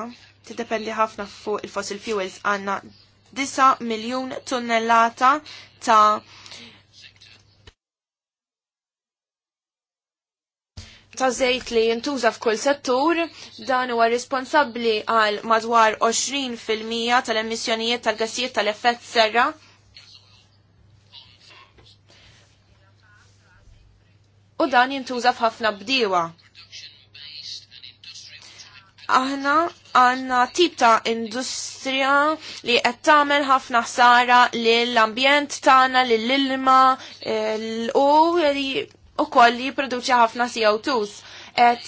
tiddependi ħafna fuq il-fossil fuels għanna 9 miljun tonnellata ta' ta' zejt li jintuża f'kull settur, dan huwa responsabbli għal madwar 20% tal-emissjonijiet tal-gassijiet tal-effett serra u dan jintuża f'ħafna bdiewa. Aħna għanna tip ta' industrija li qed tagħmel ħafna ħsara lill-ambjent tagħna, lill-ilma eh, u wkoll li jipproduċi ħafna CO2. Qed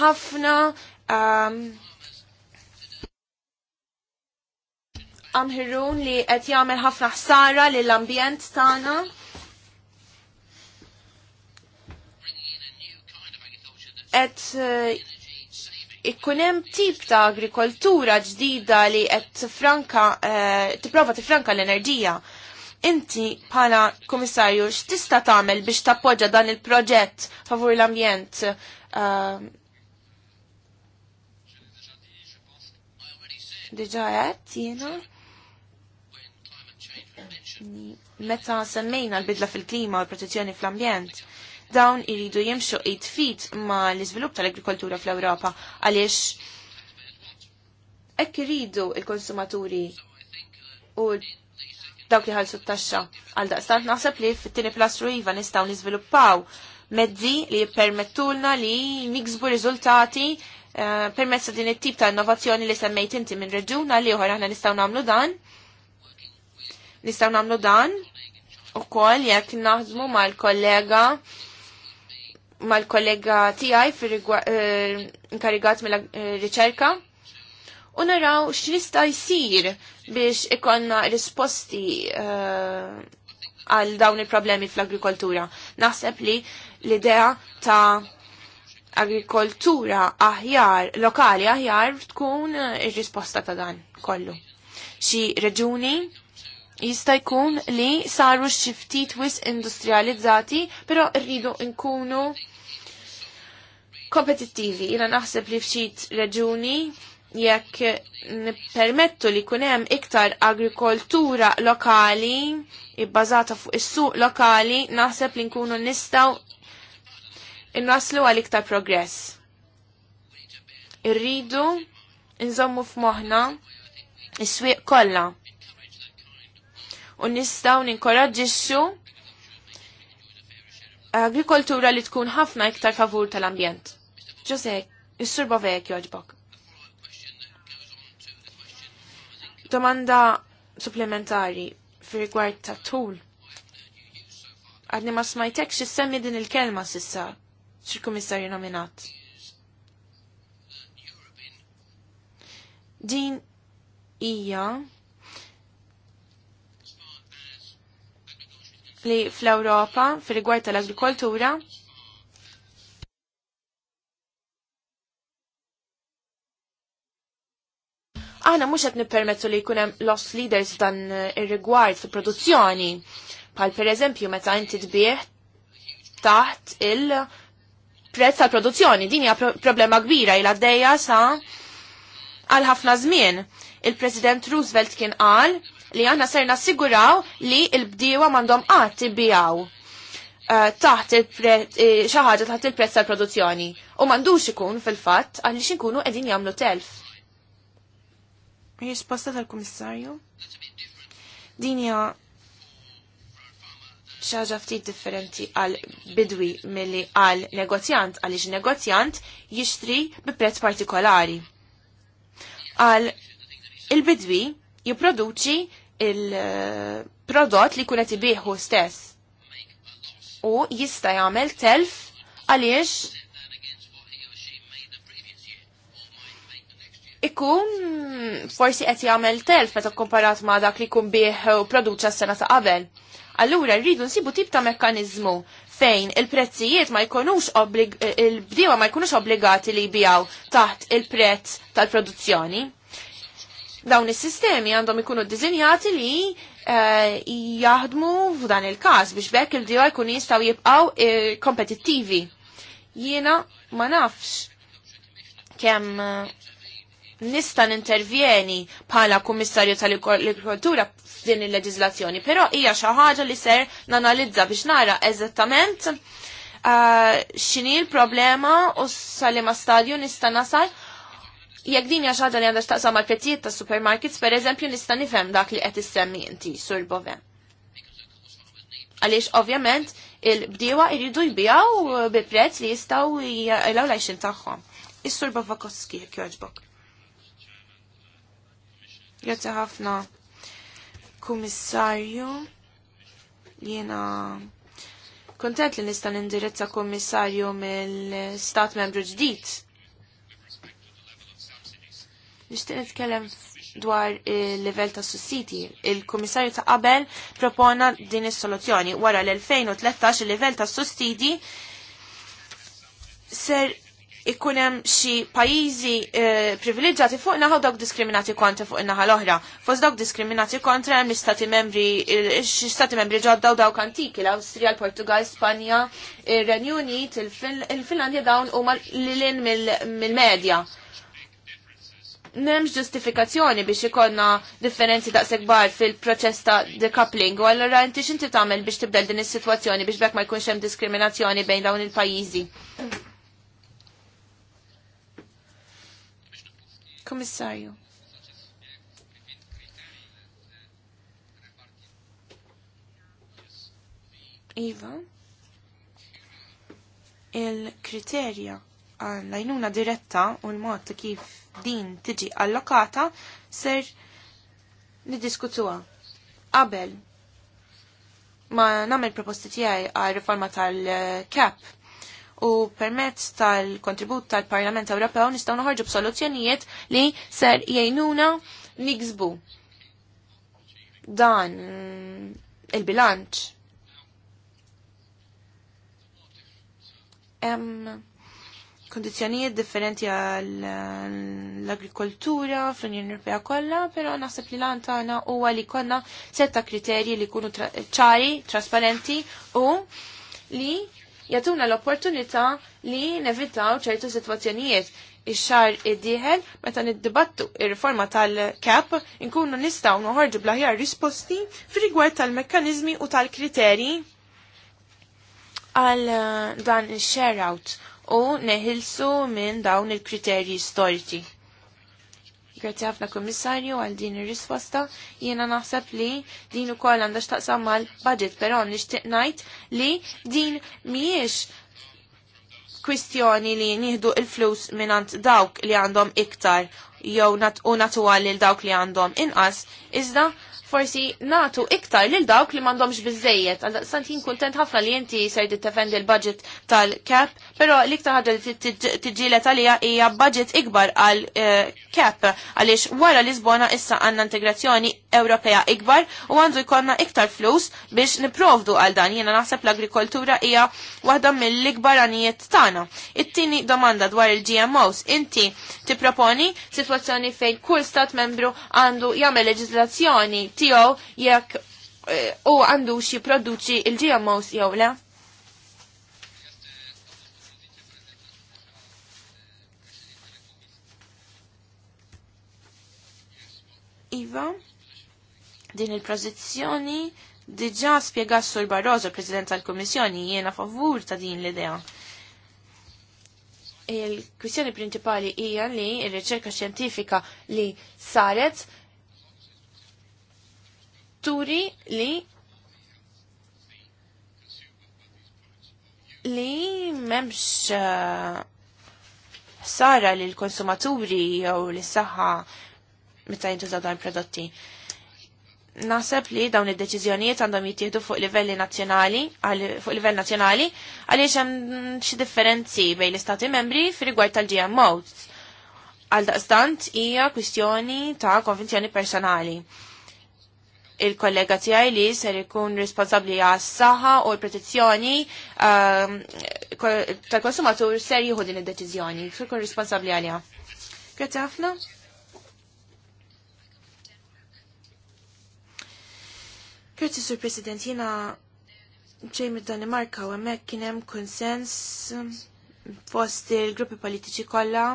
ħafna għamħirun li qed jagħmel ħafna ħsara lill-ambjent tagħna qed eh, ikkunem tip ta' agrikoltura ġdida li qed franka eh, tipprova tifranka l-enerġija. Inti bħala komissarju x'tista' tagħmel biex tappoġġa dan il-proġett favur l-ambjent eh, diġa għed jena. Meta semmejna l-bidla fil-klima u l-protezzjoni fl-ambjent, dawn iridu jimxu id-fit ma l-izvilup tal-agrikoltura fl-Europa għaliex ekk iridu il-konsumaturi u dawk li ħalsu t-taxxa. Għal daqstant naħseb li fit-tieni plastru iva nistgħu niżviluppaw mezzi li jippermettulna li niksbu riżultati eh, permezz din it-tip ta' innovazzjoni li semmejt inti minn reġuna li uħor aħna nistgħu nagħmlu dan. Nistgħu nagħmlu dan ukoll jekk naħdmu mal-kollega mal-kollega tiegħi eh, inkarigat mill-riċerka eh, u naraw x'nista' jsir biex ikonna risposti eh, għal dawn il-problemi fl-agrikoltura. Naħseb li l-idea ta' agrikoltura aħjar, lokali aħjar, tkun il risposta ta' dan kollu. Xi reġuni jista' jkun li saru xi ftit wis industrializzati, però rridu nkunu kompetittivi. Jina naħseb li fxit reġuni jekk permettu li kunem iktar agrikoltura lokali bazata fuq is-suq lokali naħseb li nkunu nistaw innaslu għal iktar progress. Irridu nżommu f'moħħna is-swieq kollha u nistaw ninkoraġġixxu agrikoltura li tkun ħafna iktar favur tal-ambjent. Jose, il-Sur Bovek joġbok. Domanda supplementari fi rigward ta' tul. Għadni ma smajtek xissemmi din il-kelma sissa, xir nominat. Din hija li fl-Europa fi rigward tal-agrikoltura Aħna mhux qed nippermettu li jkun hemm lost leaders dan eh, ir-rigward fil-produzzjoni. Pal pereżempju meta inti tbieħ taħt il-prezz tal-produzzjoni. Din hija problema kbira il għaddejja sa għal ħafna żmien. Il-President Roosevelt kien qal li għanna ser nassiguraw li il-bdiewa mandom għat bijaw eh, taħt eh, taħt il-prezz tal-produzzjoni. U mandux ikun fil-fatt għaliex xinkunu edin jamlu telf risposta tal-Kummissarju. Din hija ftit differenti għal bidwi milli għal negozjant għaliex negozjant jixtri bi prezz partikolari. Għal il-bidwi jipproduċi il-prodott li kunet biħu stess u jista jagħmel telf għaliex ikun forsi qed jagħmel telf meta komparat ma' dak li jkun bih u produċa s-sena ta' qabel. Allura rridu nsibu tip ta' mekkaniżmu fejn il-prezzijiet ma jkunux il-bdiewa ma jkunux obbligati li jbijaw taħt il-prezz tal-produzzjoni. Dawn is-sistemi għandhom ikunu ddisinjati li eh, jaħdmu f'dan il-każ biex bekk il-bdiewa jkun jistgħu jibqgħu eh, kompetittivi. Jiena ma nafx kemm uh, nista' nintervjeni bħala kummissarju tal-agrikoltura f'din il-leġiżlazzjoni, però hija xi ħaġa li ser nanalizza biex nara eżattament uh, x'inhi l-problema u salima stadju nista' nasal jekk din hija xaġa li għandha x'taqsam mal-prezzijiet tas-supermarkets, pereżempju nista' nifhem dak li qed issemmi inti sur bovem. Għaliex ovvjament il-bdiewa jridu jbijaw bi prezz li jistgħu l lajxin tagħhom. Is-sur Bavakoski jekk jogħġbok. Grazzi ħafna kummissarju Jena kontent li nista' nindirizza kummissarju mill-Stat Membru ġdid. Nixtieq nitkellem dwar il-level ta' sussidi. il kummissarju ta' qabel propona din is-soluzzjoni. Wara l-2013 il-level ta' sussidi ser hemm xi pajizi eh, fuq naħa dawk diskriminati kontra fuq in-naħa l-oħra. Fos dawk diskriminati kontra hemm l-istati membri xi stati membri ġoddaw dawk antiki l-Awstrija, l-Portugal, Spanja, ir-Renju Unit, il-Finlandja dawn huma lilin mill-medja. Nemx ġustifikazzjoni biex ikonna differenzi daqshekk bar fil-proċess ta' decoupling u għallora inti x'inti tagħmel biex tibdel din is-sitwazzjoni biex bekk ma jkunx hemm diskriminazzjoni bejn dawn il-pajjiżi. Komissarju. Iva, il-kriterja għal-lajnuna diretta u l-mod ta' kif din tiġi allokata ser nidiskutuha qabel ma nagħmel proposti tiegħi għal riforma tal-CAP u permezz tal-kontribut tal-Parlament Ewropew nistgħu noħorġu b'soluzzjonijiet li ser jgħinuna niksbu dan il-bilanċ. Hemm kondizzjonijiet differenti għall-agrikoltura fl-Unjoni Ewropea kollha, però naħseb li lan tagħna huwa li konna setta kriterji li jkunu ċari, trasparenti u li jatuna l-opportunità li nevitaw ċertu sitwazzjonijiet. Ix-xar id-dieħel meta niddibattu ir-riforma tal-CAP inkunu nistgħu noħorġu blaħjar risposti fir-rigward tal-mekkaniżmi u tal-kriterji għal eh, dan il-share-out u neħilsu minn dawn il-kriterji storiċi. Grazie għafna kummissarju għal din ir-risposta. Jiena naħseb li din ukoll għandha x'taqsam mal-budget, però nixtieq ngħid li din mhijiex kwistjoni li nieħdu il-flus minant dawk li għandhom iktar jew nat u natuwa lil dawk li għandhom inqas, iżda forsi natu iktar lil dawk li mandomx bizzejiet. Għal santin kontent ħafna li inti t tefendi l-budget tal-cap, pero l-iktar ħagġa li tiġilet għalija hija budget ikbar għal-cap, eh, għaliex wara zbona issa għanna integrazzjoni Ewropea ikbar u għandu jkollna iktar flus biex niprovdu għal dan. Jena naħseb l-agrikoltura hija waħda mill-ikbar għanijiet tagħna. It-tieni domanda dwar il-GMOs, inti tipproponi situazzjoni fejn kull stat membru għandu jagħmel leġislazzjoni tiegħu jekk eh, u għandu produċi il-GMOs jew le. Iva, din il prozizjoni diġa spiegat sur Barroso, President tal-Komissjoni, jiena favur ta' din l-idea. Il-kwistjoni principali hija li r-riċerka xjentifika li saret turi li li memx eh, sara li l-konsumaturi jew li s-saħħa meta jintużaw dawn prodotti. Naseb li dawn id-deċiżjonijiet għandhom jittieħdu fuq livelli nazzjonali, fuq livell nazzjonali, għaliex hemm xi differenzi bejn l-istati membri fi rigward tal-GMOs. Għal daqstant hija kwistjoni ta' konvinzjoni personali il-kollega tiegħi li ser ikun responsabbli għas-saħħa u l-protezzjoni ehm, tal-konsumatur ser jieħu din id-deċiżjoni. Ser ikun responsabbli għaliha. Grazzi ħafna. Grazzi Sur President, jina ċejmi danimarka u hemmhekk kien hemm konsens fost il-gruppi politiċi kollha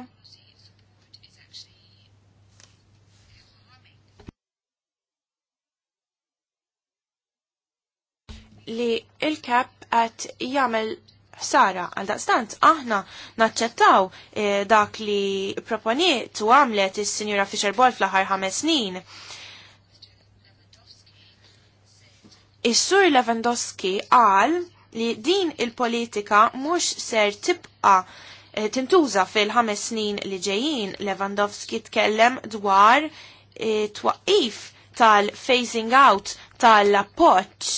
li il-kap għat jagħmel Sara, għal daqstant, aħna naċċettaw eh, dak li proponiet u għamlet is sinjura Fisher Ball fl-ħar ħames snin. Is-sur Lewandowski għal li din il-politika mhux ser tibqa eh, tintuża fil-ħames snin li ġejjin. Lewandowski tkellem dwar eh, twaqif tal-phasing out tal-appoċ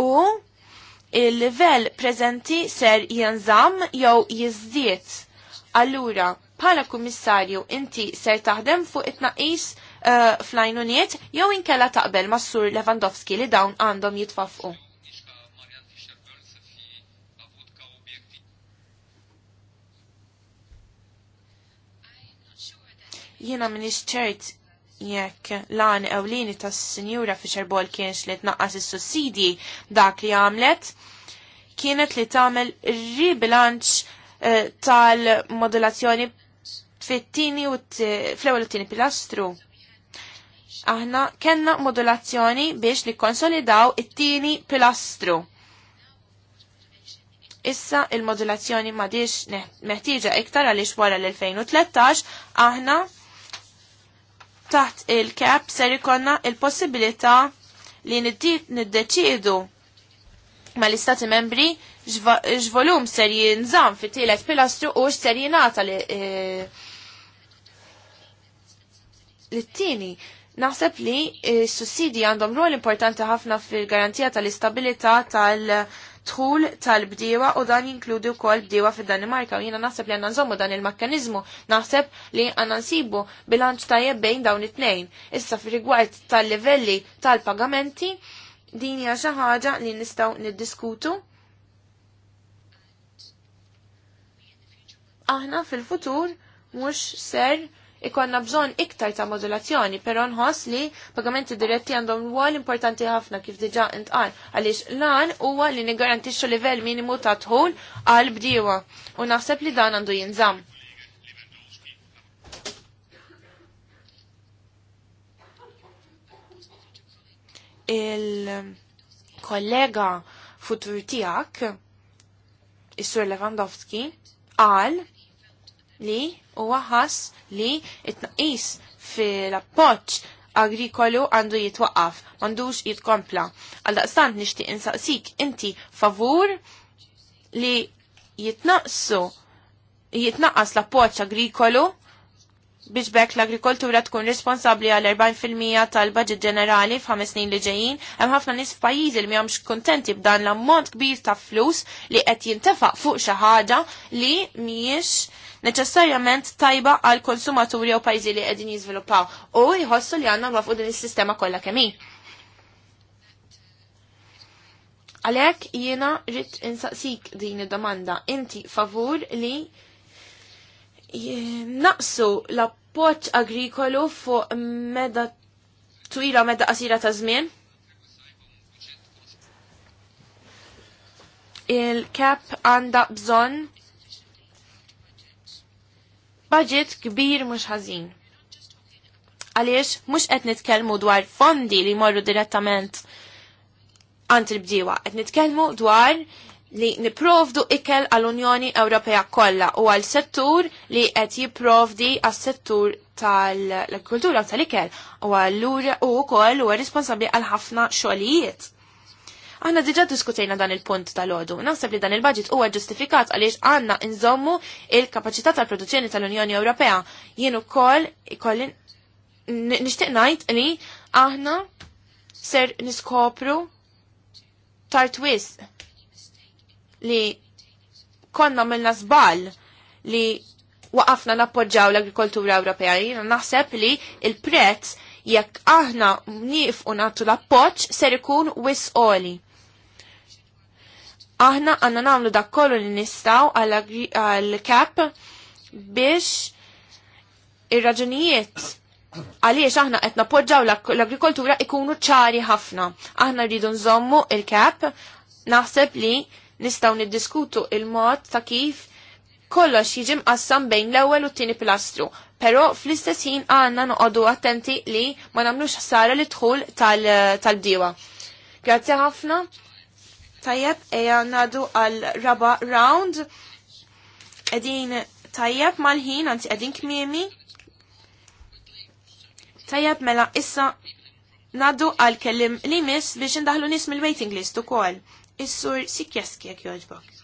u il-livell prezenti ser jenżam jew jizdiet. Allura, pala kummissarju inti ser taħdem fuq it-naqis uh, fl jew inkella taqbel mas-sur Lewandowski li dawn għandhom jitfafqu. jiena minix ċert jekk lan ewlini tas sinjura Fiċerbol Ball kienx li tnaqqas is sussidi dak li għamlet, kienet li tagħmel ribilanċ eh, tal-modulazzjoni fit-tieni u fl-ewwel tieni pilastru. Aħna kellna modulazzjoni biex li konsolidaw it-tieni pilastru. Issa il-modulazzjoni ma diex meħtieġa iktar għaliex wara l-2013 aħna taħt il kep ser ikonna il-possibilità li niddeċidu ma l-istati membri ġvolum ser jinżam fit tielet pilastru u ser jinata li e, l-tini. Naħseb li e, s-sussidi għandhom rol importanti ħafna fil-garantija tal-istabilità tal- tħul tal-bdiewa u dan jinkludi wkoll bdiewa fid-Danimarka u jiena naħseb li għandna nżommu dan il-mekkaniżmu naħseb li għandna nsibu bilanċ tajjeb bejn dawn it-tnejn. Issa fir-rigward tal-livelli tal-pagamenti din hija xi ħaġa li nistgħu niddiskutu. Aħna fil-futur mhux ser ikonna bżon iktar ta' modulazzjoni, pero nħoss li pagamenti diretti għandhom rwol importanti ħafna kif diġa intqal, għaliex lan huwa li nigarantixxu livell minimu ta' tħul għal bdiewa u naħseb li dan għandu jinżamm. il-kollega futur tijak, Is-Sur Lewandowski, għal li huwa għahas li it-tnaqqis fil-appoġġ agrikolu għandu jitwaqqaf, m'għandux jitkompla. Għal daqstant nixtieq insaqsik inti favur li jitnaqsu jitnaqqas l-appoġġ agrikolu biex bekk l-agrikoltura tkun responsabli għal 40% tal-budget ġenerali f'ħames snin li ġejjin, hemm ħafna nies f'pajjiżi li mhomx kuntenti b'dan l-ammont kbir ta' flus li qed jintefaq fuq xi ħaġa li mhijiex neċessarjament tajba għal konsumaturi u pajzi li qegħdin jiżviluppaw u jħossu li għanna nwafu din is-sistema kollha kemm Għalek jiena rrit insaqsik din id-domanda. Inti favur li naqsu l-appoċ agrikolu fuq meda twila meda qasira ta' żmien? Il-kap għanda bżonn budget kbir mhux ħażin. Għaliex mhux qed nitkellmu dwar fondi li jmorru direttament għant il-bdiewa, qed nitkellmu dwar li niprovdu ikel għall-Unjoni Ewropea kollha u għal settur li qed jipprovdi għas-settur tal-kultura tal-ikel u għallura u wkoll huwa responsabbli għal ħafna xogħlijiet. Aħna diġa diskutejna dan il-punt tal-ħodu. Naħseb li dan il-budget huwa ġustifikat għaliex għanna nżommu il-kapacità tal-produzzjoni tal-Unjoni Ewropea. Jien ukoll kol nixtieq ngħid li aħna ser niskopru tartwis li konna milna zbal li waqafna nappoġġaw l-agrikoltura Ewropea. Jiena naħseb li il-prezz jekk aħna nifqu nagħtu l-appoġġ ser ikun wis oli. Aħna għanna namlu dak kollu li nistaw għal-kap biex ir-raġunijiet għaliex aħna qed nappoġġaw l-agrikoltura ikunu ċari ħafna. Aħna rridu nżommu il-kap, naħseb li nistgħu niddiskutu il-mod ta' kif kollox jiġi mqassam bejn l-ewwel u t-tieni pilastru. Però fl-istess ħin għandna noqogħdu attenti li ma nagħmlux ħsara li dħul tal diwa Grazzi ħafna. Tajjeb, eja nadu għal raba round. Edin tajjeb mal-ħin, għanti edin kmiemi. Tajjeb, mela issa nadu għal kellim li mis biex ndaħlu nis mill-waiting list u kol. Is-sur sikjeski għak joġbok.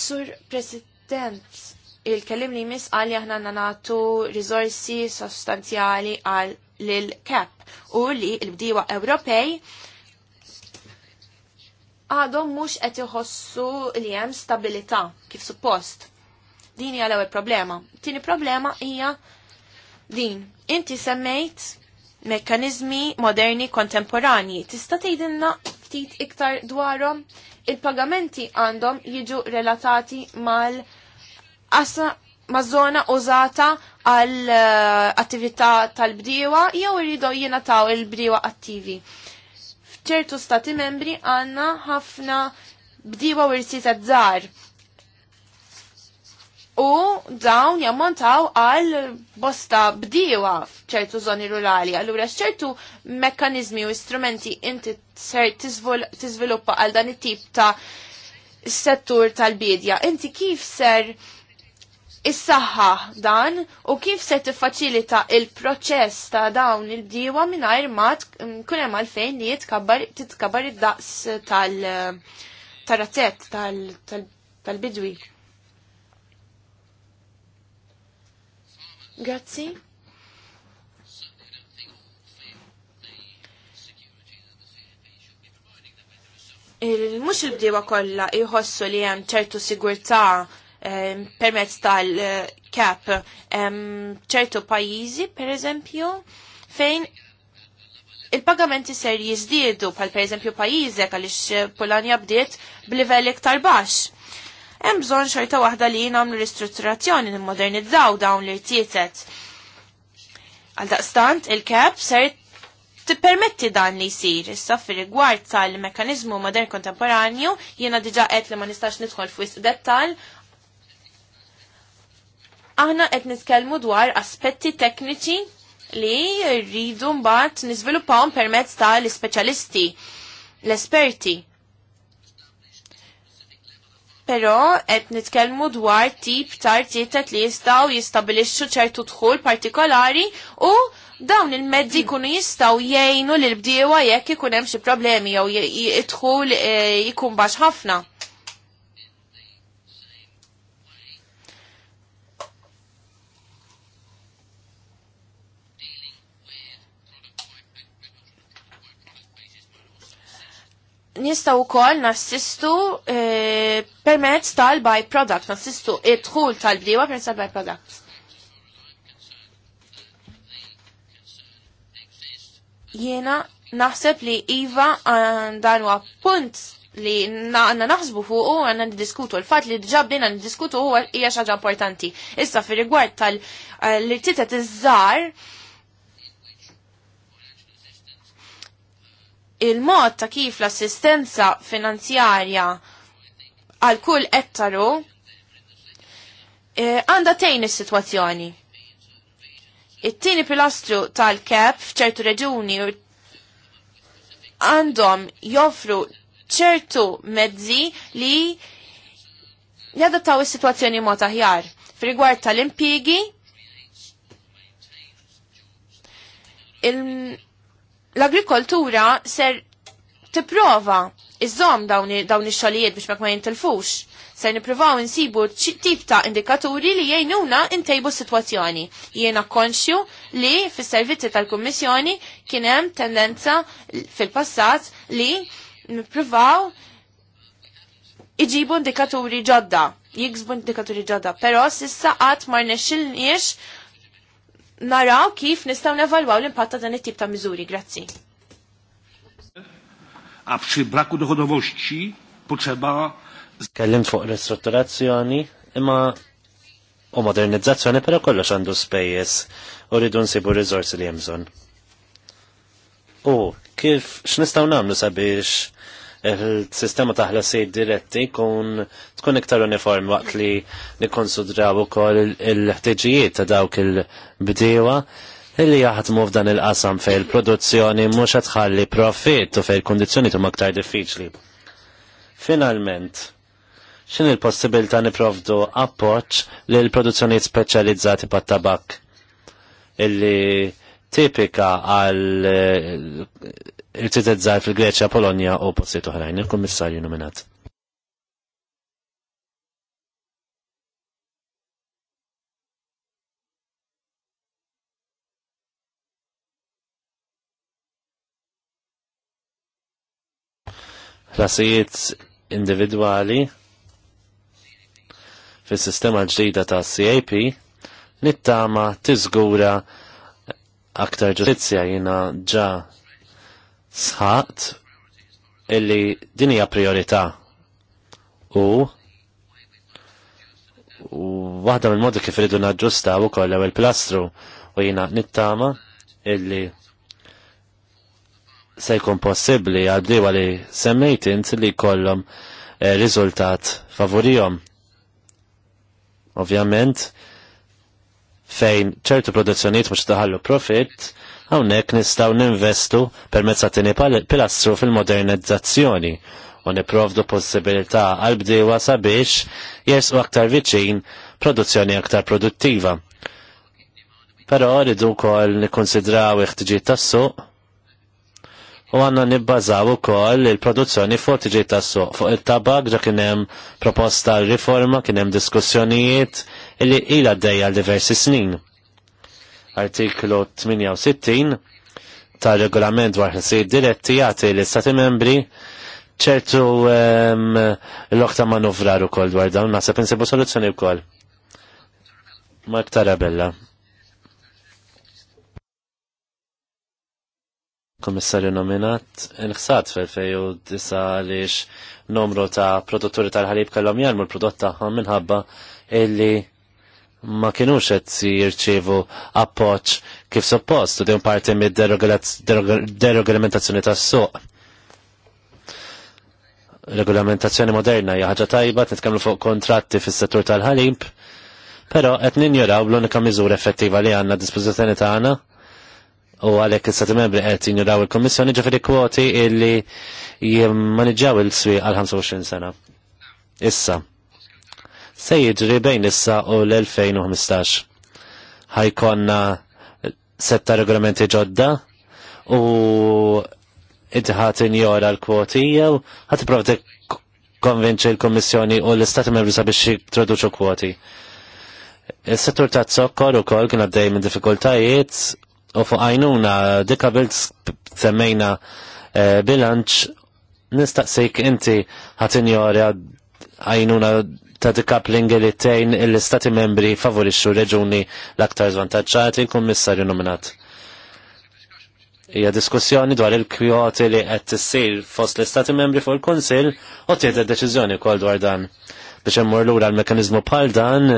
Sur President, il-kellim li mis għal aħna nanatu rizorsi sostanzjali għal lil kap u li l bdiwa Ewropej għadhom mhux qed iħossu li hemm stabilità kif suppost. Din hija l-ewwel problema. Tini problema hija din. Inti semmejt mekkaniżmi moderni kontemporani. Tista' tgħidilna ftit iktar dwarhom il-pagamenti għandhom jiġu relatati mal asa ma' żona użata għal eh, attività tal briwa jew jiena jingħataw il briwa attivi. F'ċertu stati membri għandna ħafna bdiewa u ta' żgħar. U dawn jammontaw għal bosta bdiewa f'ċertu zoni rurali. Allura x'ċertu mekkanizmi u istrumenti inti ser tiżviluppa għal dan it-tip ta' settur tal-bidja. Inti kif ser is-saħħa dan u kif se tiffaċilita il-proċess ta' dawn il-bdiewa mingħajr ma tkun hemm għalfejn li jitkabar titkabbar id-daqs tal tar tal-bidwi. Grazzi. il-mux il-bdiewa kolla jħossu li hemm ċertu sigurtà permezz tal-kap ċertu pajjiżi, per eżempju, fejn il-pagamenti ser jizdiedu, pal per eżempju pajizi, għalix Polonia bdiet b'livell iktar baxx. Hemm bżonn xorta waħda li nagħmlu ristrutturazzjoni nimmodernizzaw dawn li rtietet. Għal daqstant il-kep ser tippermetti dan li jsir. Issa fir-rigward tal-mekkaniżmu modern kontemporanju jiena diġà qed li ma nistax nidħol f'wisq dettal Aħna qed nitkellmu dwar aspetti tekniċi li rridu mbagħad niżviluppawhom permezz tal-ispeċjalisti, l-esperti. Però qed nitkellmu dwar tip ta' artietet li jistgħu jistabilixxu ċertu dħul partikolari u dawn il-mezzi jkunu jistgħu jgħinu lill bdiewa jekk ikun hemm xi problemi jew jidħul eh, ikun baxx ħafna. nistaw kol nassistu e, permezz tal-byproduct, nassistu idħul dħul tal bdiwa permezz tal by product. Jena naħseb li Iva dan huwa punt li għanna naħsbu fuq u għanna diskutu l-fat li ġabbin għanna diskutu huwa hija xaġa importanti. Issa fir rigward tal-irtitet eh, iż-żar, il-mod ta' kif l-assistenza finanzjarja għal kull ettaru eh, għanda e, tejn is-sitwazzjoni. It-tieni pilastru tal-kep f'ċertu reġuni għandhom joffru ċertu mezzi li jadattaw is-sitwazzjoni mod aħjar. F'rigward tal impigi l-agrikoltura ser tipprova iżom dawn ix-xogħlijiet biex mek ma jintilfux. Ser nippruvaw insibu tip ta' indikaturi li jgħinuna intejbu s-sitwazzjoni. Jiena konxju li fis-servizzi tal-Kummissjoni kien hemm tendenza fil-passat li nippruvaw iġibu indikaturi ġodda, jiksbu indikaturi ġodda, pero sissa qatt ma rnexxilniex naraw kif nistaw nevalwaw l-impatt ta' dan it-tip ta' miżuri. Grazzi. A braku dochodowości potrzeba... Kellim fuq ristrutturazzjoni, imma u modernizzazzjoni, pero kollox għandu spejjeż u rridu nsibu rizorsi li jemżon. bżonn. U kif x'nistgħu nagħmlu sabiex il-sistema ta' ħlasijiet diretti kun tkun iktar uniform waqt li nikkonsidraw ukoll il-ħtiġijiet ta' dawk il-bdiewa illi jaħdmu f'dan il-qasam fejn il-produzzjoni mhux qed tħalli profitt u fejn il-kundizzjoni huma aktar diffiċli. Finalment, xin il possibilta niprovdu appoġġ lil produzzjoni speċjalizzati pat-tabak illi tipika għal irtitezzar fil-Greċja, Polonja u postijiet oħrajn. Il-Kummissarju nominat. Rasijiet individwali fil sistema ġdida ta' CAP nittama tiżgura aktar ġustizzja jina ġa sħaqt illi din hija u waħda mill-modi kif iridu naġġusta wkoll l plastru u jiena nittama illi se jkun possibbli għaddiwa li semmejt int li jkollhom eh, riżultat favorihom. Ovvjament fejn ċertu produzzjonijiet mhux taħallu profitt, hawnhekk nistgħu ninvestu per mezza tini pilastru fil-modernizzazzjoni u niprovdu possibilità għal-bdiewa sabiex jersqu aktar viċin produzzjoni aktar produttiva. Però rridu wkoll nikonsidraw iħtiġijiet tas-suq u għanna nibbażaw ukoll il-produzzjoni fuq tiġi tas-suq. Fuq it-tabak ġa kien hemm proposta riforma, kien hemm diskussjonijiet li ilha għaddejja l diversi snin. Artiklu 68 ta' regolament dwar ħsieb diretti jagħti l istati membri ċertu l-okta manuvrar ukoll dwar dawn nasa insibu soluzzjoni wkoll. Mark Tarabella. Komissarju nominat inħsat fil disa għaliex numru ta' produtturi tal-ħalib kellhom jarmu l-prodott tagħhom minħabba illi ma kienux qed jirċievu appoġġ kif suppost u din parti mid-deregolamentazzjoni tas-suq. Regolamentazzjoni moderna hija ħaġa tajba, titkellmu fuq kontratti fis-settur tal ħalim però qed ninjuraw l-unika miżura effettiva li għandna dispożizzjoni tagħna u għalhekk is sati Membri qed jinjuraw il-Kummissjoni ġifieri kwoti illi jimmaniġġaw il-swieq għal 25 sena. Issa se jiġri bejn issa u l-2015. Ħajkonna setta regolamenti ġodda u idħat injora l-kwoti jew ħat provdi konvinċi l-Kommissjoni u l-Istati Membri sabiex jittroduċu kwoti. Is-settur ta' zokkor u kol kien għaddej minn diffikultajiet u fuq għajnuna dikabilt semmejna eh, bilanċ nistaqsik inti ħat injora għajnuna ta' decoupling li tejn l-istati membri favorixxu reġuni l-aktar zvantaġġati kummissarju nominat. Hija diskussjoni dwar il-kwjoti li qed tissir fost l-istati membri fuq il-Kunsill u tieda deċiżjoni wkoll dwar dan. Biex immur lura l-mekanizmu bħal dan,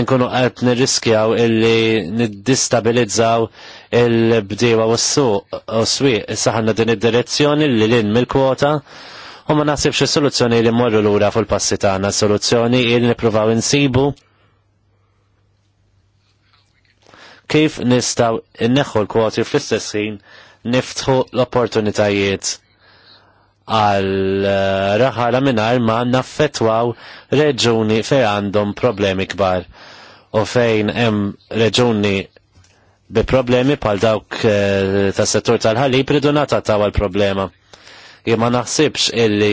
nkunu qed nirriskjaw illi niddistabilizzaw il-bdiewa u s-suq u s-swieq. Issa ħanna din id-direzzjoni li lin mill-kwota u ma nasibx is-soluzzjoni li mmorru lura fil-passi tagħna, soluzzjoni li nippruvaw insibu kif nistaw inneħħu l-kwoti fl istessin niftħu l-opportunitajiet għal eh, raħala minar ma naffetwaw reġuni fej għandhom problemi kbar u fejn hemm reġuni bi problemi pal dawk eh, ta' settur tal-ħalib ridu natataw għal problema li ma naħsibx illi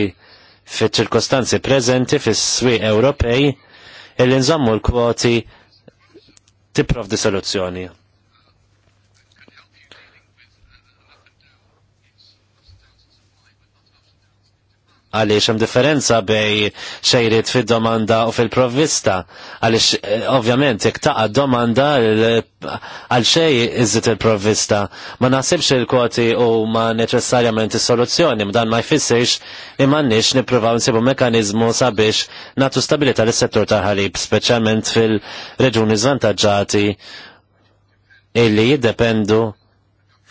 fit ċirkostanzi preżenti fis-swieq Ewropej illi nżammu l-kwoti tipprovdi soluzzjoni. għaliex hemm differenza bej xejrid fid-domanda u fil-provvista. Għaliex eh, ovvjament jekk taqa' domanda għal xej iżid il-provvista. Ma naħsibx il-kwoti u ma neċessarjament is-soluzzjoni, dan ma jfissirx li m'għandniex nippruvaw nsibu mekanizmu sabiex nagħtu stabilità lis-settur ta' ħalib, speċjalment fil-reġuni żvantaġġati illi jiddependu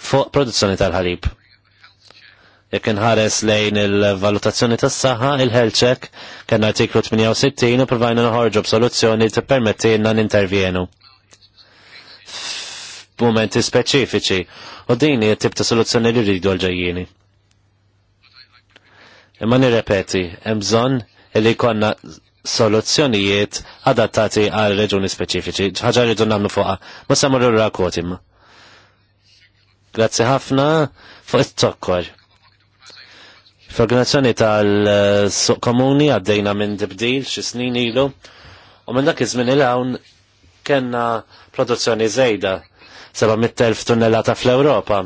fuq produzzjoni tal-ħalib jekk inħares lejn il-valutazzjoni tas saħħa il-health check kien artiklu 68 u provajna noħorġu b'soluzzjoni li n-intervjenu. f'mumenti speċifiċi u din jt tip ta' soluzzjoni li rridu għalġajjini. Imma nirrepeti, hemm bżonn li konna soluzzjonijiet adattati għal reġuni speċifiċi. ħaġa rridu nagħmlu fuqa, ma samur r rakotim imma. Grazzi ħafna fuq it-tokkor. F'organizzazzjoni tal-suq komuni għaddejna minn dibdil xi snin ilu u minn dak iż-żmien il hawn kellna produzzjoni żejda 700,000 tunnellata fl-Ewropa.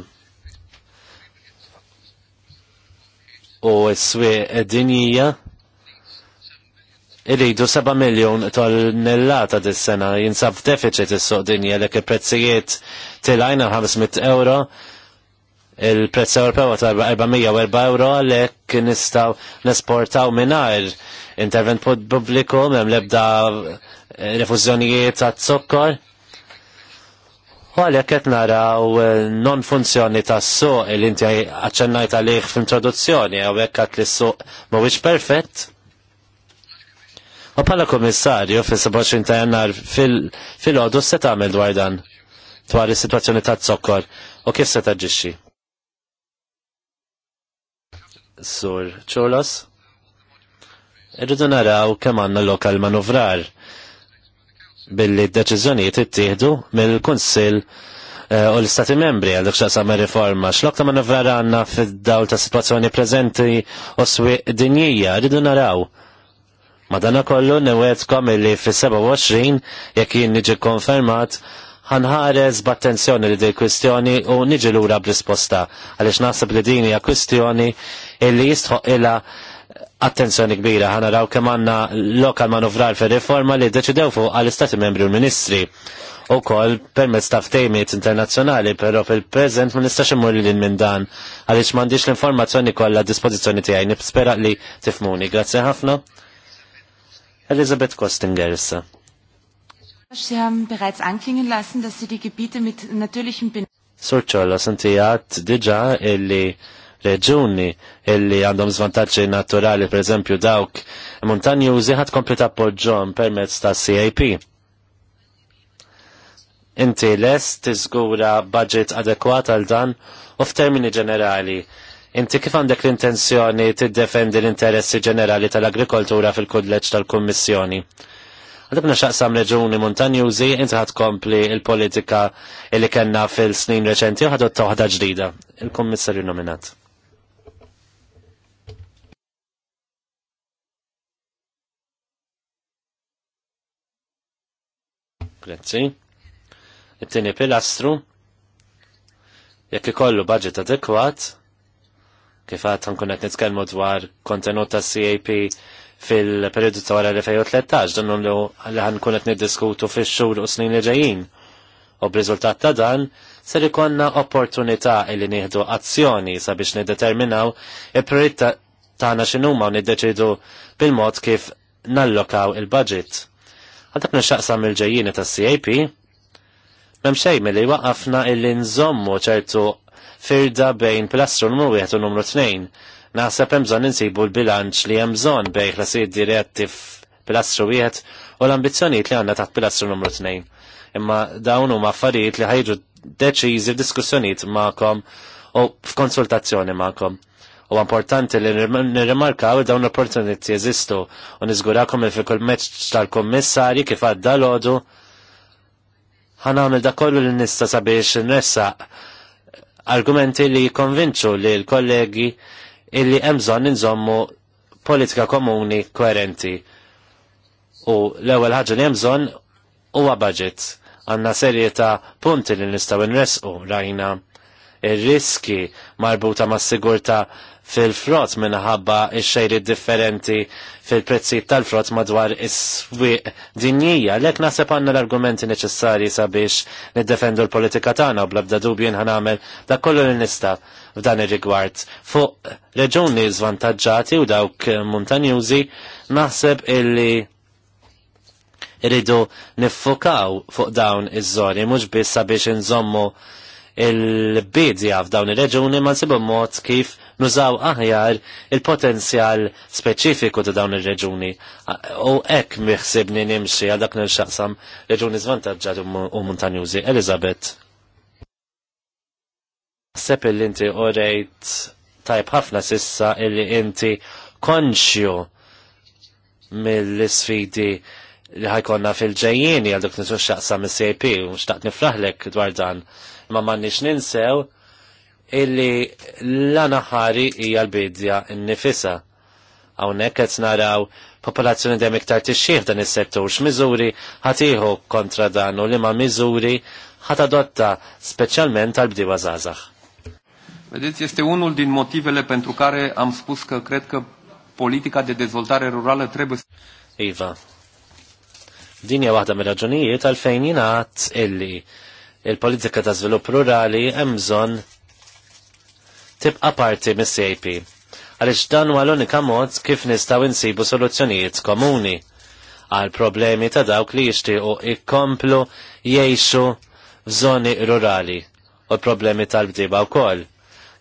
U s-swieq dinjija irridu 7 miljon tonnellata dis-sena jinsab f'deficit is-soq dinja li prezzijiet tilajna 500 euro il-prezz Ewropew ta' 404 euro għalhekk nistgħu nesportaw mingħajr intervent pubbliku hemm l-ebda eh, refużjonijiet ta' zokkor. U għalhekk qed naraw eh, non funzjoni tas-suq li inti aċċennajt għalih f'introduzzjoni jew għad li lis suq mhuwiex perfett. U bħala kummissarju fis-27 ta' jannar fil-ħodu se tagħmel dwar dan dwar is-sitwazzjoni ta' zokkor u kif se taġġixxi? sur ċolos. Irridu naraw kemm għandna lokal manovrar billi d-deċiżjonijiet ittieħdu mill-Kunsill eh, u l-Stati membri għal xasa ma' riforma. X'lokta manovrar għandna fid daw ta' situazzjoni preżenti u swieq dinjija, rridu naraw. Madana kollu newetkom illi fis-27 jekk jien niġi konfermat ħanħares b'attenzjoni li di kwistjoni u niġi lura b'risposta għaliex naħseb li din hija kwistjoni illi jistħoq illa attenzjoni kbira ħana raw kemm għandna lokal manovrar fir-riforma li deċidew fuq għall-Istati Membri u ministri u kol permezz ta' ftejmiet internazzjonali, pero fil-prezent ma nistax immur li minn dan għaliex m'għandix l-informazzjoni kollha dispożizzjoni tiegħi, nispera li tifmuni. Grazzi ħafna. Elizabeth Kostinger issa. Sie haben bereits anklingen lassen, dass Sie die Gebiete mit natürlichen diġa illi reġuni illi għandhom zvantaċi naturali, per eżempju dawk montanju użiħat kompleta poġġom permezz ta' CAP. Inti lest tiżgura budget adekwat għal dan u f'termini ġenerali. Inti kif għandek l-intenzjoni tiddefendi l-interessi ġenerali tal-agrikoltura fil-kulleġġ tal-Kummissjoni? tal agrikoltura fil kulleġġ tal kommissjoni tal kummissjoni Għadibna xaqsam reġuni montanjużi, inti ħad kompli il-politika li kena fil-snin reċenti u ħadot taħda ġdida, il-kommissarju nominat. Grazzi. It-tieni pilastru, jekk ikollu budget adekwat, kif għad nkun dwar kontenut ta' CAP fil-periodu ta' wara 2013 dan li ħankun qed niddiskutu fix xur u snin li ġejjin. U b'riżultat ta' dan ser ikonna opportunità li nieħdu azzjoni sabiex niddeterminaw il-priorità tagħna x'inhuma u niddeċidu bil-mod kif nallokaw il-budget. Għadab nixaqsam il-ġejjini tas CAP, memxej mill-li waqafna illi nżommu ċertu firda bejn plastru numru 1 u numru 2 Naħseb hemm bżonn insibu l-bilanċ li hemm bżonn bejn ħlasijiet diretti f'pilastru wieħed u l-ambizzjonijiet li għandna taħt pilastru numru tnejn. Imma dawn huma affarijiet li ħajġu deċiżi f'diskussjonijiet magħkom u f'konsultazzjoni magħkom. U importanti li nirrimarkaw dawn l-opportuniti jeżistu u niżgurakom il fil meċ tal-kommissarji kif għadda l-ħodu nagħmel da kollu li nista sabiex nressa argumenti li jikkonvinċu li l-kollegi illi hemm bżonn inżommu politika komuni koerenti. U l-ewwel ħaġa li hemm huwa budget. Għandna serje ta' punti li nistgħu nresqu rajna ir-riski marbuta mas sigurta fil-frott minħabba ix-xejri differenti fil prezzi tal-frott madwar is-swieq dinjija. Lek naħseb għandna l-argumenti neċessarji sabiex niddefendu l-politika tagħna u bla bda dubju nħanamel dak kollu li nista' f'dan ir-rigward. Fuq reġuni żvantaġġati u dawk montanjużi naħseb illi rridu niffokaw fuq dawn iż-żoni mhux biss sabiex inżommu il-bidja f'dawn ir-reġuni ma nsibu mod kif nużaw aħjar il-potenzjal speċifiku ta' dawn ir-reġuni. U hekk miħsibni nimxi għal dak nirxaqsam xaqsam reġuni żvantaġġati u montanjużi. Elizabeth. Sepp il inti urejt tajb ħafna sissa illi inti konxju mill-sfidi li ħajkonna fil ġejjini għal dok nisu xaqsa mis-CIP u xtaqt niflaħlek dwar dan. Ma m'għandniex ninsew illi l-anaħari hija l-bidja n-nifisa. Hawnhekk qed naraw popolazzjoni dejjem iktar xieħ dan is-settur x'miżuri ħatiħu kontra dan u liema miżuri ħatadotta speċjalment għal bdiewa zazax. Vedeți, este unul din motivele pentru care am spus că cred că politica de dezvoltare rurală trebuie să... Iva, din hija waħda mir-raġunijiet għalfejn jingħad illi il politica de żvilupp rurali emzon, bżonn tibqa' parti mis CIP. Għalix dan huwa l-unika mod kif nistaw insibu soluzzjonijiet komuni għal problemi ta' dawk li jixtiequ ikkomplu jiexu f'żoni rurali u problemi tal-bdiba u wkoll.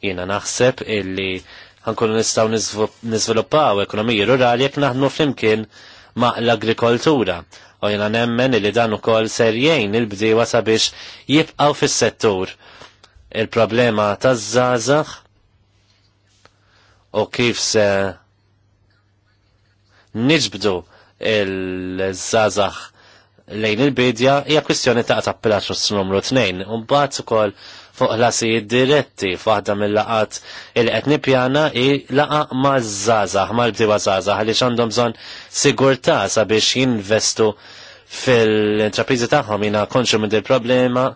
Jiena naħseb illi ħankunu nistaw nizviluppaw ekonomiji rurali jek naħdmu flimkien ma' l-agrikoltura. U jiena nemmen illi dan ukoll serjejn il-bdiewa sabiex jibqaw fis-settur. Il-problema taż-żgħażagħ u kif se niġbdu il-żazax lejn il-bidja hija kwistjoni ta' tappilax s-numru 2. Mbagħad ukoll fuq ħlasijiet diretti faħda mill-laqat il qed nippjana i laqa ma' żgħażagħ mal-bdiewa żgħażagħ għaliex għandhom bżonn sigurtà sabiex jinvestu fil-intrapriżi tagħhom jina konxu minn il-problema,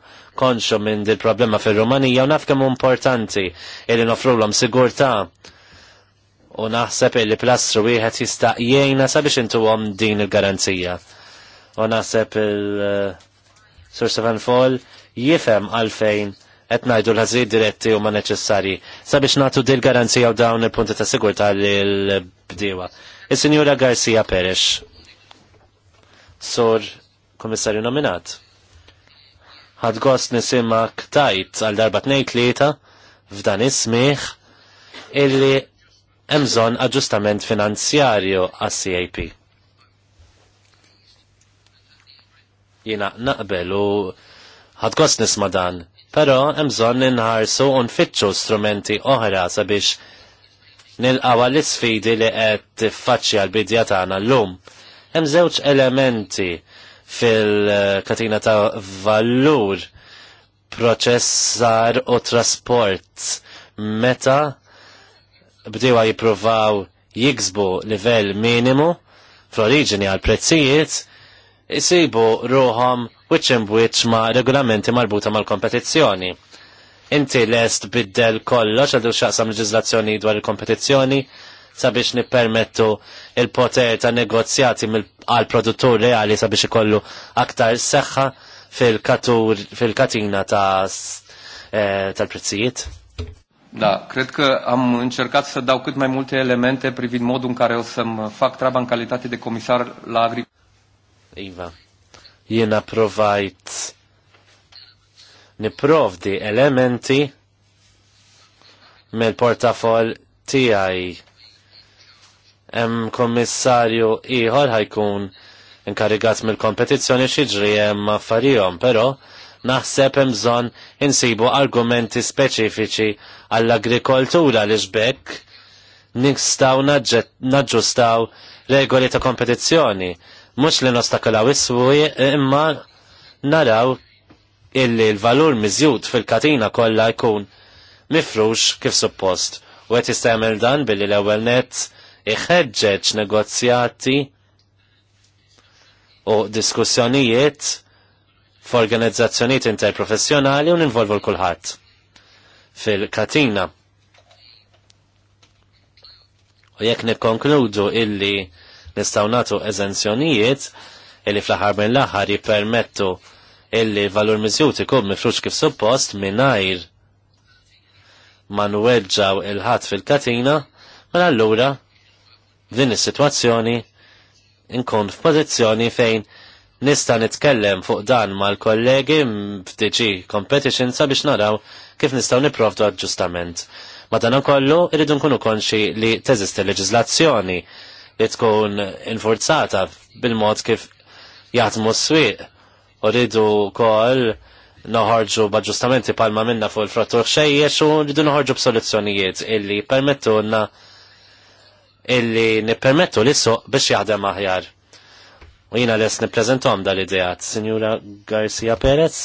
konxu minn il-problema fil-Rumanija u naf kemm importanti illi nofrulhom sigurtà u naħseb illi plastru wieħed jista' jgħinna sabiex intuhom din il-garanzija. U naħseb il-Sur eh, Seven Fall jifhem għalfejn qed ngħidu l-ħażir diretti huma neċessarji sabiex nagħtu dil garanzija u dawn il-punti ta' sigurtà lill-bdiewa. Is-Sinjura Garcia Perex, sur Kummissarju nominat. Għad gost nisimak tajt għal darba tnejn tlieta f'dan is illi hemm bżonn aġġustament finanzjarju għas-CAP. Jiena naqbel u ħad gost nisma' dan Però hemm bżonn inħarsu u nfittxu strumenti oħra sabiex nilqawa l-isfidi li qed tiffaċċja l-bidja tagħna llum. Hemm żewġ elementi fil-katina ta' valur proċessar u trasport meta bdewa jippruvaw jiksbu livell minimu fl-oriġini għal prezzijiet jisibu ruħom which in ma' regolamenti marbuta mal-kompetizzjoni. Inti lest biddel kollox għadu xaqsam leġizlazzjoni dwar il-kompetizzjoni sabiex nippermettu il-poter ta' negozjati għal produttur reali sabiex ikollu aktar seħħa fil-katina fil ta' eh, tal-prezzijiet? Da, cred că am încercat să dau cât mai multe elemente privind modul în care o să-mi fac treaba în calitate de comisar la agricultură. Iva. Jiena provajt niprovdi elementi mill-portafol tiegħi. Hemm kommissarju ieħor ħajkun inkarigat mill-kompetizzjoni xi hemm affarijhom, però naħseb hemm bżonn insibu argumenti speċifiċi għall-agrikoltura li xbekk nistgħu naġġustaw regoli ta' kompetizzjoni mhux li nastakalaw issu imma naraw illi l-valur miżjud fil-katina kollha jkun mifrux kif suppost. U qed jistgħmel dan billi l-ewwel nett iħeġġeġ negozjati u diskussjonijiet f'organizzazzjonijiet interprofessjonali u ninvolvu l-kulħadd fil-katina. U jekk nikkonkludu illi nistaw natu eżenzjonijiet illi fl-aħħar minn l-aħħar jippermettu illi valur mizjut ikun mifrux kif suppost mingħajr ma nweġġaw il-ħadd fil-katina, mela allura din is-sitwazzjoni nkun f'pożizzjoni fejn nista' nitkellem fuq dan mal-kollegi f'DG Competition sabiex naraw kif nistgħu nipprovdu aġġustament. Madankollu irridu nkunu konxi li teżisti leġiżlazzjoni li tkun infurzata bil-mod kif jaħdmu s-swieq. U rridu kol noħorġu b'aġġustamenti palma minna fuq il-frattur xejjex u rridu noħorġu b'soluzzjonijiet illi na illi nippermettu li suq biex jaħdem aħjar. U jina les niprezentom dal-idejat, Signora Garcia Perez?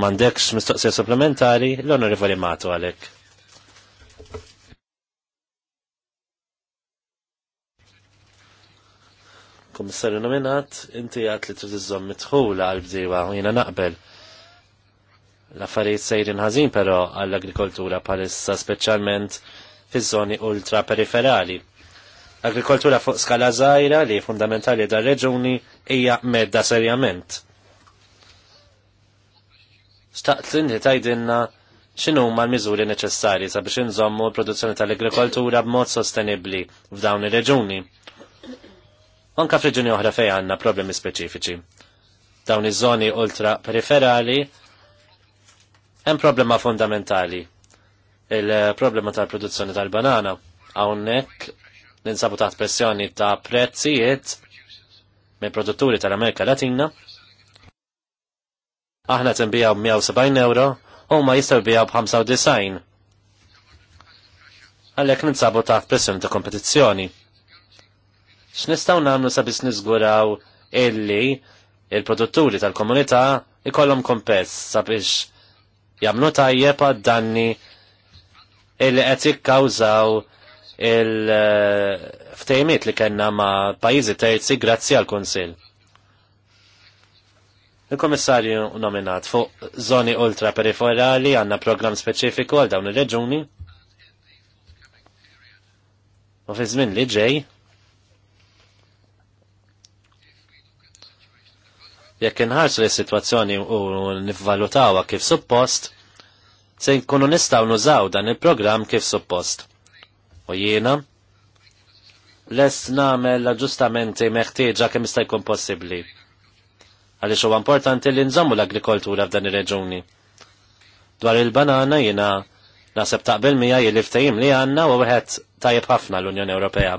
Mandekx mistoqsija supplementari, l-onorevoli matu għalek. kummissarju nominat, inti għat li t-tizzom mitħula għal-bdiwa, jina naqbel. L-affarijiet sejrin ħażin però għall-agrikoltura palissa speċjalment fiż-żoni ultra periferali. L-agrikoltura fuq skala żgħira li fundamentali dar reġuni hija medda serjament. Staqt li tajdinna xinu ma l-miżuri neċessari sabiex inżommu l-produzzjoni tal-agrikoltura b'mod sostenibbli f'dawn ir-reġuni. Anka f'reġuni oħra fejn għandna problemi speċifiċi. Dawn iż-żoni ultra periferali hemm problema fundamentali. Il-problema tal-produzzjoni tal-banana hawnhekk ninsabu taħt pressjoni ta' prezzijiet mill produtturi tal-Amerika Latina. Aħna tinbijaw 170 euro, huma jistgħu jbijaw b'95. Għalhekk ninsabu taħt pressjoni ta' kompetizzjoni. X'nistgħu nagħmlu sabiex niżguraw illi il-produtturi tal-komunità ikollhom kompess sabiex jagħmlu tajjeb għad-danni illi qed jikkawżaw il-ftejmiet li kellna ma' pajjiżi terzi grazzi għal-Kunsill. Il-komissarju nominat fuq zoni ultra periferali għanna program speċifiku għal dawn ir reġuni U fi żmien li ġej, jekk inħarsu li situazzjoni u nivvalutawa kif suppost, se nkunu nistaw nużaw dan il-programm kif suppost. U jiena, lest namel l-aġustamenti meħtieġa kemm jista' jkun possibbli. Għaliex huwa importanti li nżommu l-agrikoltura f'dan ir-reġuni. Dwar il-banana jiena naħseb taqbel mija li ftajim li għandna u wieħed tajjeb ħafna l-Unjoni Ewropea.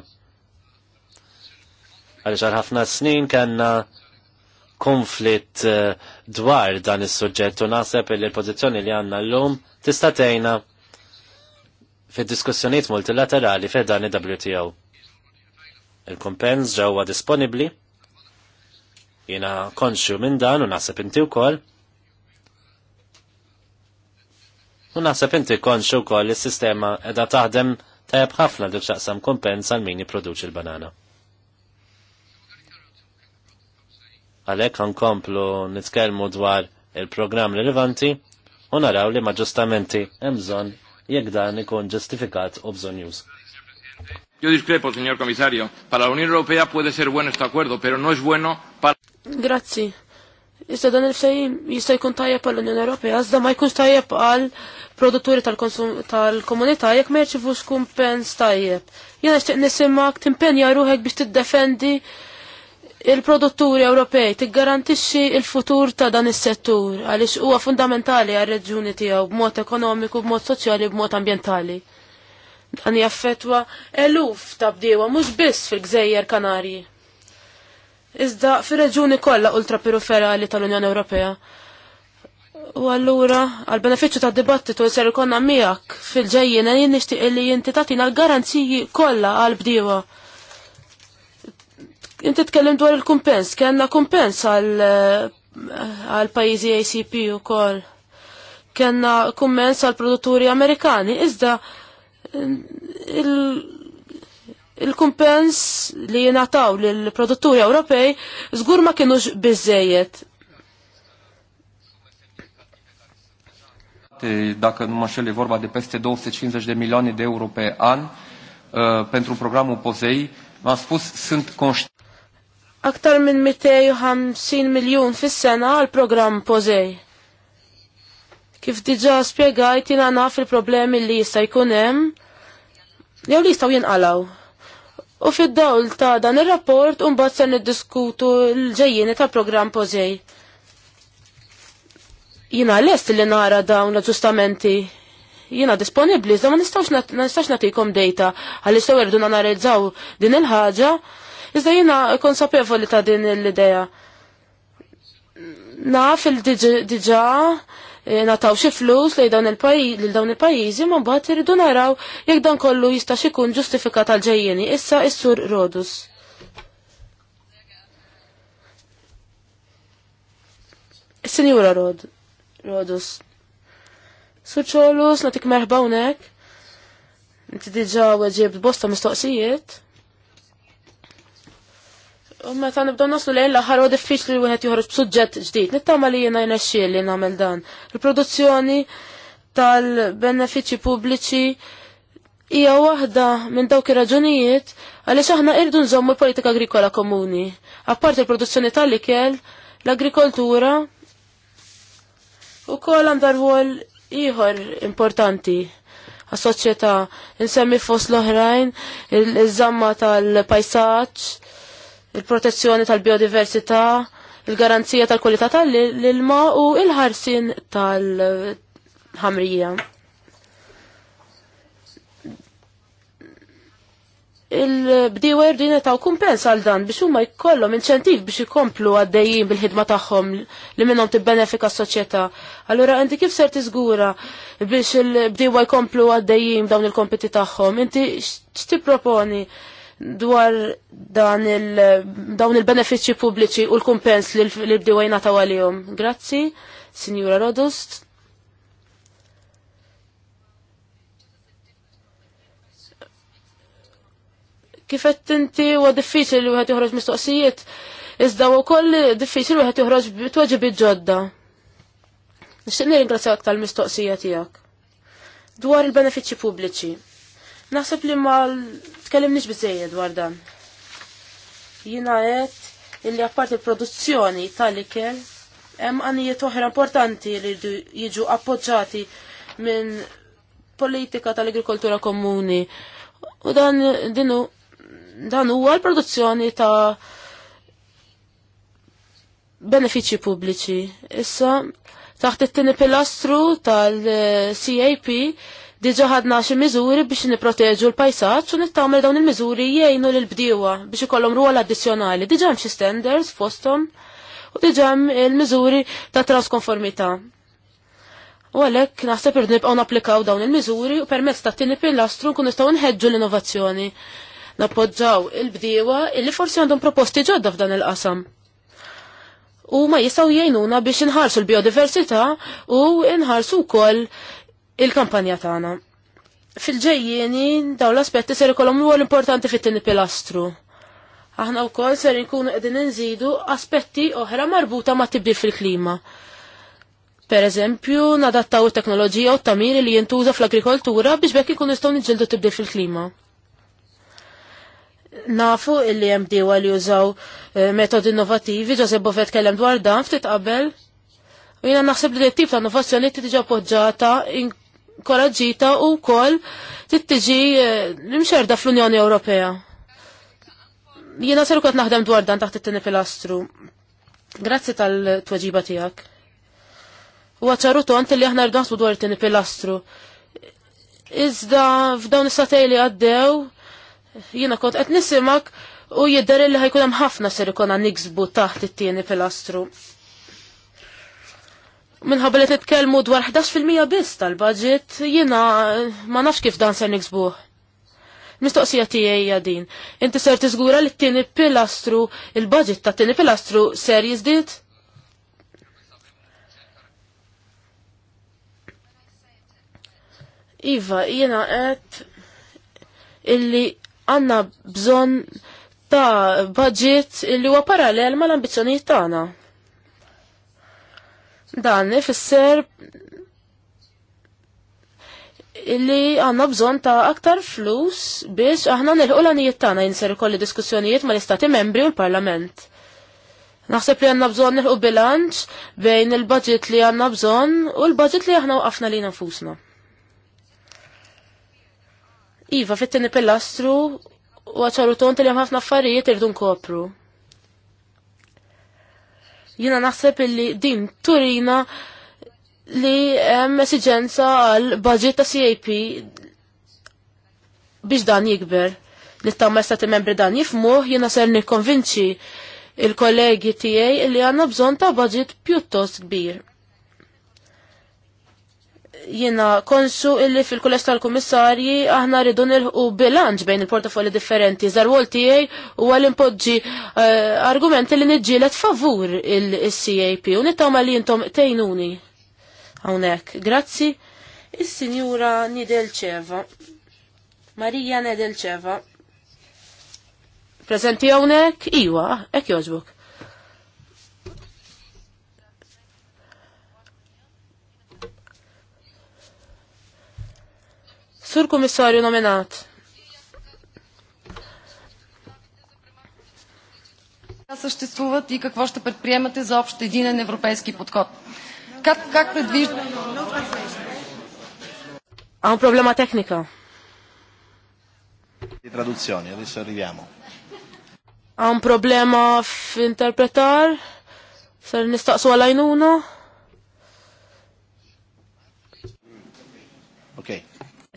Għaliex għal ħafna snin kellna konflitt eh, dwar dan is-suġġett u naħseb li l-pożizzjoni li għandna llum tista' tgħinna fid-diskussjonijiet multilaterali fih dan il-WTO. Il-kumpens ġewwa disponibbli jiena konxju minn dan u naħseb inti wkoll. U naħseb inti konxju wkoll is-sistema qiegħda taħdem tajjeb ħafna li xaqsam kumpens għal min jipproduċi l-banana. Għalhekk nkomplu nitkelmu dwar il program rilevanti u naraw li ma' ġustamenti hemm bżonn jekk dan ikun ġustifikat u bżonn już. Yo discrepo, señor comisario. Para la Unión Europea puede ser bueno este acuerdo, pero no es bueno para... Grazie. Issa dan il-fejn jista' jkun pa l unjoni Ewropea, zda ma jkun tajja pa l produtturi tal-komunità jek ma jirċivux kumpens tajjeb. Jena xtieq nisimak, timpenja ruħek biex tiddefendi il-produtturi Ewropej tiggarantixxi il-futur ta' dan is-settur għaliex huwa fundamentali għar-reġjuni tiegħu b'mod ekonomiku, b'mod soċjali, b'mod ambjentali. Dan jaffetwa eluf ta' bdiewa mhux biss fil-Gżejjer Kanarji. Iżda fir-reġjuni kollha ultraperiferali tal-Unjoni Ewropea. U allura għal benefiċċju tad dibattitu ser ikonna miegħek fil-ġejjien jien nixtieq li jinti tagħtina l-garanziji kollha għal bdiewa. Inti tkellim dwar il-kumpens, kena kumpens għal pajjiżi ACP ukoll. Kellna kumpens għal produtturi Amerikani, iżda il-kumpens li jingħataw lill produtturi Europej żgur ma kinux bizzejiet. E, dacă nu mă înșel, e vorba de peste 250 de milioane de euro pe an e, pentru programul POSEI. V-am spus, sunt conștient aktar minn 250 miljon fis-sena għal programm Pozej. Kif diġa spiegajt jina naf il-problemi li jista' jkun hemm jew li jistgħu jinqalaw. U fid-dawl ta' dan ir-rapport mbagħad se niddiskutu l-ġejjieni ta' programm Pozej. Jina lest li nara dawn l-aġġustamenti jina disponibli, iżda ma nistax natikom data għal istaw irdu nanalizzaw din il-ħaġa Iżda jiena konsapevoli ta' din l-idea. Naf il dġa eh, nataw xi flus lejn dawn il pajizi dawn il-pajjiżi ma mbagħad iridu naraw jekk dan kollu jista' ikun ġustifikat għal ġejjieni. Issa is Rodus. Is-Sinjura Rod. Rodus. Suċolus, natik merħba unek. Inti diġa weġib bosta mistoqsijiet. U meta nibdew naslu lejn l-aħħar huwa diffiċli li wieħed joħroġ b'suġġett ġdid. Nittama li jiena li nagħmel dan. Il-produzzjoni tal-benefiċċji pubbliċi hija waħda minn dawk ir-raġunijiet għaliex aħna irdu nżommu l-politika agrikola komuni. Apparti l-produzzjoni tal-ikel, l-agrikoltura u kol għandar rwol ieħor importanti għas-soċjetà insemmi fost l-oħrajn, il-żamma tal-pajsaċ, il-protezzjoni tal-biodiversità, il-garanzija tal-kwalità tal-ilma u il-ħarsin tal-ħamrija. il-bdiwer din taw kumpens għal dan biex huma jkollhom inċentiv biex ikomplu għaddejjin bil-ħidma tagħhom li minnhom tibbenefika s-soċjetà. Allura inti kif ser tiżgura biex il-bdiewa jkomplu għaddejjin dawn il-kompiti tagħhom? Inti x'tipproponi proponi dwar dan il dawn il-benefiċċji pubbliċi u l-kumpens li bdewajna ta' għalihom. Grazzi, Sinjura Rodust. Kifet inti huwa diffiċli li wieħed joħroġ mistoqsijiet, iżda wkoll diffiċli wieħed joħroġ tweġibiet ġodda. Nixtieq nirringrazzjak tal-mistoqsija tiegħek. Dwar il-benefiċċji pubbliċi. Naħseb li ma tkellimniex bizzejjed dwar dan. Jina għedt illi apparti produzzjoni tal-ikel hemm għanijiet oħra importanti li jiġu appoġġati minn politika tal-agrikoltura komuni. U dan dinu dan huwa l-produzzjoni ta' benefiċi pubbliċi. Issa taħt it-tieni pilastru tal-CAP Diġa ħadna xi miżuri biex nipproteġu l-pajsaġġ u nittamel dawn il-miżuri jgħinu l bdiewa biex ikollhom rwol addizzjonali. Diġa hemm xi standards fosthom u diġa hemm il-miżuri ta' trasconformità. U għalhekk naħseb irdu nibqgħu napplikaw dawn il-miżuri u permezz ta' tieni pilastru nkun nistgħu nħeġġu l-innovazzjoni. Nappoġġaw il-bdiewa illi forsi għandhom proposti ġodda f'dan il-qasam u ma jistaw jgħinuna biex inħarsu l-biodiversità u inħarsu kol il-kampanja tagħna. Fil-ġejjieni daw l-aspetti ser ikollhom huwa l-importanti fit-tieni pilastru. Aħna wkoll ser inkunu qegħdin inżidu aspetti oħra marbuta ma' tibdil fil-klima. Per eżempju, nadattaw it-teknoloġija u t-tamiri li jintuża fl-agrikoltura biex bekk ikun nistgħu niġġeldu tibdil fil-klima. Nafu illi hemm diewa li jużaw eh, metodi innovativi, Josep Bovet kellem dwar dan ftit qabel. U jiena naħseb li tip ta' innovazzjoni tiġi poġġata koraġġita u wkoll tittiġi eh, l-imxerda fl-Unjoni Ewropea. Jiena seru kot naħdem dwar dan taħt it-tieni pilastru. Grazzi tal-tweġiba tiegħek. Huwa ċaru tont li aħna rdaħtu dwar it-tieni pilastru. Iżda f'dawn is-satej li għaddew, jiena kont qed nisimak u jidher li ħajkun hemm ħafna ser ikun niksbu taħt it-tieni pilastru minħabba li titkellmu dwar 11% biss tal-budget, jiena eh, ma nafx kif dan ser niksbuh. Mistoqsija tiegħi din. Inti ser tiżgura li t-tieni pilastru, il-budget ta' t-tieni pilastru ser jiżdied? Iva, jiena qed illi għandna bżonn ta' budget illi huwa parallel mal-ambizzjonijiet tagħna. Dan ifisser illi għanna bżon ta' aktar flus biex aħna nilħu l-għanijiet tagħna jinser ikolli diskussjonijiet ma' l-istati membri u l-parlament. Naħseb li għanna bżon nilħu bilanċ bejn il-budget li għanna bżon u l-budget li aħna waqafna li nafusna. Iva, fit-tini pilastru u għacħaru tont li ħafna affarijiet irdu nkopru. Jina naħseb illi din turina li hemm esiġenza għal budget ta' CAP biex dan jikber. Li tamma stati membri dan jifmu, jina ser nikkonvinċi il-kollegi tiegħi li għandna bżonn ta' budget pjuttost kbir jina konsu illi fil-kulles tal-komissarji aħna rridu nilħu bilanċ bejn il-portafolli differenti. Zarwol tijaj u għal-impoġġi uh, eh, argumenti li nġilet favur il-CAP u ma li jintom tejnuni. Għonek, grazzi. Is-sinjura Nidelċeva. Marija Nidelċeva. Prezenti għonek? Iwa, ek joġbuk. Sur Kummissarju nominat. съществуват и какво ще предприемате за общ единен европейски подход. Как, как предвижда... А проблема техника. Traduzioni, adesso arriviamo. Ha un problema f'interpretar? Ser nistaqsu għalajnuna?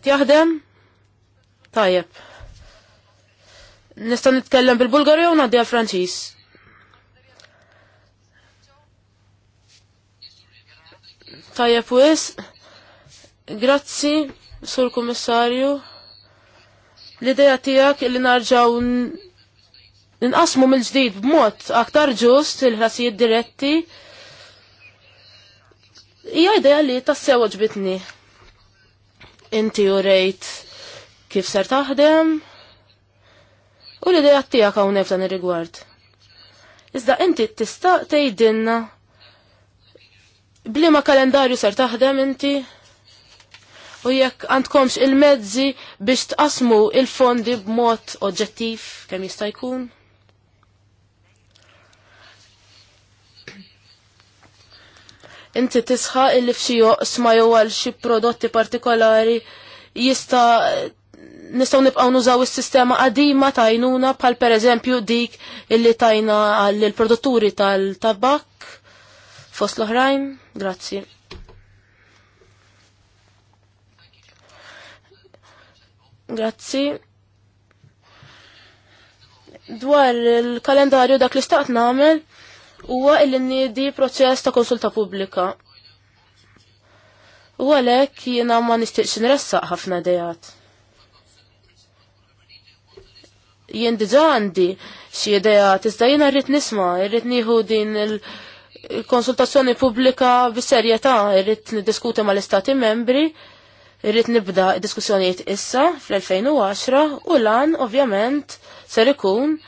Tjaħdem? Tajjeb. Nista' nitkellem bil-Bulgari u ngħaddi għal-Franċiż. Tajjeb wis. Grazzi, Sur Kummissarju. L-idea tiegħek li narġaw ninqasmu mill-ġdid b'mod aktar ġust il-ħrasijiet diretti hija idea li tassew bitni inti u rejt kif ser taħdem u l-ideja tijak għawnek dan ir-rigward. Iżda inti tista' tgħidilna blima kalendarju ser taħdem inti u jekk għandkomx il-mezzi biex tqasmu il-fondi b'mod oġġettiv kemm jista' jkun. inti tisħa illi f'xi joqsma jew għal xi prodotti partikolari jista' nistgħu nibqgħu nużaw is-sistema qadima tajnuna bħal pereżempju dik illi tajna għall produtturi tal-tabak fost l-oħrajn. Grazzi. Grazzi. Dwar il-kalendarju dak li staqt namel, huwa il nidi proċess ta' konsulta pubblika. U għalhekk jiena ma nixtieqx nressaq ħafna dejat. Jien diġa' għandi xi dejat, iżda jiena rrid nisma', rrid nieħu din il-konsultazzjoni pubblika bis-serjetà, rrid niddiskuti mal-istati membri, rrit nibda diskussjonijiet issa fl-2010 u lan ovvjament ser ikun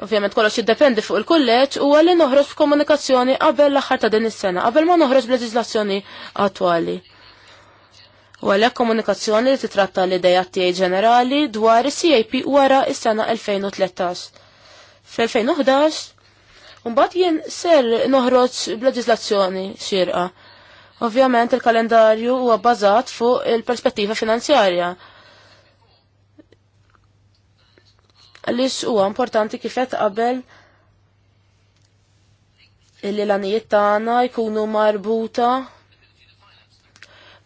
Ovvjament kollox jiddependi fuq il-kulleġġ u għalli noħroġ f'komunikazzjoni qabel l-aħħar ta' din is-sena, qabel ma noħroġ b'leġiżlazzjoni attwali. U għalhekk komunikazzjoni li titratta l-idejat tiegħi ġenerali dwar is-CAP wara is-sena 2013. Fl-2011 Mbagħad jien ser noħroġ b'leġiżlazzjoni xirqa. Ovvjament il-kalendarju huwa bbażat fuq il-perspettiva finanzjarja għaliex huwa importanti kif qed qabel illi l-għanijiet tagħna jkunu marbuta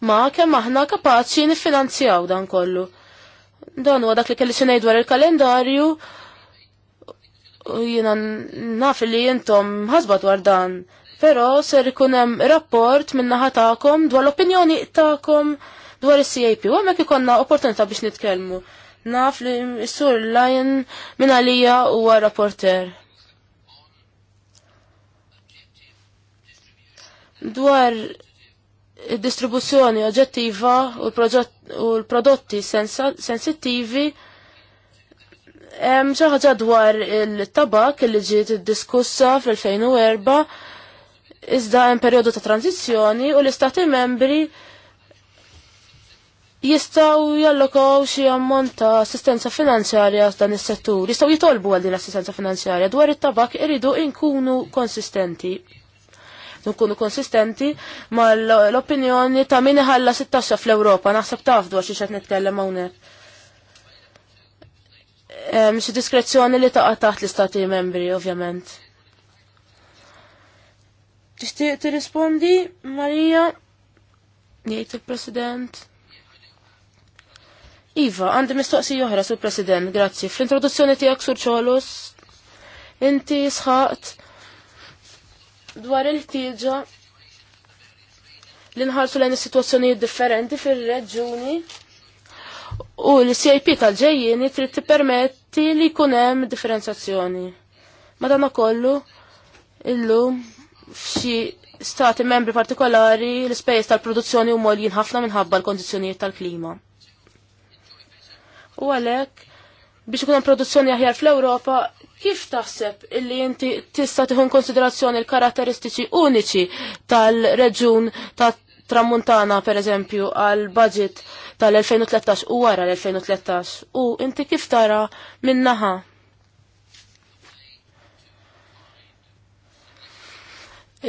ma' kemm aħna kapaċi niffinanzjaw dan kollu. Dan huwa dak li kelli xi ngħid dwar il-kalendarju u jiena naf li jintom ħasba dwar dan. Però ser ikun hemm rapport min-naħa tagħkom dwar l-opinjoni tagħkom dwar is-CAP u hemmhekk ikonna opportunità biex nitkellmu. Naf li s-sur Lion minn għalija huwa rapporter. Dwar distribuzzjoni oġġettiva u l-prodotti sensittivi xi ħaġa dwar il-tabak li ġiet iddiskussa fl-2004 iżda hemm perjodu ta' tranzizzjoni u l-istati membri jistaw jallokaw xi ammont ta' assistenza finanzjarja dan is-settur, jistaw jitolbu għal din l-assistenza finanzjarja dwar it-tabak iridu inkunu konsistenti. Nkunu konsistenti mal-opinjoni ta' min iħalla 16 fl-Ewropa, naħseb taf dwar xi qed nitkellem hawnhekk. xi diskrezzjoni li taqa' taħt l-istati membri, ovvjament. Tixtieq tirrispondi, Marija? Jgħid il-President. Iva, għandi mistoqsi oħra sur President, grazzi. Fl-introduzzjoni tiegħek sur ċolus, inti sħaqt dwar il-ħtieġa li nħarsu lejn is-sitwazzjonijiet differenti fir-reġuni u l-CIP tal-ġejjieni trid tippermetti li jkun hemm differenzjazzjoni. Madonna kollu illum f'xi stati membri partikolari l-ispejjeż tal-produzzjoni u moljin ħafna minħabba l-kondizzjonijiet tal-klima. U għalhekk biex ikun hemm produzzjoni aħjar fl-Ewropa, kif taħseb illi inti tista' tieħu konsiderazzjoni l-karatteristiċi uniċi tal-reġun ta' Tramuntana pereżempju għal budget tal-2013 u wara l-2013 u inti kif tara minnaħa?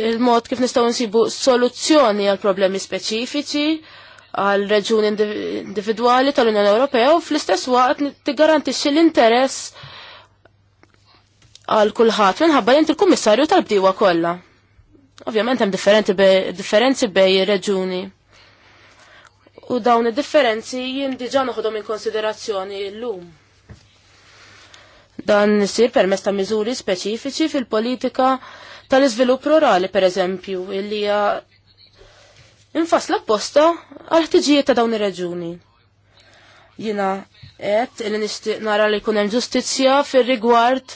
Il-mod kif nistgħu nsibu soluzzjoni għal problemi speċifiċi għal reġun individwali tal-Unjoni Ewropea u fl-istess waqt tigarantixxi l-interess għal kulħadd minħabba jent il-kummissarju tal-bdiewa kollha. Ovvjament hemm differenzi bej reġuni. U dawn id-differenzi jien diġà noħodhom in konsiderazzjoni llum. Dan isir permezz ta' miżuri speċifiċi fil-politika tal-iżvilupp rurali, pereżempju, illi hija infasla apposta għal ħtiġijiet ta' dawn ir-raġuni. Jina qed li nixtieq nara li jkun hemm ġustizzja fir-rigward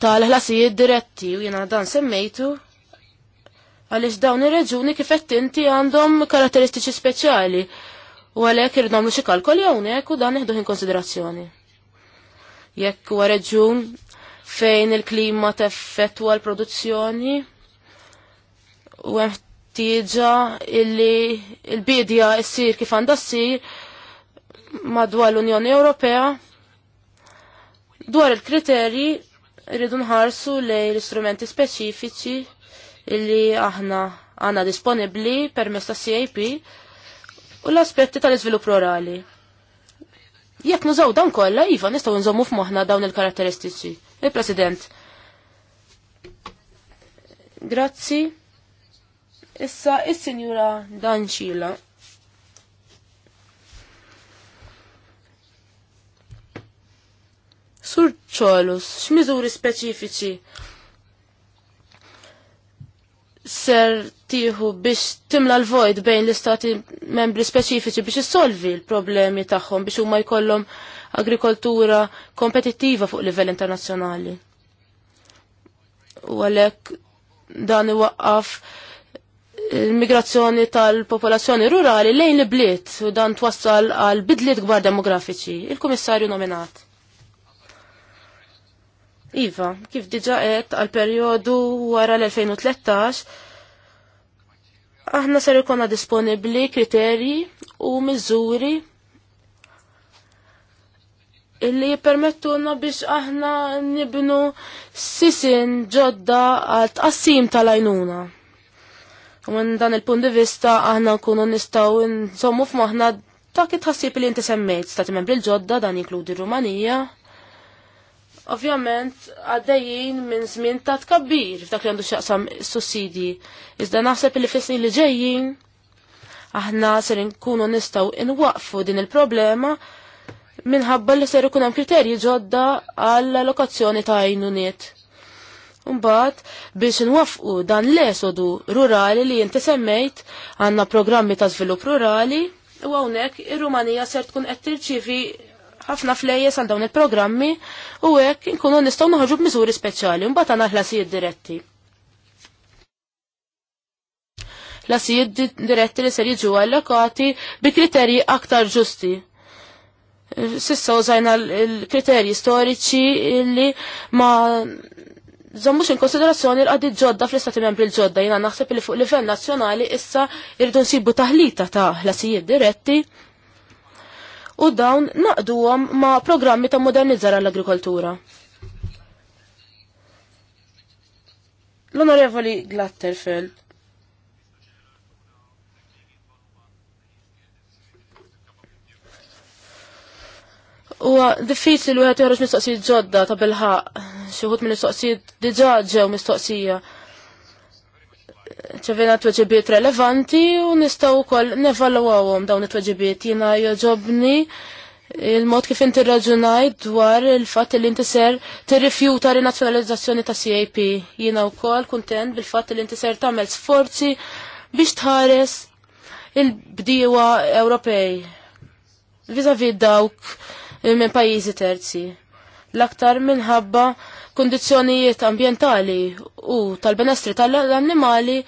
tal-ħlasijiet diretti u jina dan semmejtu għaliex dawn ir-raġuni kif qed inti għandhom karatteristiċi speċjali u għalhekk irridhom li xi kalkoli hawnhekk u dan neħduh in konsiderazzjoni. Jekk huwa reġun fejn il-klima teffettwa l-produzzjoni u hemm Tiġa illi il-bidja ssir kif għandha ssir madwar l-Unjoni Ewropea dwar il-kriterji rridu nħarsu lejn l-istrumenti speċifiċi illi aħna għandna disponibbli permezz tas CAP u l-aspetti tal-iżvilupp rurali. Jekk nużaw dan kollha, iva nistgħu nżommu f'moħħna dawn il-karatteristiċi. Il-President. Grazzi. Issa is-Sinjura Danċila. Sur ċolus, x'miżuri speċifiċi ser tieħu biex timla l-vojt bejn l-istati membri speċifiċi biex issolvi l-problemi tagħhom biex huma jkollhom agrikoltura kompetittiva fuq livell internazzjonali. U għalhekk dan iwaqqaf il-migrazzjoni tal-popolazzjoni rurali lejn li bliet u dan twassal għal bidliet gbar demografiċi, il-komissarju nominat. Iva, kif diġa għed għal periodu wara l-2013, aħna ser ikonna disponibli kriterji u miżuri illi jipermettuna biex aħna nibnu sisin ġodda għal tqassim tal-għajnuna. U minn dan il-punt di vista aħna nkunu nistgħu nsommu f'moħħna ta' kif tħassib li inti semmejt stati membri l-ġodda dan jinkludi Rumanija. Ovvjament għaddejjin minn żmien ta' tkabbir f'dak li għandu x'jaqsam sussidji. Iżda naħseb li fis li ġejjin aħna ser nkunu nistgħu inwaqfu din il-problema minħabba li ser ikun hemm kriterji ġodda għall allokazzjoni ta' għajnuniet. Mbagħad biex nwaffqu dan l-esodu rurali li jinti semmejt għandna programmi ta' żvilupp rurali u hawnhekk ir-Rumanija ser tkun qed tirċievi ħafna flejjes għal dawn il-programmi u hekk inkunu nistgħu noħorġu b'miżuri speċjali mbagħad għandna ħlasijiet diretti. Ħlasijiet diretti li ser jiġu allokati bi kriterji aktar ġusti sissa użajna l-kriterji storiċi li ma Zommux in-konsiderazzjoni l għaddi ġodda fl-istati membri l-ġodda jina naħseb li fuq livell nazzjonali issa irridu nsibu taħlita ta' ħlasijiet diretti u dawn naqduhom ma' programmi ta' modernizzar l-agrikoltura. L-Onorevoli Glatterfeld. U diffiċli li wieħed joħroġ mistoqsijiet ġodda ta' bilħaq xieħut minn mistoqsijiet diġa ġew mistoqsija. ċevena t-tweġibiet relevanti u nistaw kol nevaluawom dawn it-tweġibiet jina joġobni il-mod kif inti raġunaj dwar il-fat li inti ser r rinazzjonalizzazzjoni ta' CAP. Jina u kol kontent bil-fat li inti ser tamel sforzi biex tħares il bdiwa Ewropej. Vizavi dawk minn pajjiżi terzi. L-aktar minħabba kondizjonijiet ambientali u tal-benestri tal-annimali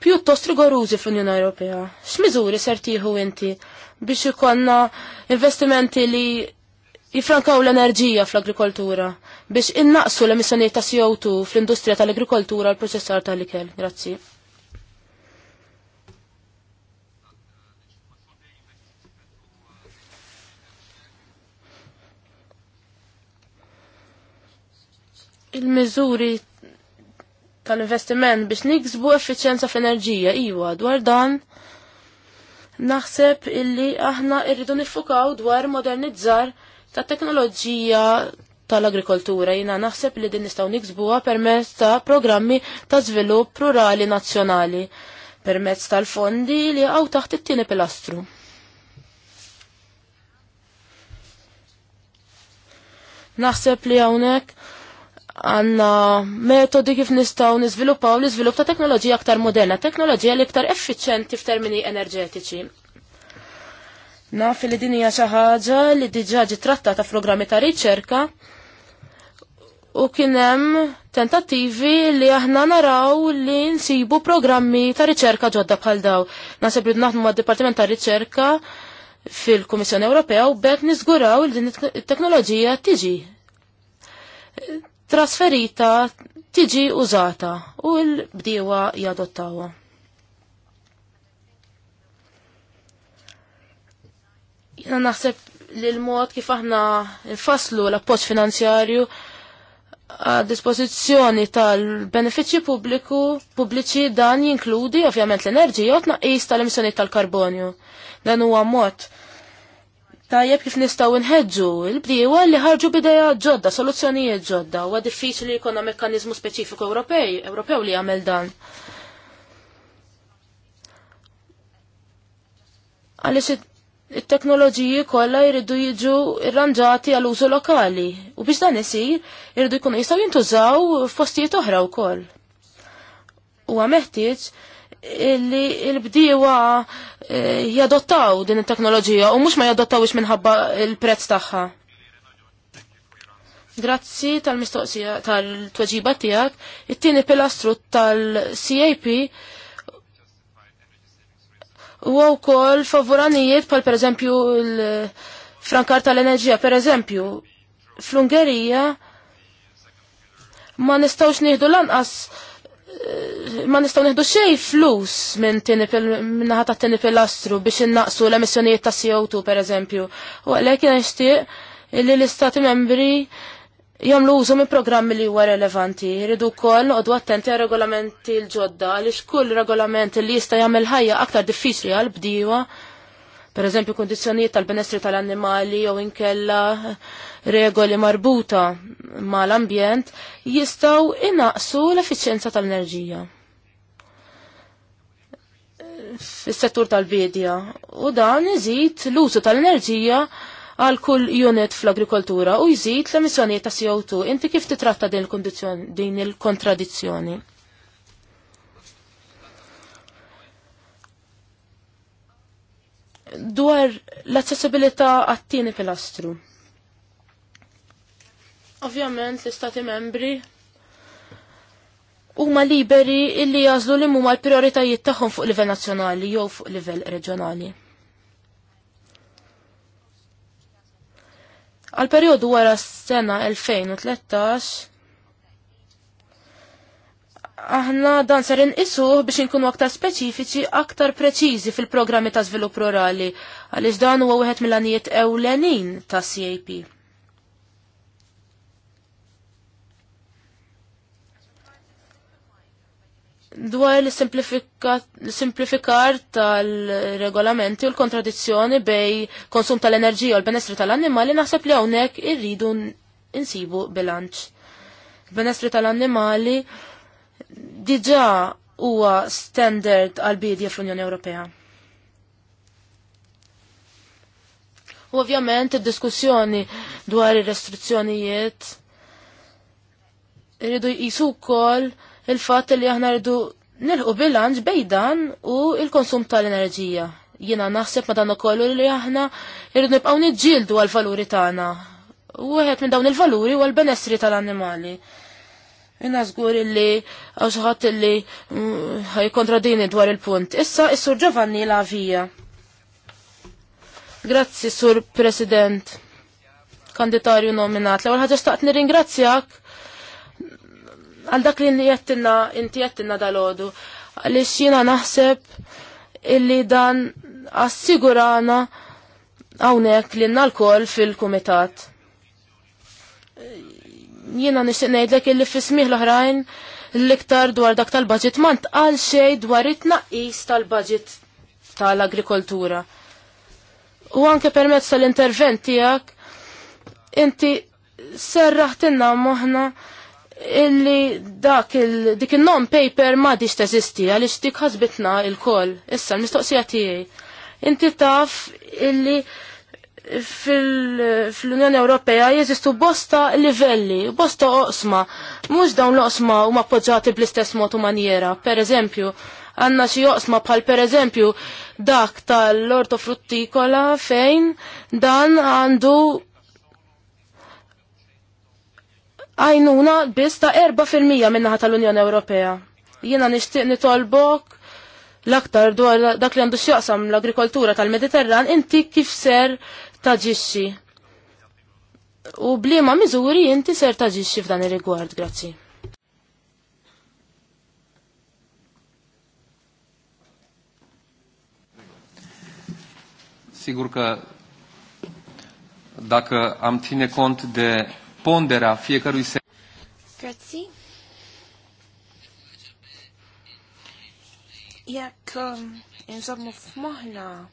pjuttost rigorużi fl-Unjoni Ewropea. X'miżuri ser tieħu inti biex ikonna investimenti li jifrankaw l-enerġija fl-agrikoltura biex innaqsu l-emissjonijiet ta' CO2 fl-industrija tal-agrikoltura l-proċessar tal-ikel. Grazzi. il-miżuri tal-investiment biex niksbu effiċjenza f'enerġija iwa, dwar dan naħseb illi aħna irridu nifukaw dwar modernizzar ta' teknoloġija tal-agrikoltura jina naħseb li din nistaw niksbuha permezz ta' programmi ta' żvilupp rurali nazzjonali permezz tal-fondi li għaw taħt it-tieni pilastru. Naħseb li hawnhekk għanna metodi kif nistaw nizviluppaw l ta' teknoloġija aktar moderna, teknoloġija li aktar effiċenti f'termini enerġetiċi. Naf li din hija xi ħaġa li diġà ġi trattata f'programmi ta' riċerka u kien hemm tentattivi li aħna naraw li nsibu programmi ta' riċerka ġodda bħal daw. Naħseb li naħdmu mad-Dipartiment ta' Riċerka fil-Kummissjoni Ewropea u bekk niżguraw li din it-teknoloġija tiġi trasferita tiġi użata u l-bdiewa jadottawa. Jena naħseb li l-mod kif aħna nfasslu l-appoġġ finanzjarju għad dispożizzjoni tal-benefiċċji pubbliku pubbliċi dan jinkludi ovvjament l-enerġija u tnaqqis tal-emissjoni tal-karbonju. Dan huwa mod tajjeb kif nistgħu nħeġġu l-bdiewa li ħarġu bidejja ġodda, soluzzjonijiet ġodda, huwa diffiċli jkollna mekkaniżmu speċifiku Ewropej, Ewropew li jagħmel dan. Għaliex it-teknoloġiji kollha jridu jiġu irranġati għal użu lokali u biex dan isir jridu jkunu jistgħu jintużaw f'postijiet oħra wkoll. Huwa meħtieġ illi il-bdiewa eh, jadottaw din it-teknoloġija u mhux ma jadottawx minħabba il-prezz tagħha. Grazzi tal-mistoqsija tal-tweġiba tiegħek, it-tieni pilastru tal-CAP huwa wkoll favoranijiet pal pereżempju l-frankar tal-enerġija, pereżempju fl-Ungerija ma nistgħux nieħdu lanqas ma nistgħu neħdu xejn flus minn naħat ta' tieni pilastru biex innaqsu l-emissjonijiet ta' CO2 pereżempju. U għalek jena nixtieq li l-istati membri jomlu użu minn programmi li huwa relevanti. Jridu wkoll noqdu attenti għal regolamenti l-ġodda għaliex kull regolament li jista' jagħmel ħajja aktar diffiċli għal bdiewa per eżempju kondizjonijiet tal-benessri tal-annimali jew inkella regoli marbuta mal-ambjent jistgħu inaqsu l-effiċjenza tal-enerġija fis-settur tal-bidja u dan iżid l-użu tal-enerġija għal kull unit fl-agrikoltura u jżid l-emissjonijiet ta' CO2. Inti kif titratta din il-kontradizzjoni? dwar l-accessibilità għat-tieni pilastru. Ovvjament l-Istati membri huma liberi illi jażlu li huma l-prioritajiet tagħhom fuq livell nazzjonali jew fuq livell reġjonali. Għal periodu wara s-sena 2013 aħna dan ser inqisuh biex inkunu aktar speċifiċi, aktar preċiżi fil-programmi ta' żvilupp rurali, għaliex dan huwa wieħed mill-għanijiet ewlenin ta' CAP. Dwar l-simplifikar tal-regolamenti u l-kontradizzjoni bej konsum tal-enerġija u l benestri tal-annimali naħseb li hawnhekk irridu insibu bilanċ. Benestri tal-annimali diġà huwa standard għal bidja fl-Unjoni Ewropea. U ovvjament id-diskussjoni dwar ir-restrizzjonijiet irridu jqisu wkoll il-fatt li aħna rridu nilħu bilanċ bejdan u il-konsum tal-enerġija. Jiena naħseb ma dan ukoll li aħna irridu nibqgħu niġġieldu għal-valuri tagħna. U wieħed minn dawn il-valuri huwa l-benessri tal-annimali. Inna żgur illi għaw xaħat illi mm, kontradini dwar il-punt. Issa is-Sur Giovanni Lavija. Grazzi, Sur President, kandidarju nominat. L-ewwel ħaġa xtaqt nirringrazzjak għal dak li jettinna inti jettinna dal-għodu. Għaliex jiena naħseb illi dan assigurana hawnhekk li l fil-kumitat jiena nixtieq ngħidlek illi fismiħ l-oħrajn l-iktar dwar dak tal-budget ma ntqal xejn dwar it-tnaqqis tal-budget tal-agrikoltura. U anke permezz tal-intervent tiegħek inti serraħtinna moħna illi dak il, dik il-non paper ma diċ teżisti għaliex dik ħasbitna il-koll. Issa, l-mistoqsija tiegħi. Inti taf illi fil-Unjoni Ewropea jeżistu bosta livelli, bosta oqsma. Mhux dawn l-oqsma huma appoġġjati bl-istess mod u maniera. Per eżempju, għandna xi oqsma bħal per eżempju dak tal-ortofruttikola fejn dan għandu għajnuna biss ta' 4% minnaħa tal-Unjoni Ewropea. Jiena nixtieq nitolbok l-aktar dwar dak li għandu xjaqsam l-agrikoltura tal-Mediterran, inti kif ser taġiċi. U blima mizuri jinti ser taġiċi f'dan il rigward grazzi. Sigur ka dacă am tine kont de ponderea fiecărui se... Jak, Jekk, um, insomma, f'mohna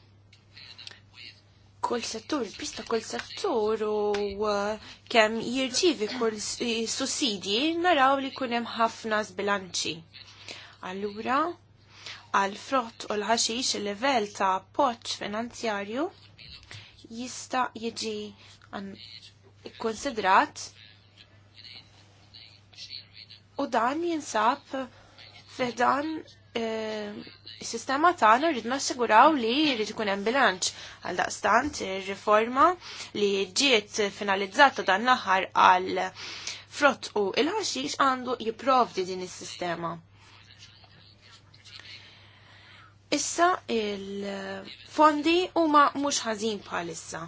kull settur, pista kull settur u uh, kem jirċivi kull sussidji naraw li kunem ħafna zbilanċi. Allura, għal frott u l-ħaxix il-level ta' poċ finanzjarju jista jiġi konsidrat u dan jinsab fiħdan eh, Is-sistema tagħna rrid nassiguraw li jrid ikun hemm bilanċ għal daqstant ir-riforma li ġiet finalizzata dan l-aħħar għal frott u il-ħaxix għandu jipprovdi din is-sistema. Issa il-fondi huma mhux ħażin bħalissa.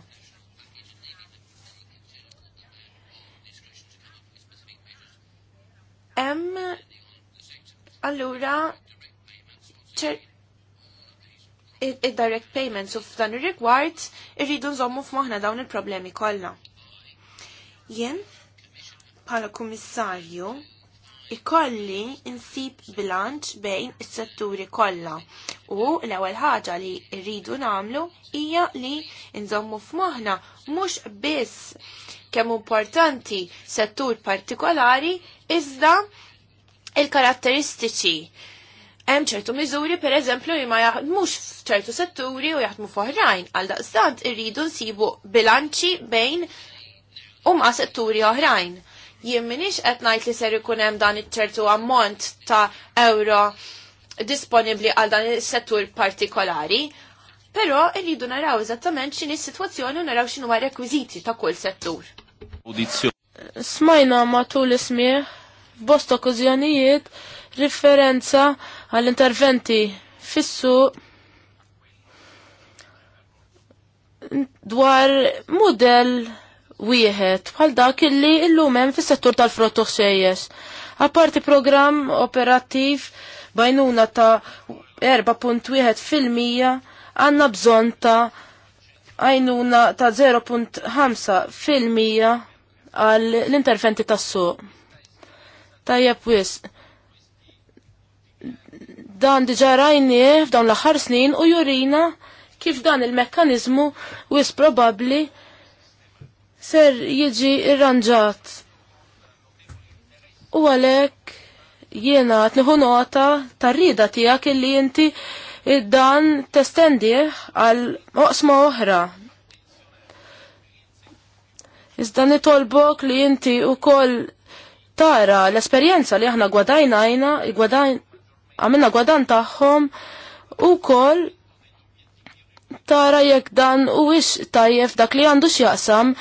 Hemm allura id-direct payments u f'dan ir-rigward irridu nżommu f'moħħna dawn il-problemi kollha. Jien bħala kummissarju ikolli insib bilanċ bejn is-setturi kollha u l-ewwel ħaġa li rridu nagħmlu hija li nżommu f'moħħna mhux biss kemm importanti settur partikolari iżda il-karatteristiċi Hemm ċertu miżuri pereżempju li ma jaħdmux f'ċertu setturi u jaħdmu f'oħrajn, għal daqstant irridu nsibu bilanċi bejn u ma' setturi oħrajn. Jien minix qed ngħid li ser ikun hemm dan iċ-ċertu ammont ta' euro disponibbli għal dan is-settur partikolari, però irridu naraw eżattament x'inhi s-sitwazzjoni u naraw x'inhuma rekwiżiti ta' kull settur. Smajna matul ismieħ f'bost okkużjonijiet riferenza għall-interventi fissu dwar model wieħed bħal dak illi illum hemm fis-settur tal frottu ħsejjes. Apparti programm operattiv bajnuna ta' 4.1 fil-mija għandna bżonn ta' għajnuna ta' 0.5 fil-mija għall interventi tas-suq. Tajjeb wisq Dan diġa rajni f'dawn l-aħħar snin u jurina kif dan il-mekkanizmu wis probabbli ser jiġi irranġat. U għalek jiena tniħu nota tar-rida tiegħek illi inti dan testendih għal oqsma oħra Iżda nitolbok li inti u koll tara l-esperienza li aħna gwadajna għajna, għamilna gwadan tagħhom u kol tara jekk dan u wix tajjef dak li għandu x'jaqsam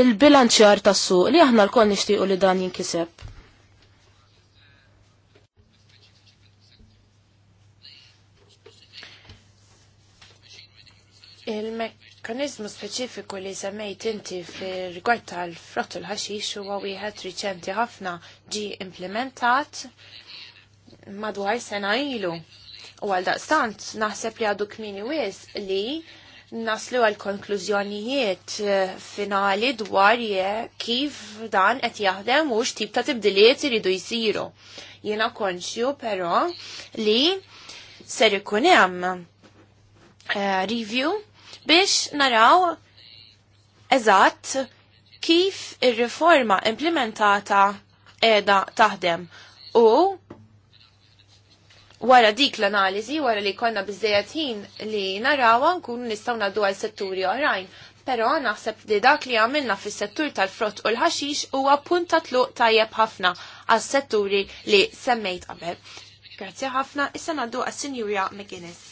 il-bilanċjar tas-suq li aħna l-kol nixtiequ li dan jinkiseb. Il-mekkanizmu speċifiku li semmejt inti fir-rigward tal-frott l ħaxix huwa wieħed riċenti ħafna ġi implementat madwar sena ilu. U għal daqstant naħseb li għadu kmini wis li naslu għal konklużjonijiet eh, finali dwar je kif dan qed jaħdem u tip ta' tibdiliet iridu jsiru. Jena konxju però li ser ikun hemm eh, review biex naraw eżatt kif ir-riforma implementata edha taħdem u wara dik l-analiżi, wara li konna biżejjed ħin li narawha nkunu nistgħu naddu għal setturi oħrajn. Però naħseb li dak li għamilna fis-settur tal-frott u l-ħaxix huwa punta tluq tajjeb ħafna għal setturi li semmejt qabel. Grazzi ħafna, issa ngħaddu għas-Sinjura McGuinness.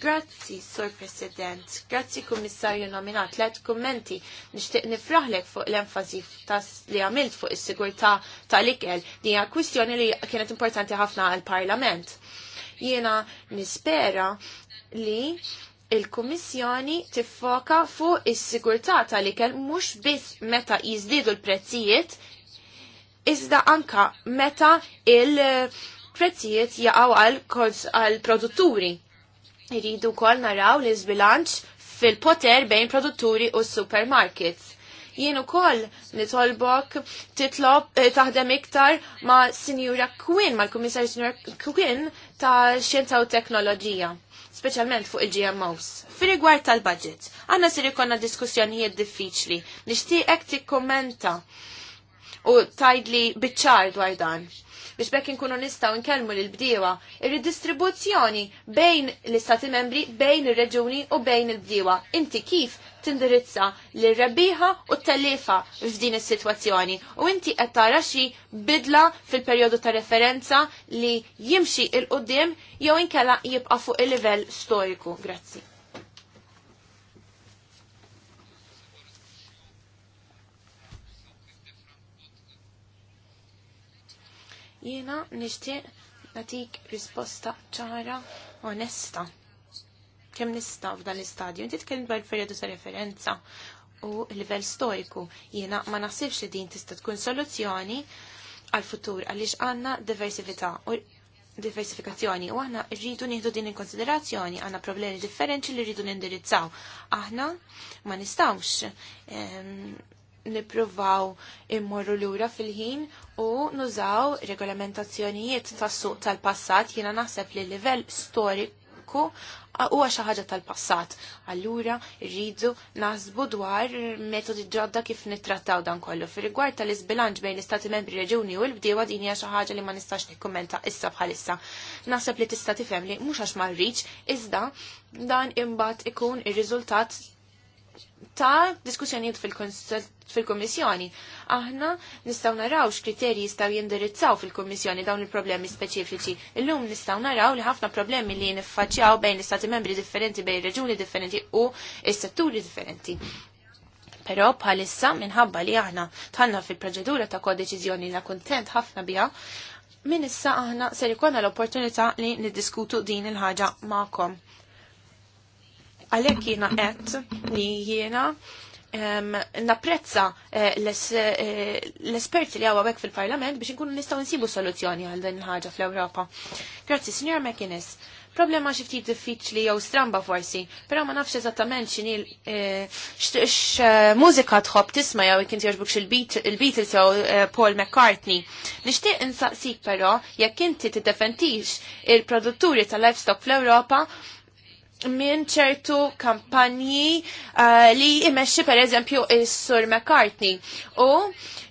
Grazzi, Sur President. Grazzi, Kummissarju nominat. Let kommenti nishtiq nifraħlek fuq l enfasi li għamilt fuq is-sigurtà tal-ikel. Din kwistjoni li kienet importanti ħafna għal parlament Jiena nispera li il-Kummissjoni tiffoka fuq is-sigurtà tal-ikel mhux biss meta jiżdiedu l-prezzijiet, iżda anka meta il- prezzijiet jaqaw għal produtturi. Iridu kol naraw li zbilanċ fil-poter bejn produtturi u supermarkets. Jien ukoll nitolbok titlob eh, taħdem iktar ma' Sinjura Quinn, mal komissar Sinjura Quinn ta' Xjenza u Teknoloġija specialment fuq il-GMOs. Fir-rigward tal-budget, għanna sir ikonna diskussjonijiet diffiċli, nishtiqek ti kommenta u tajdli bitċar dwar dan biex bekk inkunu nistaw nkellmu lill bdiewa ir-redistribuzzjoni bejn l-istati membri, bejn ir-reġuni u bejn il-bdiewa. Inti kif tindirizza l rebbieħa u t-tellifa f'din is-sitwazzjoni u inti qed tara xi bidla fil-perjodu ta' referenza li jimxi il-qudiem jew inkella jibqa' fuq il-livell storiku. Grazzi. Jiena nixtieq natik risposta ċara onesta. Kemm nista' f'dan l-istadju, inti tkellem dwar periodu ta' referenza u l-livell storiku. Jiena ma naħsibx li din tista' tkun soluzzjoni għal-futur għaliex għandna diversità diversifikazzjoni u aħna rridu nieħdu din il-konsiderazzjoni għandna problemi differenti li rridu nindirizzaw. Aħna ma nistawx ehm, nipruvaw immorru lura fil-ħin u nużaw regolamentazzjonijiet tas-suq tal-passat jiena naħseb li livell storiku huwa xi ħaġa tal-passat. Allura rridu naħsbu dwar metodi ġodda kif nittrattaw dan kollu. Fir-rigward tal-isbilanċ bejn l-istati membri reġuni u l-bdiewa din hija xi ħaġa li ma nistax nikkumenta issa bħalissa. Naħseb li tista' tifhem li mhux għax ma rridx iżda dan imbagħad ikun ir-riżultat ta' diskussjonijiet fil-Komissjoni. Aħna nistaw naraw x'kriterji jistaw jindirizzaw fil-Komissjoni dawn il-problemi speċifiċi. Illum nistaw naraw li ħafna problemi li niffaċċjaw bejn l-istati membri differenti, bejn reġuni differenti u s-setturi differenti. Pero bħalissa minħabba li aħna tħanna fil proġedura ta' kodeċizjoni la kontent ħafna biha, minn issa aħna ser ikonna l-opportunità li niddiskutu din il-ħaġa ma'kom. Għalhekk jiena qed li jiena napprezza eh, eh, l-esperti li għawek fil-parlament biex nkunu nistaw nsibu soluzzjoni għal din il-ħagġa fl-Ewropa. Grazzi, Signor McInnes. Problema xiftit diffiċli jew stramba forsi, però ma nafx eżattament x'inhi eh, x-mużika tħobb tisma' jew kien jogħġbuk il-Beatles jew Paul McCartney. Nixtieq insaqsik però jekk inti tiddefentix il-produtturi tal-livestock fl-Ewropa minn ċertu kampanji uh, li imexxi per eżempju il sur McCartney. U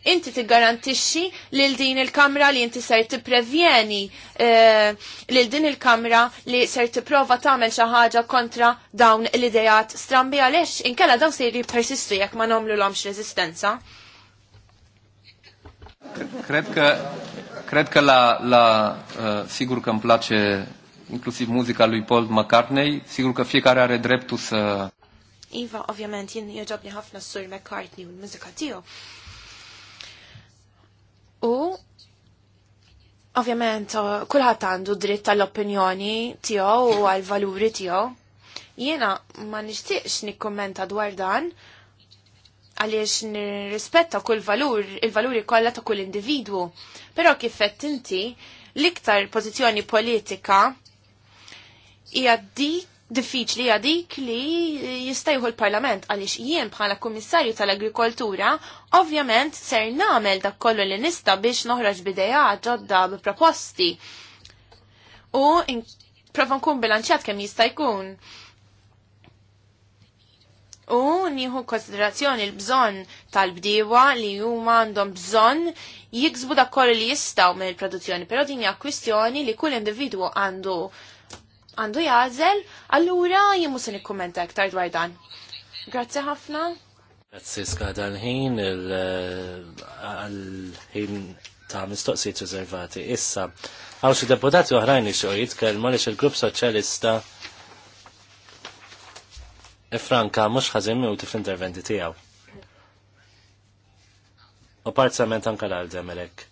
inti tiggarantixxi lil din il-kamra li inti ser tipprevjeni uh, lil din il-kamra li ser tipprova tagħmel xi ħaġa kontra dawn l-idejat strambi għaliex inkella dawn se jippersistu jekk ma nagħmlulhomx reżistenza. Cred că, cred că la, la uh, sigur că îmi place inclusiv muzika lui Paul McCartney, sigur ka fiekare are dreptu sa Iva, ovvjament, jien joġobni ħafna s-sur McCartney u l-mużika tiegħu. U ovvjament kulħadd għandu dritt tal-opinjoni tiegħu u għal-valuri tiegħu. Jiena ma nixtieqx nikkummenta dwar dan għaliex nirrispetta kull valur, il-valuri kollha ta' kull individwu. Però kifett inti l-iktar pożizzjoni politika hija dik diffiċli għadik li jistajħu l-parlament għalix jien bħala komissarju tal-agrikoltura ovvjament ser namel dak kollu li nista biex noħraġ bideja ġodda b'proposti u prova nkun bilanċjat kemm jista' jkun. U nieħu konsiderazzjoni l-bżonn tal-bdiewa li huma għandhom bżonn jiksbu dak kollu li jistgħu mill-produzzjoni, però din hija kwistjoni li kull individwu għandu għandu jażel, allura jien mhux se nikkumenta aktar dwar dan. Grazzi ħafna. Grazzi skada l-ħin għal-ħin ta' mistoqsijiet riservati. Issa, għaw xi deputati oħrajn ixu jitkellmu għaliex il-Grupp Soċjalista e Franka mhux ħażin u fl-interventi tiegħu. U parzament anke l għalek.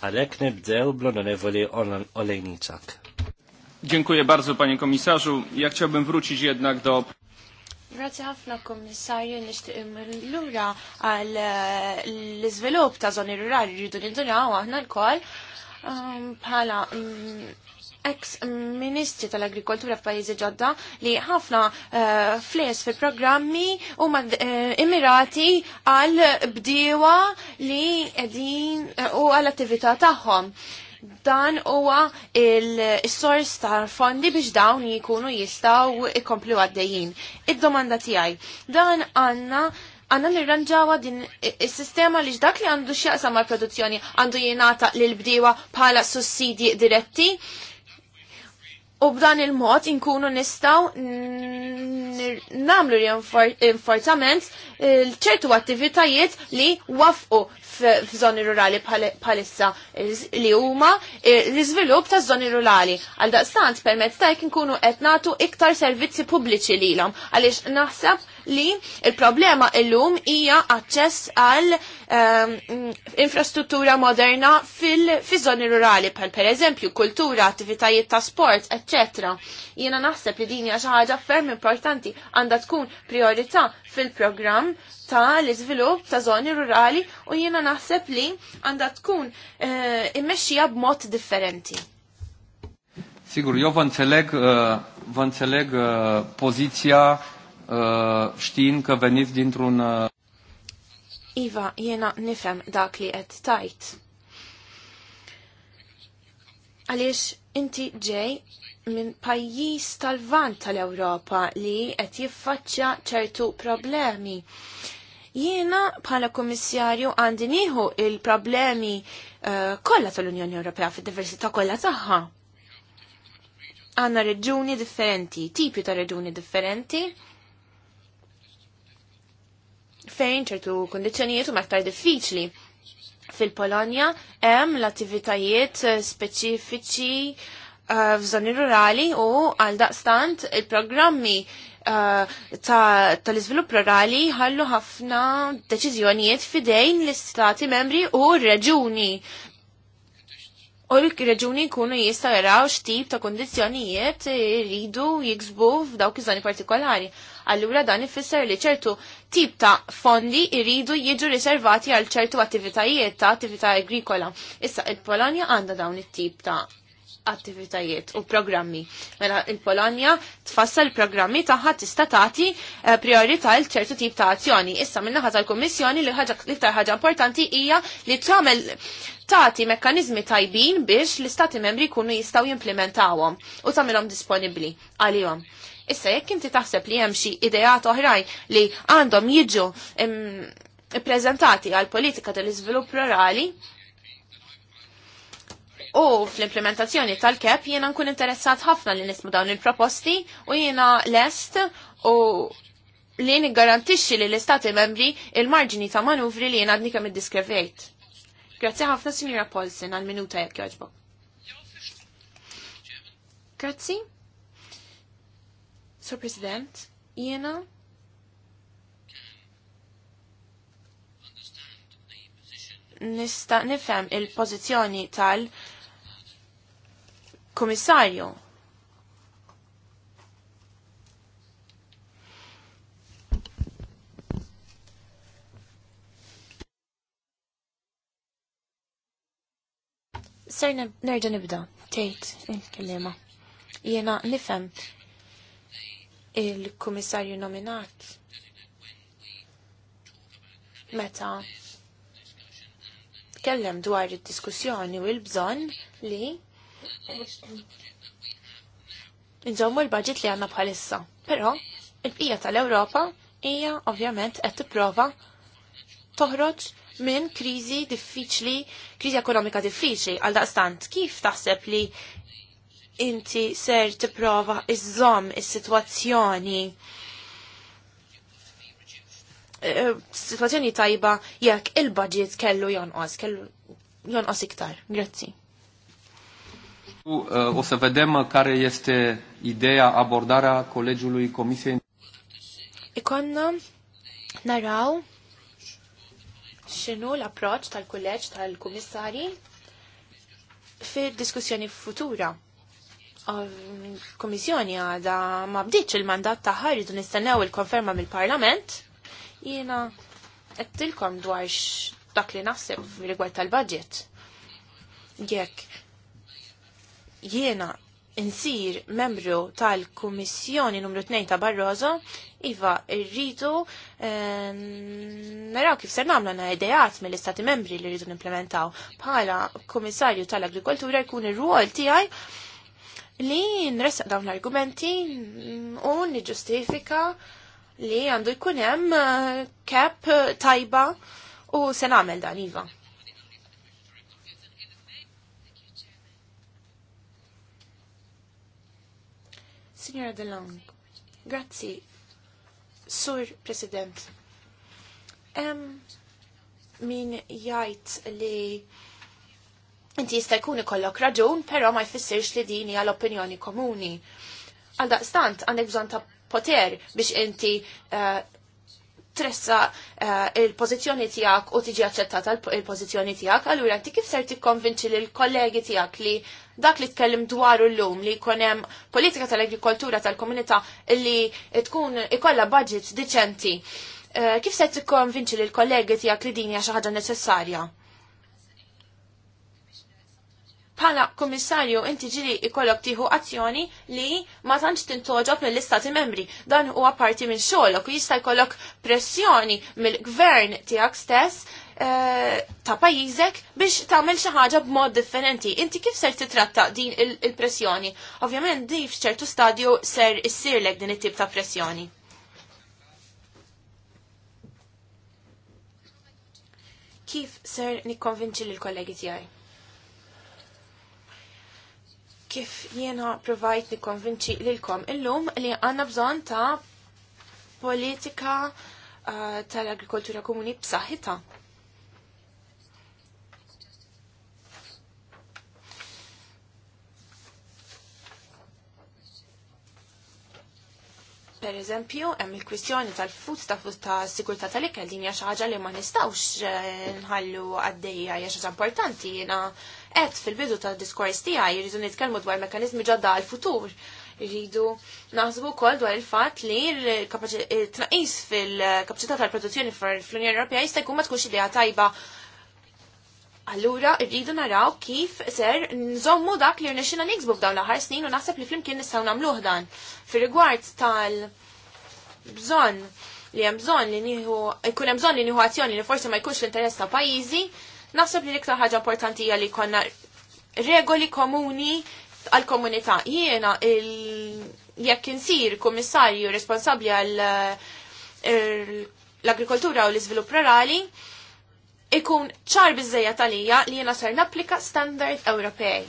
Għalhekk nibdew bl-onorevoli Olejniċak. Dziękuję bardzo panie komisarzu. Ja chciałbym wrócić jednak do Grazie ħafna kommissarju nishtiq lura għal eh, l-izvilup ta' zoni rurali rridu nindunaw aħna l-koll um, bħala mm, ex ministri tal-agrikoltura f'pajjiżi ġodda li ħafna eh, fles fil-programmi huma eh, immirati għal bdiewa li qegħdin u għall attività tagħhom. Dan huwa il-sors tal-fondi biex dawn jikunu jistaw ikomplu għaddejjin. Id-domanda tiegħi. Dan għanna għanna nirranġawa din il-sistema li ġdak li għandu xieqsa mal produzzjoni għandu jenata l-bdiwa bħala sussidi diretti U b'dan il-mod inkunu nistaw namlu l-infortament eh, ċertu attivitajiet li wafqu f'żoni rurali bħalissa li huma eh, l-iżvilupp ta' żoni rurali. Għal daqstant permezz ta' jekk nkunu qed nagħtu iktar servizzi pubbliċi lilhom għaliex naħseb li il-problema illum hija aċċess għal um, infrastruttura moderna fil-żoni rurali, pal per eżempju kultura, attivitajiet ta' sport, etc. Jiena naħseb li din hija xi ħaġa ferm importanti għandha tkun priorità fil-programm ta' l-iżvilupp ta' żoni rurali u jiena naħseb li għandha tkun uh, immexxija b'mod differenti. Sigur, jo vanzeleg, uh, eh, van uh, eh, pozizja știind äh, că veniți dintr-un... Äh, iva, jena nifem dak li qed tajt. Għaliex inti ġej minn pajjiż tal-vant tal-Ewropa li qed jiffaċċja ċertu problemi. Jiena bħala kummissarju għandi nieħu il-problemi uh, kollha tal-Unjoni Ewropea fid-diversità kollha tagħha. Għandna reġuni differenti, tipi ta' reġuni differenti, fejn ċertu kondizjonijiet u aktar diffiċli. Fil-Polonja hemm l-attivitajiet eh, speċifiċi eh, f'żoni rurali u għal daqstant il-programmi eh, tal-iżvilupp rurali ħallu ħafna deċiżjonijiet fidejn l-istati membri u r-reġuni. U l-reġuni kunu jistaw jaraw x'tip ta' kondizjonijiet jridu jiksbu f'dawk iż-żoni partikolari. Allura dan ifisser li ċertu tip ta' fondi iridu jiġu riservati għal ċertu attivitajiet ta' attività agrikola. Issa il-Polonja għandha dawn it-tip ta' attivitajiet u programmi. Mela il-Polonja tfassal programmi taħħa tista' tagħti eh, priorità l ċertu tip ta' azzjoni. Issa minna naħa tal-Kummissjoni li ħaġa l-iktar ħaġa importanti hija li tagħmel tagħti mekkaniżmi tajbin biex l-istati membri jkunu jistgħu jimplementawhom u tagħmilhom disponibbli għalihom. Issa jekk inti taħseb li hemm xi ideat oħrajn li għandhom jiġu ippreżentati għal politika tal-iżvilupp rurali, U fl-implementazzjoni tal-kep jiena nkun interessat ħafna li nismu dawn il-proposti u jiena lest u li niggarantixxi li l-istati membri il-marġini ta' manuvri li jiena għadni kemm iddiskrevejt. Grazzi ħafna Sinjura Paulsen għal-minuta jekk jogħġbok. Grazzi. So, President, Iena? nista nifhem il-pożizzjoni tal-Kummissarju ser nerġa nibda, tgħid il-kelliema. Jiena nifhem il-kummissarju nominat meta tkellem dwar id-diskussjoni u l-bżonn li nżommu l-budget li għanna bħalissa. Però il-bqija tal-Ewropa hija ovvjament qed tipprova toħroġ minn kriżi diffiċli, kriżi ekonomika diffiċli għal daqstant. Kif taħseb li inti ser tipprova iżżomm is-sitwazzjoni eh, eh, situazzjoni tajba jekk il-budget kellu jonqos, kellu jonqos iktar. Grazzi. Eh, o să vedem care este ideea, abordarea colegiului Comisiei. Ikonna naraw xinu l-approċ tal kolleġ tal-kummissari fi diskussjoni futura. Komissjoni għada ma bdiċ il-mandat taħħa rridu nistennew il-konferma mill-Parlament. Jiena għettilkom dwar dak li naħseb rigward tal-budget. Jekk jiena insir membru tal-Kummissjoni numru 2 ta' Barroso, iva rridu ehm, naraw kif ser nagħmlu na idejat mill-istati membri li rridu n-implementaw Bħala komissarju tal-Agrikoltura jkun ir-rwol tiegħi li nresaq dawn l-argumenti mm, u niġustifika li għandu jkun hemm kap uh, uh, tajba u se nagħmel dan iva. Signora DeLong, grazzi, Sur President. Um, min jajt li Inti jista' jkun ikollok raġun, però ma jfissirx li din hija l-opinjoni komuni. Għal daqstant għandek bżonn ta' poter biex inti uh, tressa uh, il-pozizjoni tijak u tiġi aċċettata il-pozizjoni tijak, Allura inti kif ser tikkonvinċi li l-kollegi tijak li dak li tkellim dwar l-lum li konem politika tal-agrikoltura tal-komunità li tkun ikolla budget diċenti, uh, kif ser tikkonvinċi li l-kollegi tijak li din hija xi ħaġa neċessarja? pala komissarju inti ġili ikollok tieħu azzjoni li ma tantx tintoġob mill-istati membri. Dan huwa parti minn xogħolok u jista' jkollok pressjoni mill-gvern tiegħek stess eh, ta' pajjiżek biex tagħmel xi ħaġa b'mod differenti. Inti kif ser titratta din il-pressjoni? Ovvjament di f'ċertu stadju ser issirlek din it-tip ta' pressjoni. Kif ser nikkonvinċi lill kollegi tiegħi? kif jiena provajt nikonvinċi lilkom illum li għanna bżon ta' politika uh, tal-agrikoltura komuni b'saħħitha. Per eżempju, hemm il-kwistjoni tal-fut ta' fut ta' sigurtà tal-ikel din hija xi ħaġa li ma nistgħux eh, nħallu għaddejja hija xi ħaġa importanti jiena qed fil-bidu tad-diskors tiegħi jridu nitkellmu dwar mekanizmi ġodda għall-futur. Jridu naħsbu wkoll dwar il-fatt li eh, tnaqis fil-kapaċità tal-produzzjoni fl-Unjoni Ewropea jista' jkun ma tkunx idea tajba Allura, rridu naraw kif ser nżommu dak li rnexxina niksbu f'dawn l-aħħar snin u naħseb li flimkien nistgħu nagħmluh dan. Fir-rigward tal-bżonn li hemm bżonn li niħu, ikun hemm bżonn li niħu azzjoni li forsi ma jkunx l-interess ta' pajjiżi, Naħseb li l-iktar ħaġa importanti hija li konna regoli komuni għal-komunità. Jiena jekk insir kummissarju responsabbli għal eh, l-agrikoltura u l-iżvilupp rurali, ikun ċar bizzejja talija li jena ser napplika standard Ewropej.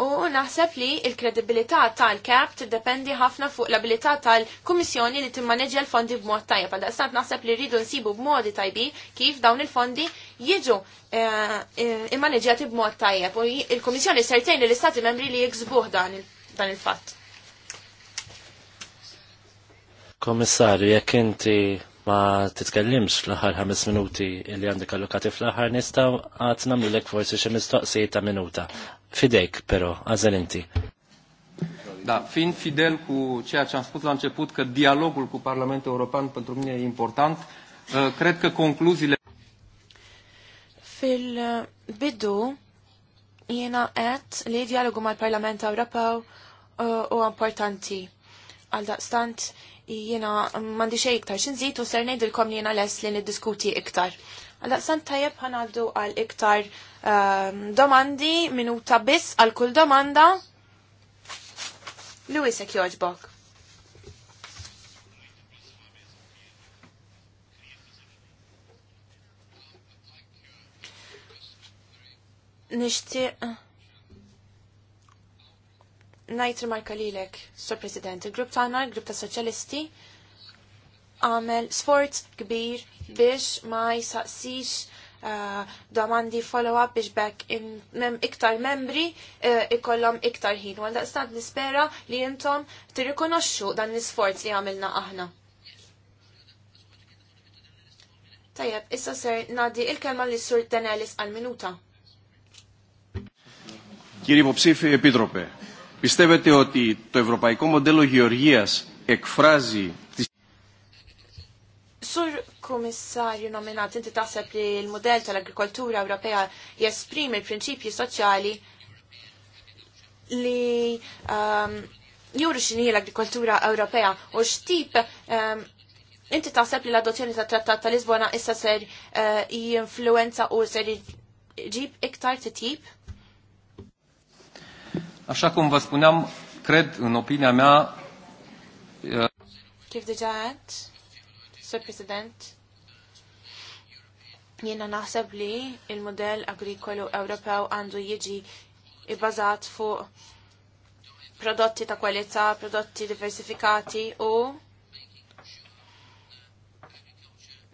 U naħseb li il-kredibilità tal-kap tiddependi ħafna fuq l-abilità tal-Kummissjoni li timmaneġġja l-fondi b'mod tajjeb. s-sat naħseb li rridu nsibu b'modi tajbi kif dawn il-fondi jiġu eh, eh, immaneġġjati b'mod tajjeb. U il-Kummissjoni sertejn l-Istati membri li jiksbuh dan il-fatt. Komissarju, jekk inti ma titkellimx fl-aħħar ħames minuti li għandek allokati fl-aħħar nista' għad nagħmlilek forsi xi mistoqsijiet ta' minuta. Fidejk però, għażel inti. Da, fin fidel ku ċeħa ċan spus la început, ka dialogul ku Parlamentul Europan pentru mine e important, uh, cred că concluziile... Fil-bidu, jena għet li dialogu mal-Parlament Ewropew uh, u importanti. Għal daqstant, jiena mandi xej iktar xin u ser ngħidilkom li jiena les li niddiskuti iktar. Għalla san tajjeb għanaddu għal iktar ehm, domandi minuta biss għal kull domanda. Luisek joġbok. Nishtiq najt rimarka lilek, Sir President, il-grupp tagħna, il-grupp ta' soċjalisti, għamel sforz kbir biex ma jisaqsix uh, domandi follow-up biex bekk mem iktar membri uh, ikollhom iktar ħin. Għal daqstant nispera li jintom tirrikonoxxu dan l-isforz li għamilna aħna. Tajjeb, issa ser nadi il-kelma li sur Danelis għal-minuta. Kiri Mopsifi, Epitrope. Πιστεύετε ότι το ευρωπαϊκό μοντέλο γεωργίας εκφράζει τις... Sur commissario nominato in taħseb per il modello dell'agricoltura europea e esprime i principi sociali li um, juru xini l-agrikoltura Ewropea u xtip um, inti taħseb li l-adozzjoni ta' Lisbona issa ser uh, eh, influenza o ser jeep ectar tip Așa cum vă spuneam, cred, în opinia mea... Kif uh, diġa Sir President, jiena naħseb li il-modell agrikolu Ewropew għandu jiġi bazat fuq prodotti ta' kwalità, prodotti diversifikati u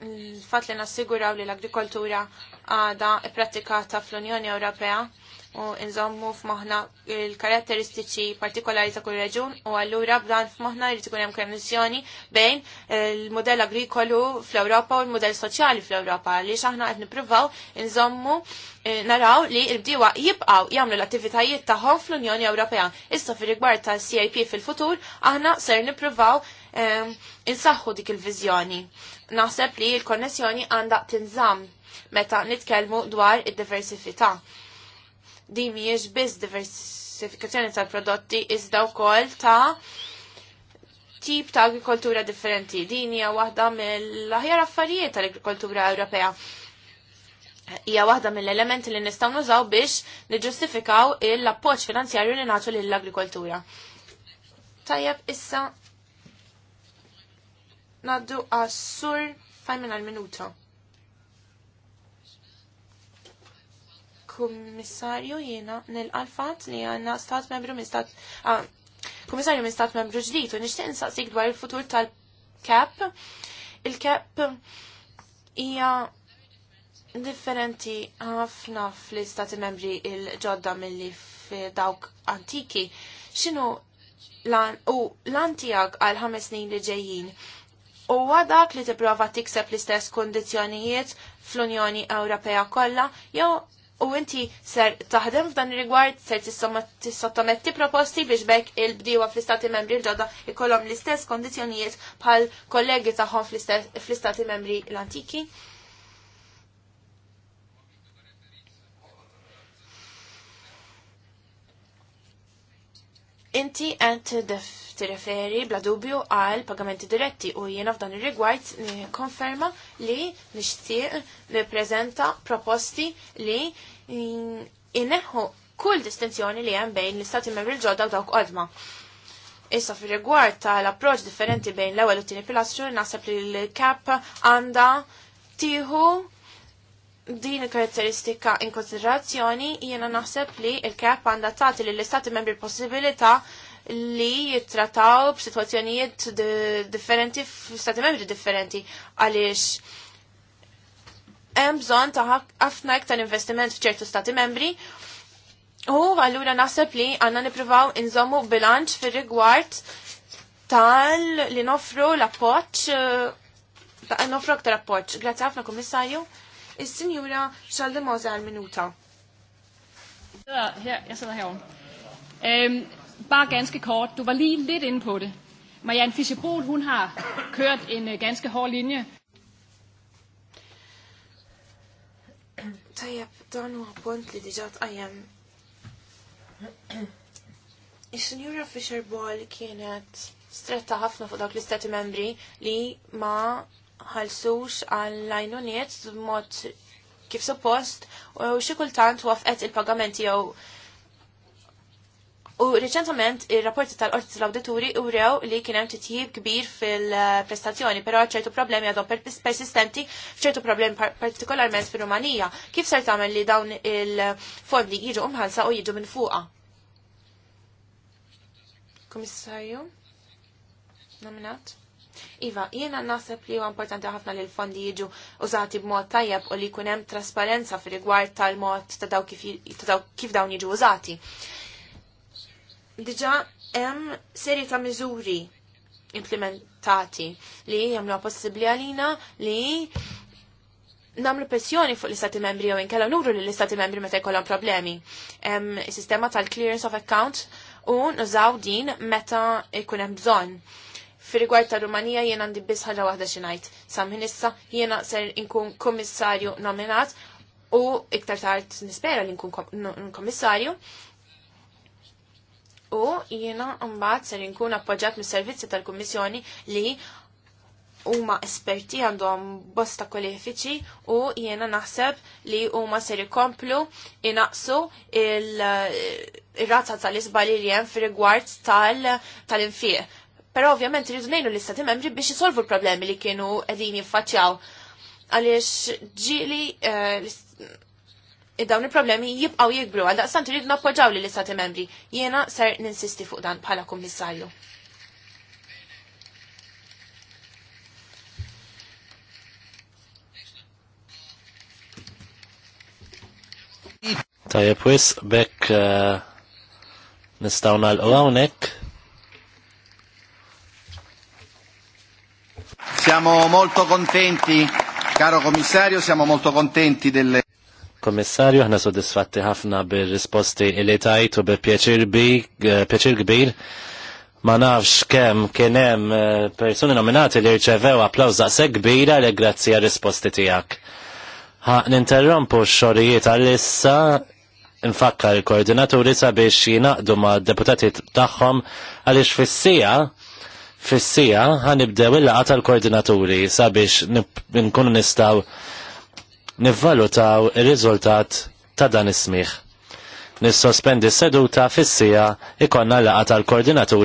l-fat li nassiguraw li l-agrikoltura għada pratikata fl-Unjoni Ewropea u nżommu f'moħna il-karatteristiċi partikolari ta' kull reġun u allura b'dan f'moħna jrid ikun hemm konnessjoni bejn il-modell agrikolu fl-Ewropa u l-modell soċjali fl-Ewropa li aħna qed nippruvaw nżommu eh, naraw li l-bdiewa jibqgħu jagħmlu l-attivitajiet tagħhom fl-Unjoni Ewropea. Issa fir-rigward ta' CIP fil-futur aħna ser nippruvaw insaħħu dik il vizjoni Naħseb li l-konnessjoni għandha tinżamm meta nitkellmu dwar id diversifità Din mhijiex biss diversifikazzjoni tal-prodotti iżda wkoll ta' tip ta' agrikoltura differenti. Din hija waħda mill-aħjar affarijiet tal-agrikoltura Ewropea. Hija waħda mill-elementi li nistgħu nużaw biex niġġustifikaw l-appoġġ finanzjarju li nagħtu lill-agrikoltura. Tajjeb issa naddu għassur sur fajn minn għal-minuta. Kummissarju jiena nil-alfat li għanna stat membru minn stat ah, Kummissarju minn stat membru ġdijt u nishtiq nsaqsik dwar il-futur tal kep il kep hija differenti ħafna fl-istati membri il-ġodda mill-li f'dawk antiki. Xinu l- u għal ħames snin li ġejjin U dak li tipprova tikseb l-istess kondizjonijiet fl-Unjoni Ewropea kollha jew u inti ser taħdem f'dan ir-rigward ser tissottometti proposti biex bekk il bdiwa fl-istati membri l-ġodda ikollhom l-istess kondizjonijiet bħal kollegi tagħhom fl-istati membri l-antiki. Inti għant def tirreferi bla dubju għal pagamenti diretti u jiena f'dan ir-rigward eh, konferma li nixtieq nippreżenta proposti li mm, inneħħu kull distinzjoni li hemm bejn l-istati membri ġodda u dawk qodma. Issa fir rigward tal-approċ differenti bejn l-ewwel u tieni pilastru naħseb li l-kap għandha tieħu din il-karakteristika in konsiderazzjoni jiena naħseb li il-kap għandha tagħti lill istati membri possibilità li jittrataw b'sitwazzjonijiet differenti f-stati membri differenti għaliex hemm bżonn ta' ħafna iktar investiment f'ċertu stati membri u allura naħseb li għandna nippruvaw inżommu bilanċ fir-rigward tal li nofru l-appoċ ta' nofru aktar appoċ. Grazie ħafna kummissarju. Is-sinjura Xaldemoza għal-minuta bare ganske kort. Du var lige lidt inde på det. Marianne Fischer hun har kørt en øh, ganske hård linje. Tajab, dan huwa punt li diġa tqajjem. Is-Sinjura Fisher Ball kienet stretta ħafna fuq dak l-Istati Membri li ma ħalsux għall-lajnuniet b'mod kif suppost u xikultant kultant wafqet il-pagamenti jew U reċentament ir-rapporti tal-qorti tal-awdituri urew li kien hemm titjib kbir fil-prestazzjoni, però ċertu problemi għadhom persistenti f'ċertu problemi partikolarment fir-Rumanija. Kif ser tagħmel li dawn il-fondi jiġu umħalsa u jiġu minn fuqha? Komissarju? Nominat? Iva, jiena naħseb li huwa importanti ħafna li l-fondi jiġu użati b'mod tajjeb u li jkun hemm trasparenza fir rigward tal-mod ta' daw kif dawn jiġu użati diġa hemm seri ta' miżuri implementati li jagħmlu possibbli għalina li namlu pressjoni fuq l-istati membri jew inkella nuru li l-istati membri meta jkollhom problemi. Hemm sistema tal-clearance of account u nużaw din meta jkun hemm bżonn. Fi rigward ta' Rumanija jiena għandi biss ħaġa waħda xi ngħid. Samħin issa jiena ser inkun kummissarju nominat u iktar tard nispera li nkun kommissarju u jiena mbagħad ser inkun appoġġat mis-servizzi tal-Kummissjoni li huma esperti għandhom bosta kwalifiċi u jiena naħseb li huma ser ikomplu inaqsu il-rata tal-isbali li hemm fir-rigward tal-infieq. Però ovvjament rridu ngħinu l-istati membri biex isolvu l-problemi li kienu qegħdin jiffaċċjaw. Għaliex ġili eh, id-dawn il-problemi jibqaw jikbru għal daqstant rridu nappoġaw li l-istati membri. Jena ser ninsisti fuq dan bħala kummissarju. Tajab wis, bekk uh, nistaw nalqu hawnhekk. Siamo molto contenti, caro commissario, siamo molto contenti delle Komissarju, ħna soddisfatti ħafna bil-risposti li tajtu bi eh, pjaċir kbir. Ma nafx kem kienem eh, persuni nominati li rċevew applawza se kbira li grazzi għal risposti tijak. Ha, ninterrompu xorijiet għal-issa nfakkar il-koordinaturi sabiex jinaqdu ma' deputati tagħhom għaliex fissija fissija ħanibdew il-laqa tal-koordinaturi sabiex nkunu nistaw nivvalutaw ir-riżultat ta' dan is-smigħ. Nissospendi s-seduta fissija ikonna laqa tal-koordinaturi